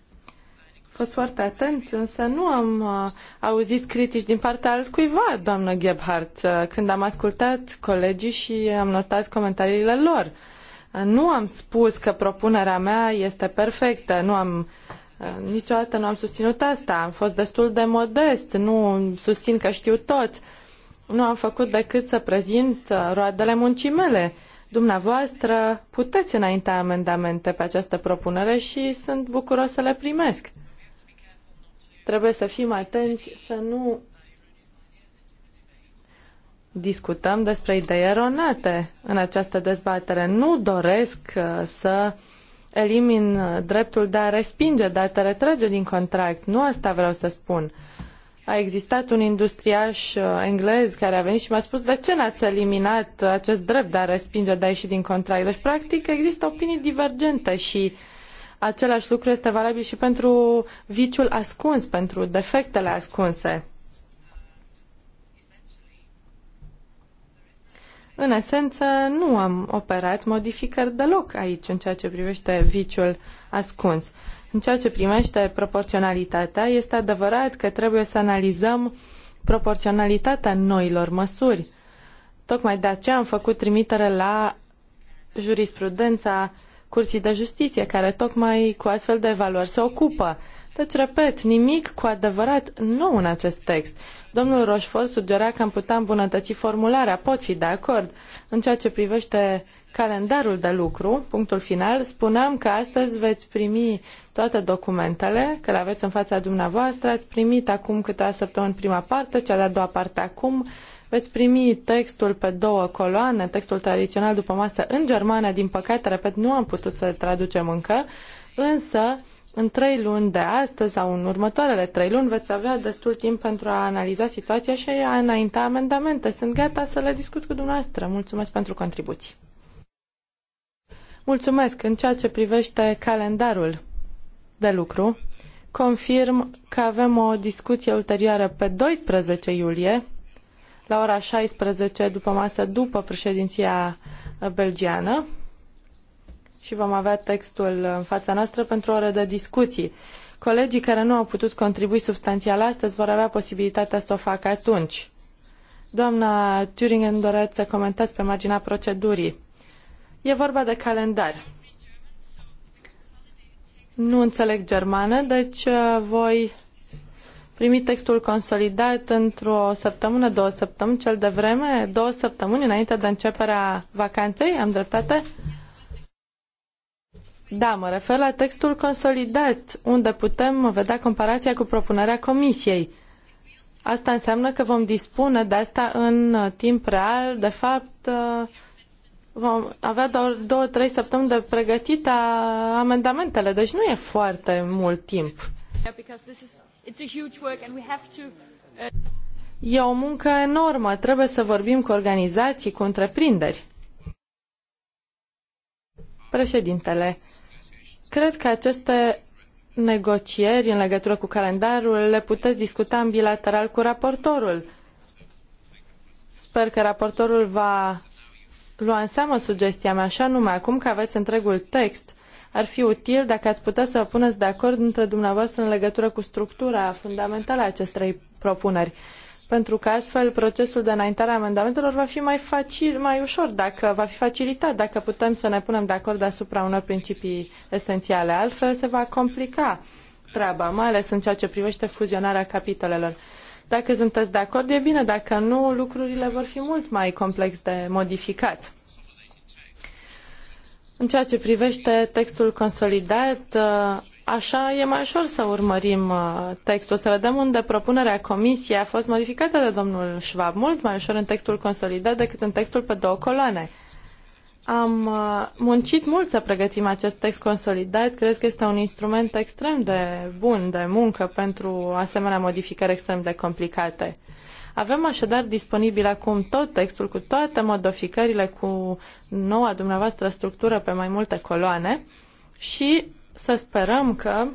fost foarte atent, însă nu am uh, auzit critici din partea altcuiva, doamnă Gebhardt, uh, când am ascultat colegii și am notat comentariile lor. Nu am spus că propunerea mea este perfectă, nu am niciodată nu am susținut asta, am fost destul de modest, nu susțin că știu tot. Nu am făcut decât să prezint roadele muncii mele. Dumneavoastră puteți înainta amendamente pe această propunere și sunt bucuros să le primesc. Trebuie să fim atenți să nu discutăm despre idei eronate în această dezbatere. Nu doresc uh, să elimin dreptul de a respinge, de a te retrage din contract. Nu asta vreau să spun a existat un industriaș uh, englez care a venit și mi-a spus de ce n-ați eliminat acest drept de a respinge, de a ieși din contract. Deci, practic, există opinii divergente și același lucru este valabil și pentru viciul ascuns, pentru defectele ascunse. În esență, nu am operat modificări deloc aici în ceea ce privește viciul ascuns. În ceea ce primește proporționalitatea, este adevărat că trebuie să analizăm proporționalitatea noilor măsuri. Tocmai de aceea am făcut trimitere la jurisprudența Curții de Justiție, care tocmai cu astfel de valori se ocupă. Deci, repet, nimic cu adevărat nou în acest text. Domnul Rochefort sugera că am putea îmbunătăți formularea, pot fi de acord. În ceea ce privește calendarul de lucru, punctul final, spuneam că astăzi veți primi toate documentele, că le aveți în fața dumneavoastră, ați primit acum câteva săptămâni prima parte, cea de-a doua parte acum, veți primi textul pe două coloane, textul tradițional după masă în germană, din păcate, repet, nu am putut să traducem încă, însă în trei luni de astăzi sau în următoarele trei luni veți avea destul timp pentru a analiza situația și a înainta amendamente. Sunt gata să le discut cu dumneavoastră. Mulțumesc pentru contribuții. Mulțumesc. În ceea ce privește calendarul de lucru, confirm că avem o discuție ulterioară pe 12 iulie, la ora 16 după masă, după președinția belgiană și vom avea textul în fața noastră pentru o oră de discuții. Colegii care nu au putut contribui substanțial astăzi vor avea posibilitatea să o facă atunci. Doamna Turingen, doreți să comentați pe marginea procedurii. E vorba de calendar. Nu înțeleg germană, deci uh, voi primi textul consolidat într-o săptămână, două săptămâni, cel de vreme, două săptămâni înainte de începerea vacanței, am dreptate? Da, mă refer la textul consolidat, unde putem vedea comparația cu propunerea comisiei. Asta înseamnă că vom dispune de asta în timp real, de fapt, uh, vom avea doar două, trei săptămâni de pregătit amendamentele, deci nu e foarte mult timp. Uh, e o muncă enormă, trebuie să vorbim cu organizații, cu întreprinderi. Președintele, cred că aceste negocieri în legătură cu calendarul le puteți discuta în bilateral cu raportorul. Sper că raportorul va lua în seamă sugestia mea, așa numai acum că aveți întregul text. Ar fi util dacă ați putea să vă puneți de acord între dumneavoastră în legătură cu structura fundamentală a acestei propuneri. Pentru că astfel procesul de înaintare a amendamentelor va fi mai, facil, mai ușor, dacă va fi facilitat, dacă putem să ne punem de acord asupra unor principii esențiale. Altfel se va complica treaba, mai ales în ceea ce privește fuzionarea capitolelor. Dacă sunteți de acord, e bine. Dacă nu, lucrurile vor fi mult mai complex de modificat. În ceea ce privește textul consolidat, uh, așa e mai ușor să urmărim uh, textul, să vedem unde propunerea comisiei a fost modificată de domnul Schwab, mult mai ușor în textul consolidat decât în textul pe două coloane. Am uh, muncit mult să pregătim acest text consolidat. Cred că este un instrument extrem de bun de muncă pentru asemenea modificări extrem de complicate. Avem așadar disponibil acum tot textul cu toate modificările cu noua dumneavoastră structură pe mai multe coloane și să sperăm că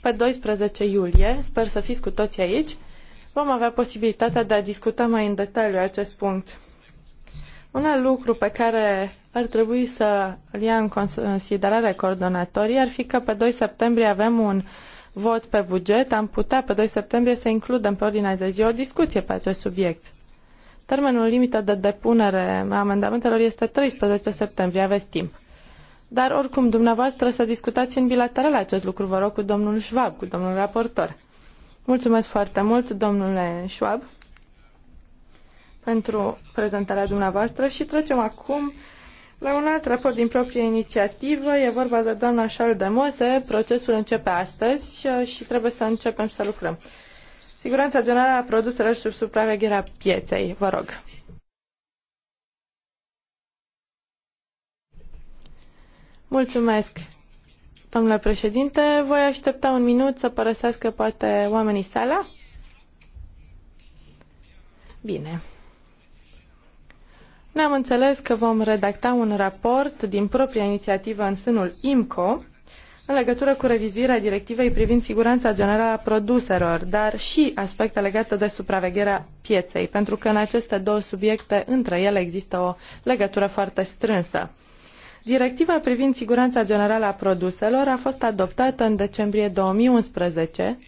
pe 12 iulie, sper să fiți cu toții aici, vom avea posibilitatea de a discuta mai în detaliu acest punct. Un alt lucru pe care ar trebui să îl ia în considerare coordonatorii ar fi că pe 2 septembrie avem un vot pe buget, am putea pe 2 septembrie să includem pe ordinea de zi o discuție pe acest subiect. Termenul limită de depunere a amendamentelor este 13 septembrie, aveți timp. Dar oricum, dumneavoastră să discutați în bilateral acest lucru, vă rog, cu domnul Schwab, cu domnul raportor. Mulțumesc foarte mult, domnule Schwab pentru prezentarea dumneavoastră și trecem acum la un alt raport din proprie inițiativă. E vorba de doamna Charles de Mose. Procesul începe astăzi și trebuie să începem să lucrăm. Siguranța generală a produselor sub supravegherea pieței. Vă rog. Mulțumesc, domnule președinte. Voi aștepta un minut să părăsească poate oamenii sala. Bine. Ne-am înțeles că vom redacta un raport din propria inițiativă în sânul IMCO în legătură cu revizuirea directivei privind siguranța generală a produselor, dar și aspecte legate de supravegherea pieței, pentru că în aceste două subiecte între ele există o legătură foarte strânsă. Directiva privind siguranța generală a produselor a fost adoptată în decembrie 2011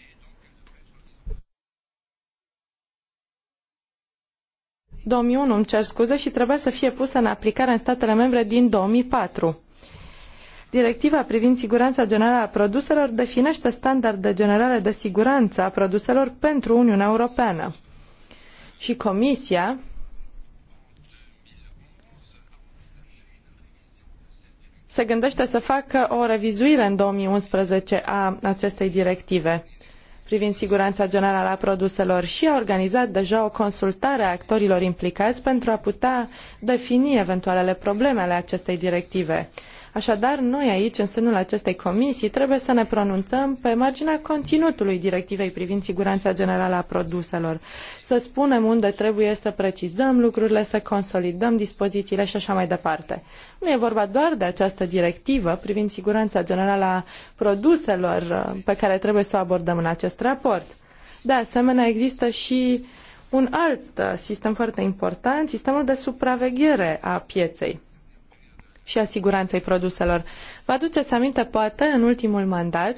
2001, îmi cer scuze, și trebuia să fie pusă în aplicare în statele membre din 2004. Directiva privind siguranța generală a produselor definește standarde generale de siguranță a produselor pentru Uniunea Europeană. Și Comisia se gândește să facă o revizuire în 2011 a acestei directive privind siguranța generală a produselor și a organizat deja o consultare a actorilor implicați pentru a putea defini eventualele probleme ale acestei directive. Așadar, noi aici, în sânul acestei comisii, trebuie să ne pronunțăm pe marginea conținutului directivei privind siguranța generală a produselor, să spunem unde trebuie să precizăm lucrurile, să consolidăm dispozițiile și așa mai departe. Nu e vorba doar de această directivă privind siguranța generală a produselor uh, pe care trebuie să o abordăm în acest raport. De asemenea, există și un alt uh, sistem foarte important, sistemul de supraveghere a pieței și a siguranței produselor. Vă aduceți aminte, poate, în ultimul mandat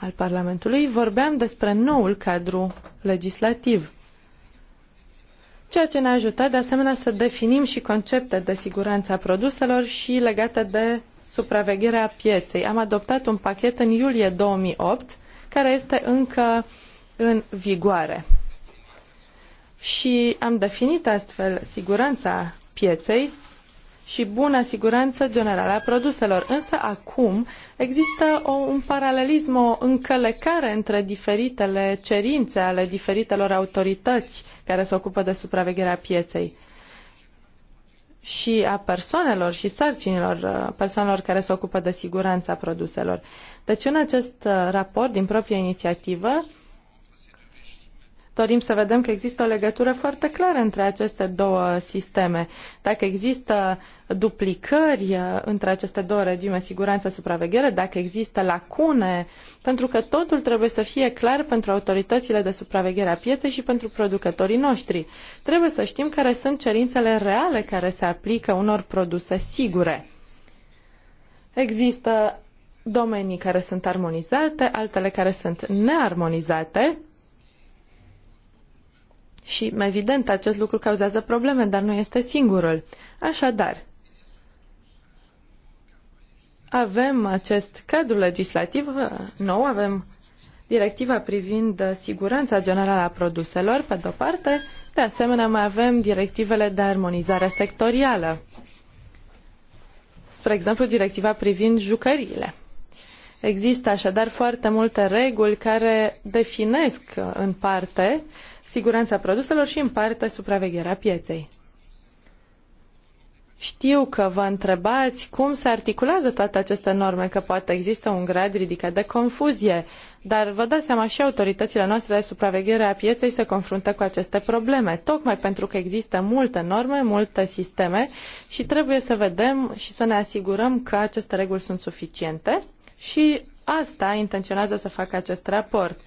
al Parlamentului vorbeam despre noul cadru legislativ ceea ce ne-a ajutat de asemenea să definim și concepte de siguranță a produselor și legate de supravegherea pieței. Am adoptat un pachet în iulie 2008 care este încă în vigoare. Și am definit astfel siguranța pieței și bună siguranță generală a produselor. Însă acum există o, un paralelism, o încălecare între diferitele cerințe ale diferitelor autorități care se ocupă de supravegherea pieței și a persoanelor și sarcinilor uh, persoanelor care se ocupă de siguranța produselor. Deci în acest uh, raport din proprie inițiativă dorim să vedem că există o legătură foarte clară între aceste două sisteme. Dacă există duplicări uh, între aceste două regime, siguranță-supraveghere, dacă există lacune, pentru că totul trebuie să fie clar pentru autoritățile de supraveghere a pieței și pentru producătorii noștri. Trebuie să știm care sunt cerințele reale care se aplică unor produse sigure. Există domenii care sunt armonizate, altele care sunt nearmonizate și, mai evident, acest lucru cauzează probleme, dar nu este singurul. Așadar, avem acest cadru legislativ uh, nou, avem directiva privind uh, siguranța generală a produselor, pe de-o parte, de asemenea mai avem directivele de armonizare sectorială. Spre exemplu, directiva privind jucăriile. Există așadar foarte multe reguli care definesc uh, în parte uh, siguranța produselor și în parte supravegherea pieței. Știu că vă întrebați cum se articulează toate aceste norme, că poate există un grad ridicat de confuzie, dar vă dați seama și autoritățile noastre de supraveghere a pieței se confruntă cu aceste probleme, tocmai pentru că există multe norme, multe sisteme și trebuie să vedem și să ne asigurăm că aceste reguli sunt suficiente și asta intenționează să facă acest raport.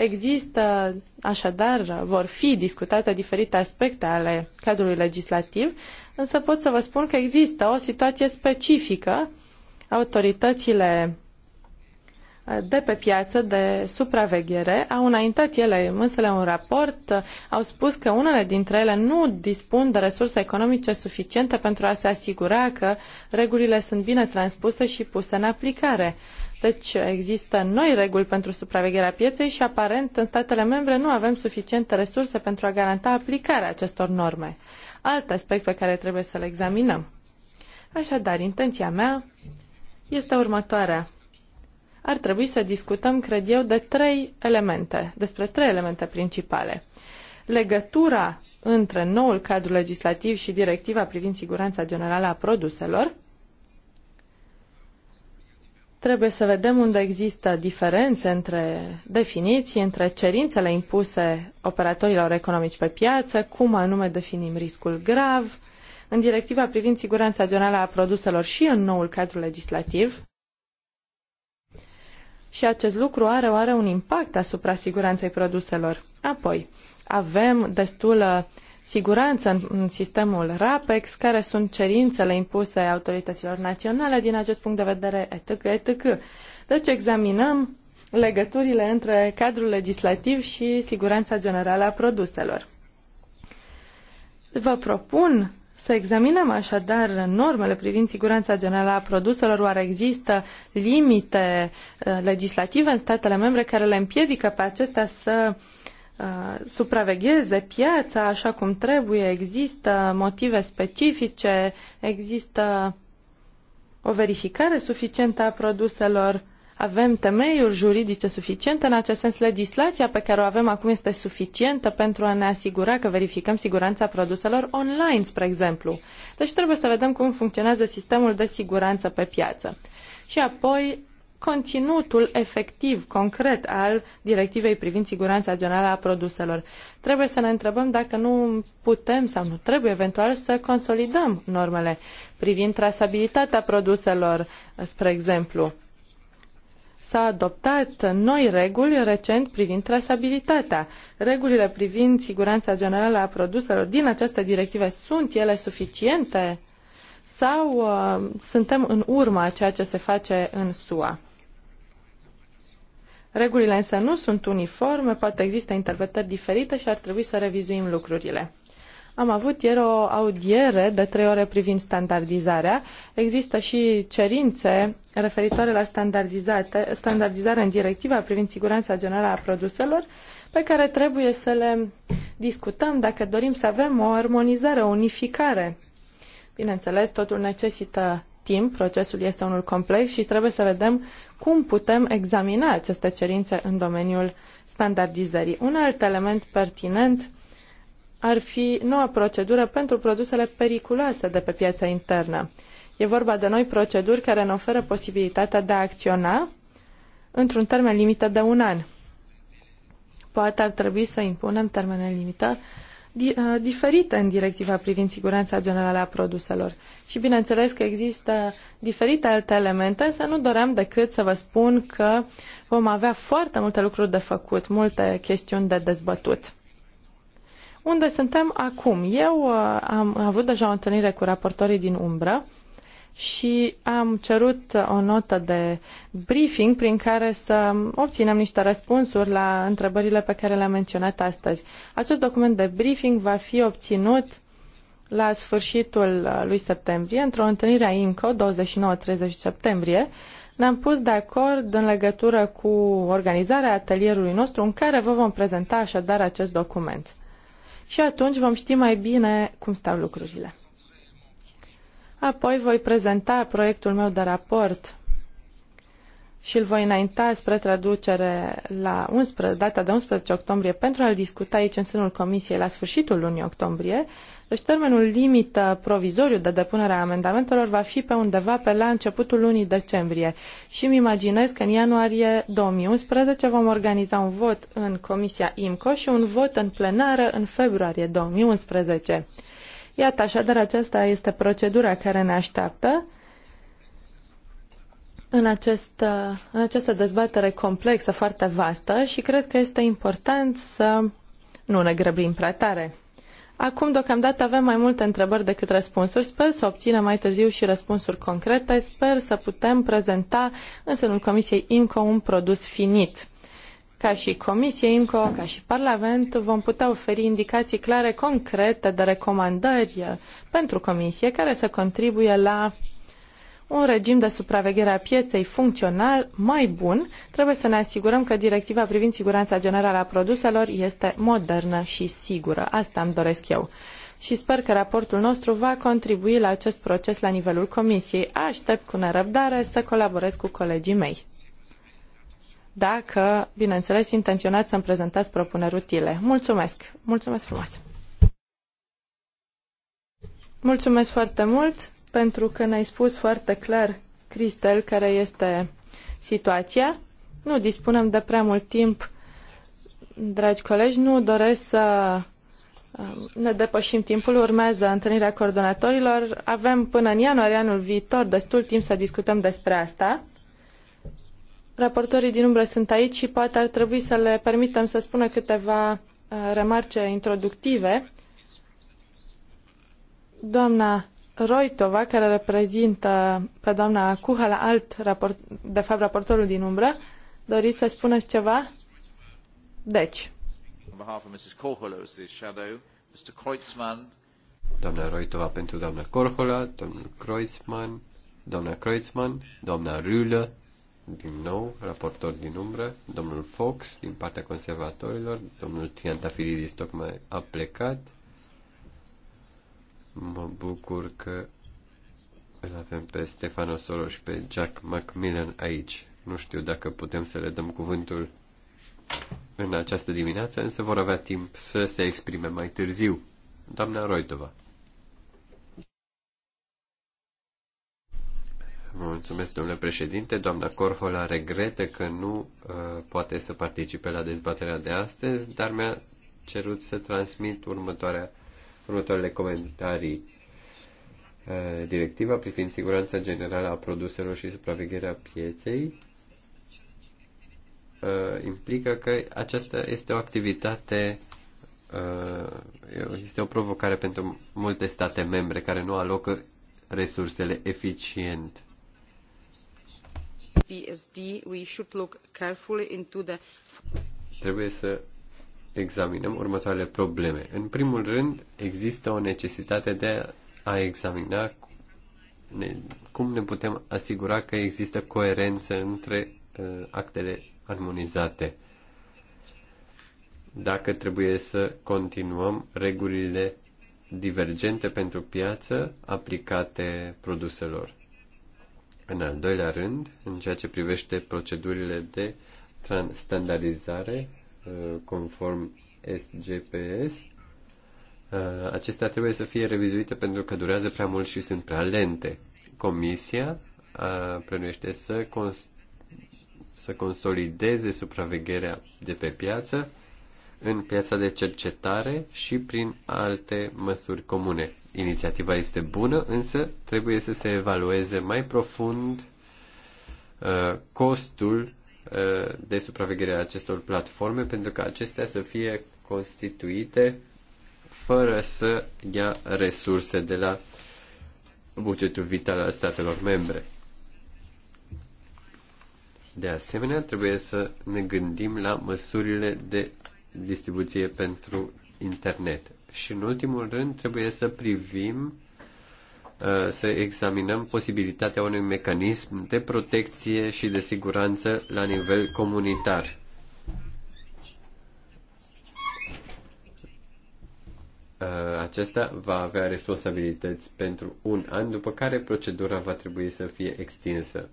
Există, așadar, vor fi discutate diferite aspecte ale cadrului legislativ, însă pot să vă spun că există o situație specifică. Autoritățile uh, de pe piață de supraveghere au înaintat ele însele un raport, uh, au spus că unele dintre ele nu dispun de resurse economice suficiente pentru a se asigura că regulile sunt bine transpuse și puse în aplicare. Deci există noi reguli pentru supravegherea pieței și aparent în statele membre nu avem suficiente resurse pentru a garanta aplicarea acestor norme. Alt aspect pe care trebuie să-l examinăm. Așadar, intenția mea este următoarea. Ar trebui să discutăm, cred eu, de trei elemente, despre trei elemente principale. Legătura între noul cadru legislativ și directiva privind siguranța generală a produselor, Trebuie să vedem unde există diferențe între definiții, între cerințele impuse operatorilor economici pe piață, cum anume definim riscul grav, în directiva privind siguranța generală a produselor și în noul cadru legislativ. Și acest lucru are oare un impact asupra siguranței produselor. Apoi, avem destulă uh, siguranță în, sistemul RAPEX, care sunt cerințele impuse autorităților naționale din acest punct de vedere etc. etc. Deci examinăm legăturile între cadrul legislativ și siguranța generală a produselor. Vă propun să examinăm așadar normele privind siguranța generală a produselor. Oare există limite eh, legislative în statele membre care le împiedică pe acestea să uh, Uh, supravegheze piața așa cum trebuie, există motive specifice, există o verificare suficientă a produselor, avem temeiuri juridice suficiente, în acest sens legislația pe care o avem acum este suficientă pentru a ne asigura că verificăm siguranța produselor online, spre exemplu. Deci trebuie să vedem cum funcționează sistemul de siguranță pe piață. Și apoi conținutul efectiv, concret al directivei privind siguranța generală a produselor. Trebuie să ne întrebăm dacă nu putem sau nu trebuie eventual să consolidăm normele privind trasabilitatea produselor, spre exemplu. S-a adoptat noi reguli recent privind trasabilitatea. Regulile privind siguranța generală a produselor din această directivă sunt ele suficiente? sau uh, suntem în urma a ceea ce se face în SUA? Regulile însă nu sunt uniforme, poate există interpretări diferite și ar trebui să revizuim lucrurile. Am avut ieri o audiere de trei ore privind standardizarea. Există și cerințe referitoare la standardizare în directiva privind siguranța generală a produselor, pe care trebuie să le discutăm dacă dorim să avem o armonizare, o unificare. Bineînțeles, totul necesită timp, procesul este unul complex și trebuie să vedem cum putem examina aceste cerințe în domeniul standardizării. Un alt element pertinent ar fi noua procedură pentru produsele periculoase de pe piața internă. E vorba de noi proceduri care ne oferă posibilitatea de a acționa într-un termen limită de un an. Poate ar trebui să impunem termene limită Uh, diferite în directiva privind siguranța generală a produselor. Și bineînțeles că există diferite alte elemente, însă nu doream decât să vă spun că vom avea foarte multe lucruri de făcut, multe chestiuni de dezbătut. Unde suntem acum? Eu uh, am avut deja o întâlnire cu raportorii din umbră și am cerut o notă de briefing prin care să obținem niște răspunsuri la întrebările pe care le-am menționat astăzi. Acest document de briefing va fi obținut la sfârșitul uh, lui septembrie, într-o întâlnire a INCO, 29-30 septembrie, ne-am pus de acord în legătură cu organizarea atelierului nostru în care vă vom prezenta așadar acest document. Și atunci vom ști mai bine cum stau lucrurile. Apoi voi prezenta proiectul meu de raport și îl voi înainta spre traducere la 11, data de 11 octombrie pentru a-l discuta aici în sânul Comisiei la sfârșitul lunii octombrie. Deci termenul limită provizoriu de depunere a amendamentelor va fi pe undeva pe la începutul lunii decembrie și îmi imaginez că în ianuarie 2011 vom organiza un vot în Comisia IMCO și un vot în plenară în februarie 2011. Iată, așadar, aceasta este procedura care ne așteaptă. În, acest, în această dezbatere complexă, foarte vastă și cred că este important să nu ne grăbim prea tare. Acum, deocamdată, avem mai multe întrebări decât răspunsuri. Sper să obținem mai târziu și răspunsuri concrete. Sper să putem prezenta în sânul Comisiei INCO un produs finit ca și Comisie IMCO, ca și Parlament, vom putea oferi indicații clare, concrete, de recomandări uh, pentru Comisie, care să contribuie la un regim de supraveghere a pieței funcțional mai bun, trebuie să ne asigurăm că directiva privind siguranța generală a produselor este modernă și sigură. Asta îmi doresc eu. Și sper că raportul nostru va contribui la acest proces la nivelul Comisiei. Aștept cu nerăbdare să colaborez cu colegii mei dacă, bineînțeles, intenționați să-mi prezentați propuneri utile. Mulțumesc! Mulțumesc frumos! Mulțumesc foarte mult pentru că ne-ai spus foarte clar, Cristel, care este situația. Nu dispunem de prea mult timp, dragi colegi, nu doresc să uh, ne depășim timpul, urmează întâlnirea coordonatorilor. Avem până în ianuarie anul viitor destul timp să discutăm despre asta. Raportorii din umbră sunt aici și poate ar trebui să le permitem să spună câteva uh, remarce introductive. Doamna Roitova, care reprezintă pe doamna Cuhala, alt raport, de fapt raportorul din umbră, doriți să spuneți ceva? Deci. Doamna Roitova pentru doamna Corhola, domnul Kreutzmann, doamna Kreutzmann, doamna Rühle, din nou, raportor din umbră, domnul Fox din partea conservatorilor, domnul Triantafilidis tocmai a plecat. Mă bucur că îl avem pe Stefano Solo și pe Jack Macmillan aici. Nu știu dacă putem să le dăm cuvântul în această dimineață, însă vor avea timp să se exprime mai târziu. Doamna Roitova. Vă mulțumesc, domnule președinte. Doamna Corhola regretă că nu uh, poate să participe la dezbaterea de astăzi, dar mi-a cerut să transmit următoarea, următoarele comentarii. Uh, directiva privind siguranța generală a produselor și supravegherea pieței uh, implică că aceasta este o activitate uh, este o provocare pentru multe state membre care nu alocă resursele eficient PSD, we should look carefully into the... Trebuie să examinăm următoarele probleme. În primul rând, există o necesitate de a examina cum ne putem asigura că există coerență între uh, actele armonizate. Dacă trebuie să continuăm regulile divergente pentru piață aplicate produselor. În al doilea rând, în ceea ce privește procedurile de standardizare uh, conform SGPS, uh, acestea trebuie să fie revizuite pentru că durează prea mult și sunt prea lente. Comisia uh, plănuiește să, cons- să consolideze supravegherea de pe piață în piața de cercetare și prin alte măsuri comune. Inițiativa este bună, însă trebuie să se evalueze mai profund uh, costul uh, de supraveghere a acestor platforme pentru că acestea să fie constituite fără să ia resurse de la bugetul vital al statelor membre. De asemenea, trebuie să ne gândim la măsurile de distribuție pentru internet și în ultimul rând trebuie să privim, uh, să examinăm posibilitatea unui mecanism de protecție și de siguranță la nivel comunitar. Uh, acesta va avea responsabilități pentru un an, după care procedura va trebui să fie extinsă.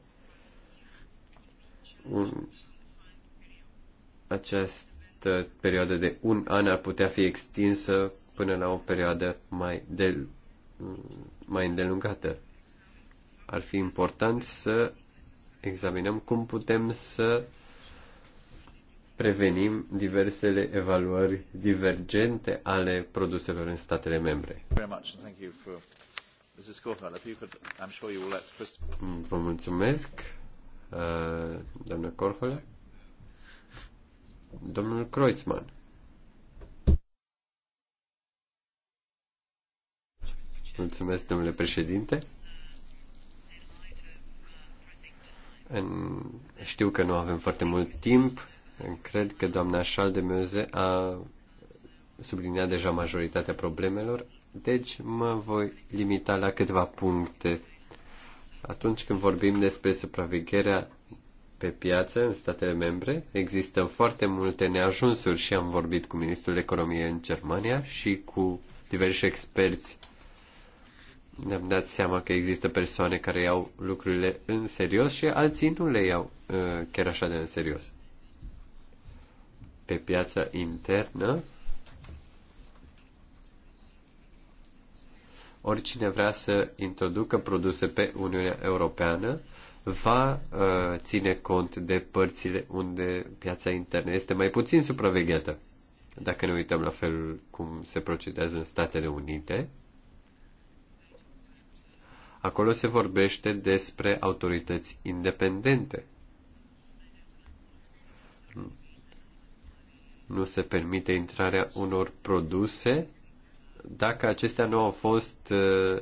Un... Acest această perioadă de un an ar putea fi extinsă până la o perioadă mai, de, mai îndelungată. Ar fi important să examinăm cum putem să prevenim diversele evaluări divergente ale produselor în statele membre. Vă mulțumesc, uh, doamnă Corhola. Domnul Kreutzmann. Mulțumesc, domnule președinte. În... Știu că nu avem foarte mult timp. Cred că doamna Schaldemeuze a subliniat deja majoritatea problemelor, deci mă voi limita la câteva puncte. Atunci când vorbim despre supravegherea pe piață în statele membre, există foarte multe neajunsuri și am vorbit cu ministrul economiei în Germania și cu diversi experți ne-am dat seama că există persoane care iau lucrurile în serios și alții nu le iau uh, chiar așa de în serios. Pe piața internă, oricine vrea să introducă produse pe Uniunea Europeană va uh, ține cont de părțile unde piața internă este mai puțin supravegheată. Dacă ne uităm la felul cum se procedează în Statele Unite, Acolo se vorbește despre autorități independente. Nu se permite intrarea unor produse dacă acestea nu au fost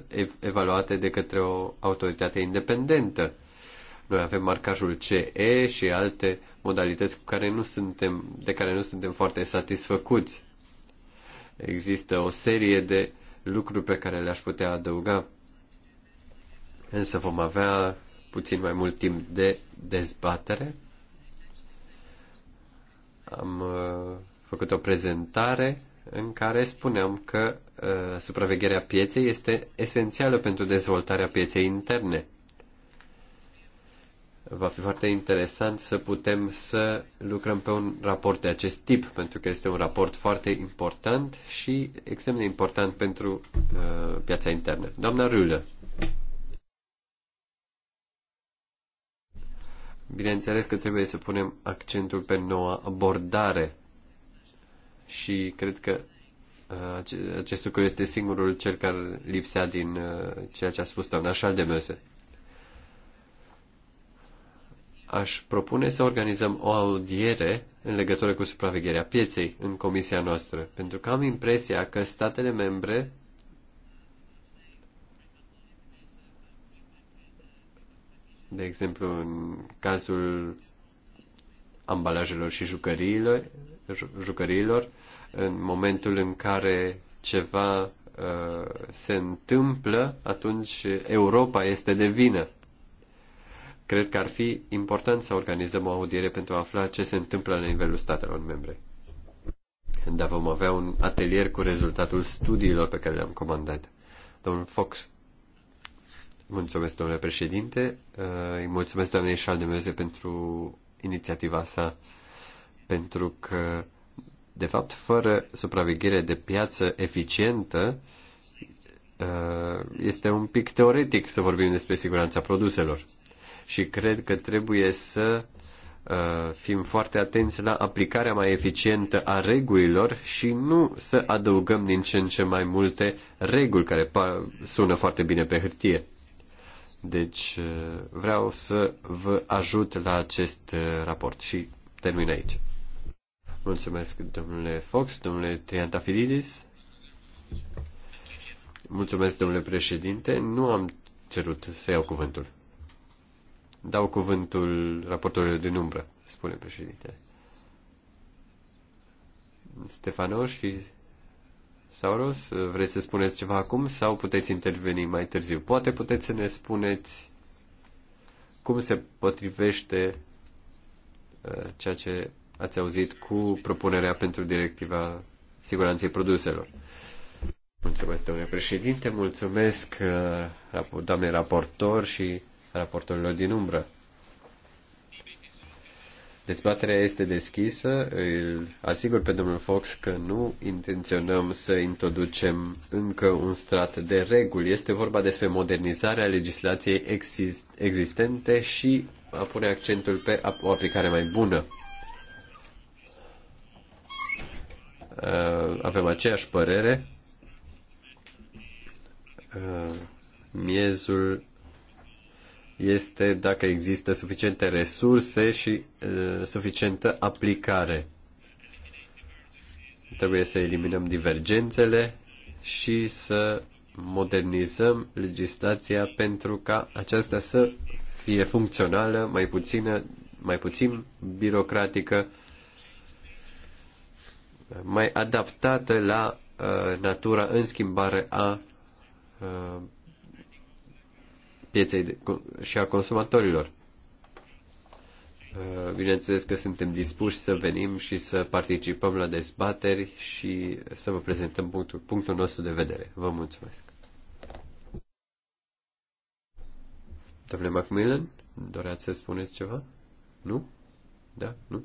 uh, evaluate de către o autoritate independentă. Noi avem marcajul CE și alte modalități cu care nu suntem, de care nu suntem foarte satisfăcuți. Există o serie de lucruri pe care le-aș putea adăuga însă vom avea puțin mai mult timp de dezbatere. Am uh, făcut o prezentare în care spuneam că uh, supravegherea pieței este esențială pentru dezvoltarea pieței interne. Va fi foarte interesant să putem să lucrăm pe un raport de acest tip, pentru că este un raport foarte important și extrem de important pentru uh, piața internă. Doamna Rulă. Bineînțeles că trebuie să punem accentul pe noua abordare și cred că uh, acest lucru este singurul cel care lipsea din uh, ceea ce a spus doamna Meuse. Aș propune să organizăm o audiere în legătură cu supravegherea pieței în comisia noastră, pentru că am impresia că statele membre de exemplu, în cazul ambalajelor și jucăriilor, jucăriilor în momentul în care ceva uh, se întâmplă, atunci Europa este de vină. Cred că ar fi important să organizăm o audiere pentru a afla ce se întâmplă la nivelul statelor membre. Dar vom avea un atelier cu rezultatul studiilor pe care le-am comandat. Domnul Fox Mulțumesc, domnule președinte. Uh, îi mulțumesc doamnei Șaldemeze pentru inițiativa sa, pentru că, de fapt, fără supraveghere de piață eficientă, uh, este un pic teoretic să vorbim despre siguranța produselor. Și cred că trebuie să uh, fim foarte atenți la aplicarea mai eficientă a regulilor și nu să adăugăm din ce în ce mai multe reguli care sună foarte bine pe hârtie. Deci eh, vreau să vă ajut la acest eh, raport și termin aici. Mulțumesc, domnule Fox, domnule Triantafilidis. Mulțumesc, domnule președinte. Nu am cerut să iau cuvântul. Dau cuvântul raportorului din umbră, spune președinte. Stefano și Sauros, vreți să spuneți ceva acum sau puteți interveni mai târziu? Poate puteți să ne spuneți cum se potrivește uh, ceea ce ați auzit cu propunerea pentru directiva siguranței produselor. Mulțumesc, domnule președinte, mulțumesc uh, doamne raportor și raportorilor din umbră. Dezbaterea este deschisă. Îl asigur pe domnul Fox că nu intenționăm să introducem încă un strat de reguli. Este vorba despre modernizarea legislației exist- existente și a pune accentul pe o aplicare mai bună. Uh, avem aceeași părere. Uh, miezul este dacă există suficiente resurse și uh, suficientă aplicare. Trebuie să eliminăm divergențele și să modernizăm legislația pentru ca aceasta să fie funcțională, mai puțină, mai puțin birocratică, mai adaptată la uh, natura în schimbare a uh, pieței și a consumatorilor. Uh, bineînțeles că suntem dispuși să venim și să participăm la dezbateri și să vă prezentăm punctul, punctul nostru de vedere. Vă mulțumesc. Domnule Macmillan, doreați să spuneți ceva? Nu? Da? Nu?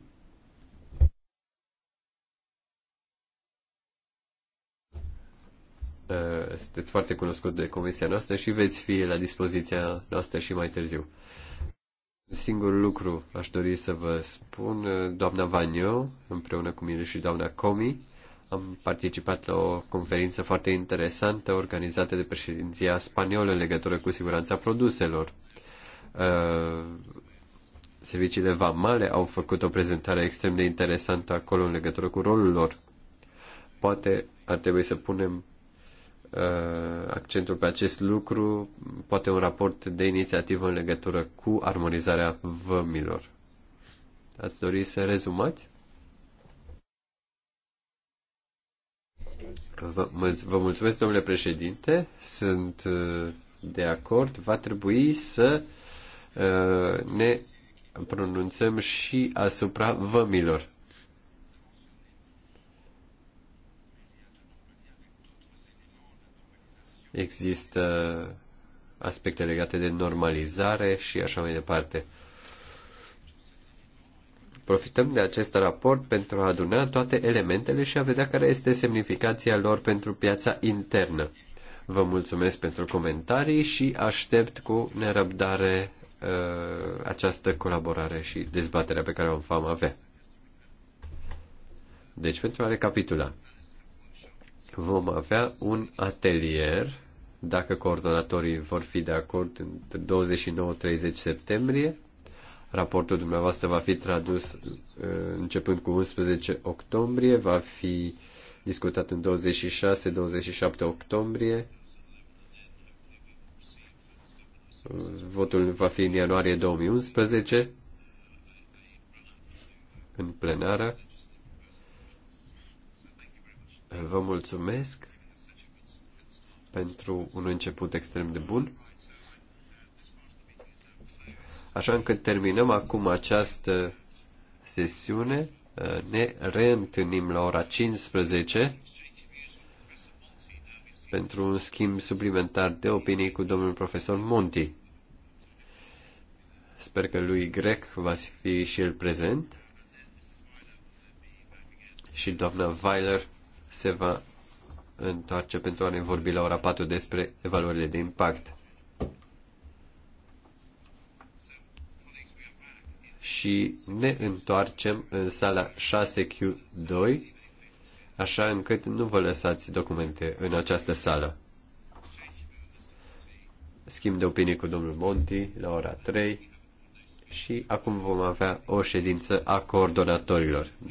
Uh, sunteți foarte cunoscut de comisia noastră și veți fi la dispoziția noastră și mai târziu. Singur lucru aș dori să vă spun, uh, doamna Vanio, împreună cu mine și doamna Comi, am participat la o conferință foarte interesantă organizată de președinția spaniolă în legătură cu siguranța produselor. Uh, serviciile vamale au făcut o prezentare extrem de interesantă acolo în legătură cu rolul lor. Poate ar trebui să punem Uh, accentul pe acest lucru, poate un raport de inițiativă în legătură cu armonizarea vămilor. Ați dori să rezumați? Vă, vă mulțumesc, domnule președinte. Sunt uh, de acord. Va trebui să uh, ne pronunțăm și asupra vămilor. există aspecte legate de normalizare și așa mai departe. Profităm de acest raport pentru a aduna toate elementele și a vedea care este semnificația lor pentru piața internă. Vă mulțumesc pentru comentarii și aștept cu nerăbdare uh, această colaborare și dezbaterea pe care o vom avea. Deci, pentru a recapitula, vom avea un atelier dacă coordonatorii vor fi de acord între 29-30 septembrie, raportul dumneavoastră va fi tradus uh, începând cu 11 octombrie, va fi discutat în 26-27 octombrie. Votul va fi în ianuarie 2011 în plenară. Vă mulțumesc pentru un început extrem de bun. Așa încât terminăm acum această sesiune. Ne reîntâlnim la ora 15 pentru un schimb suplimentar de opinii cu domnul profesor Monti. Sper că lui Grec va fi și el prezent și doamna Weiler se va întoarce pentru a ne vorbi la ora 4 despre evaluările de impact. Și ne întoarcem în sala 6Q2, așa încât nu vă lăsați documente în această sală. Schimb de opinie cu domnul Monti la ora 3 și acum vom avea o ședință a coordonatorilor.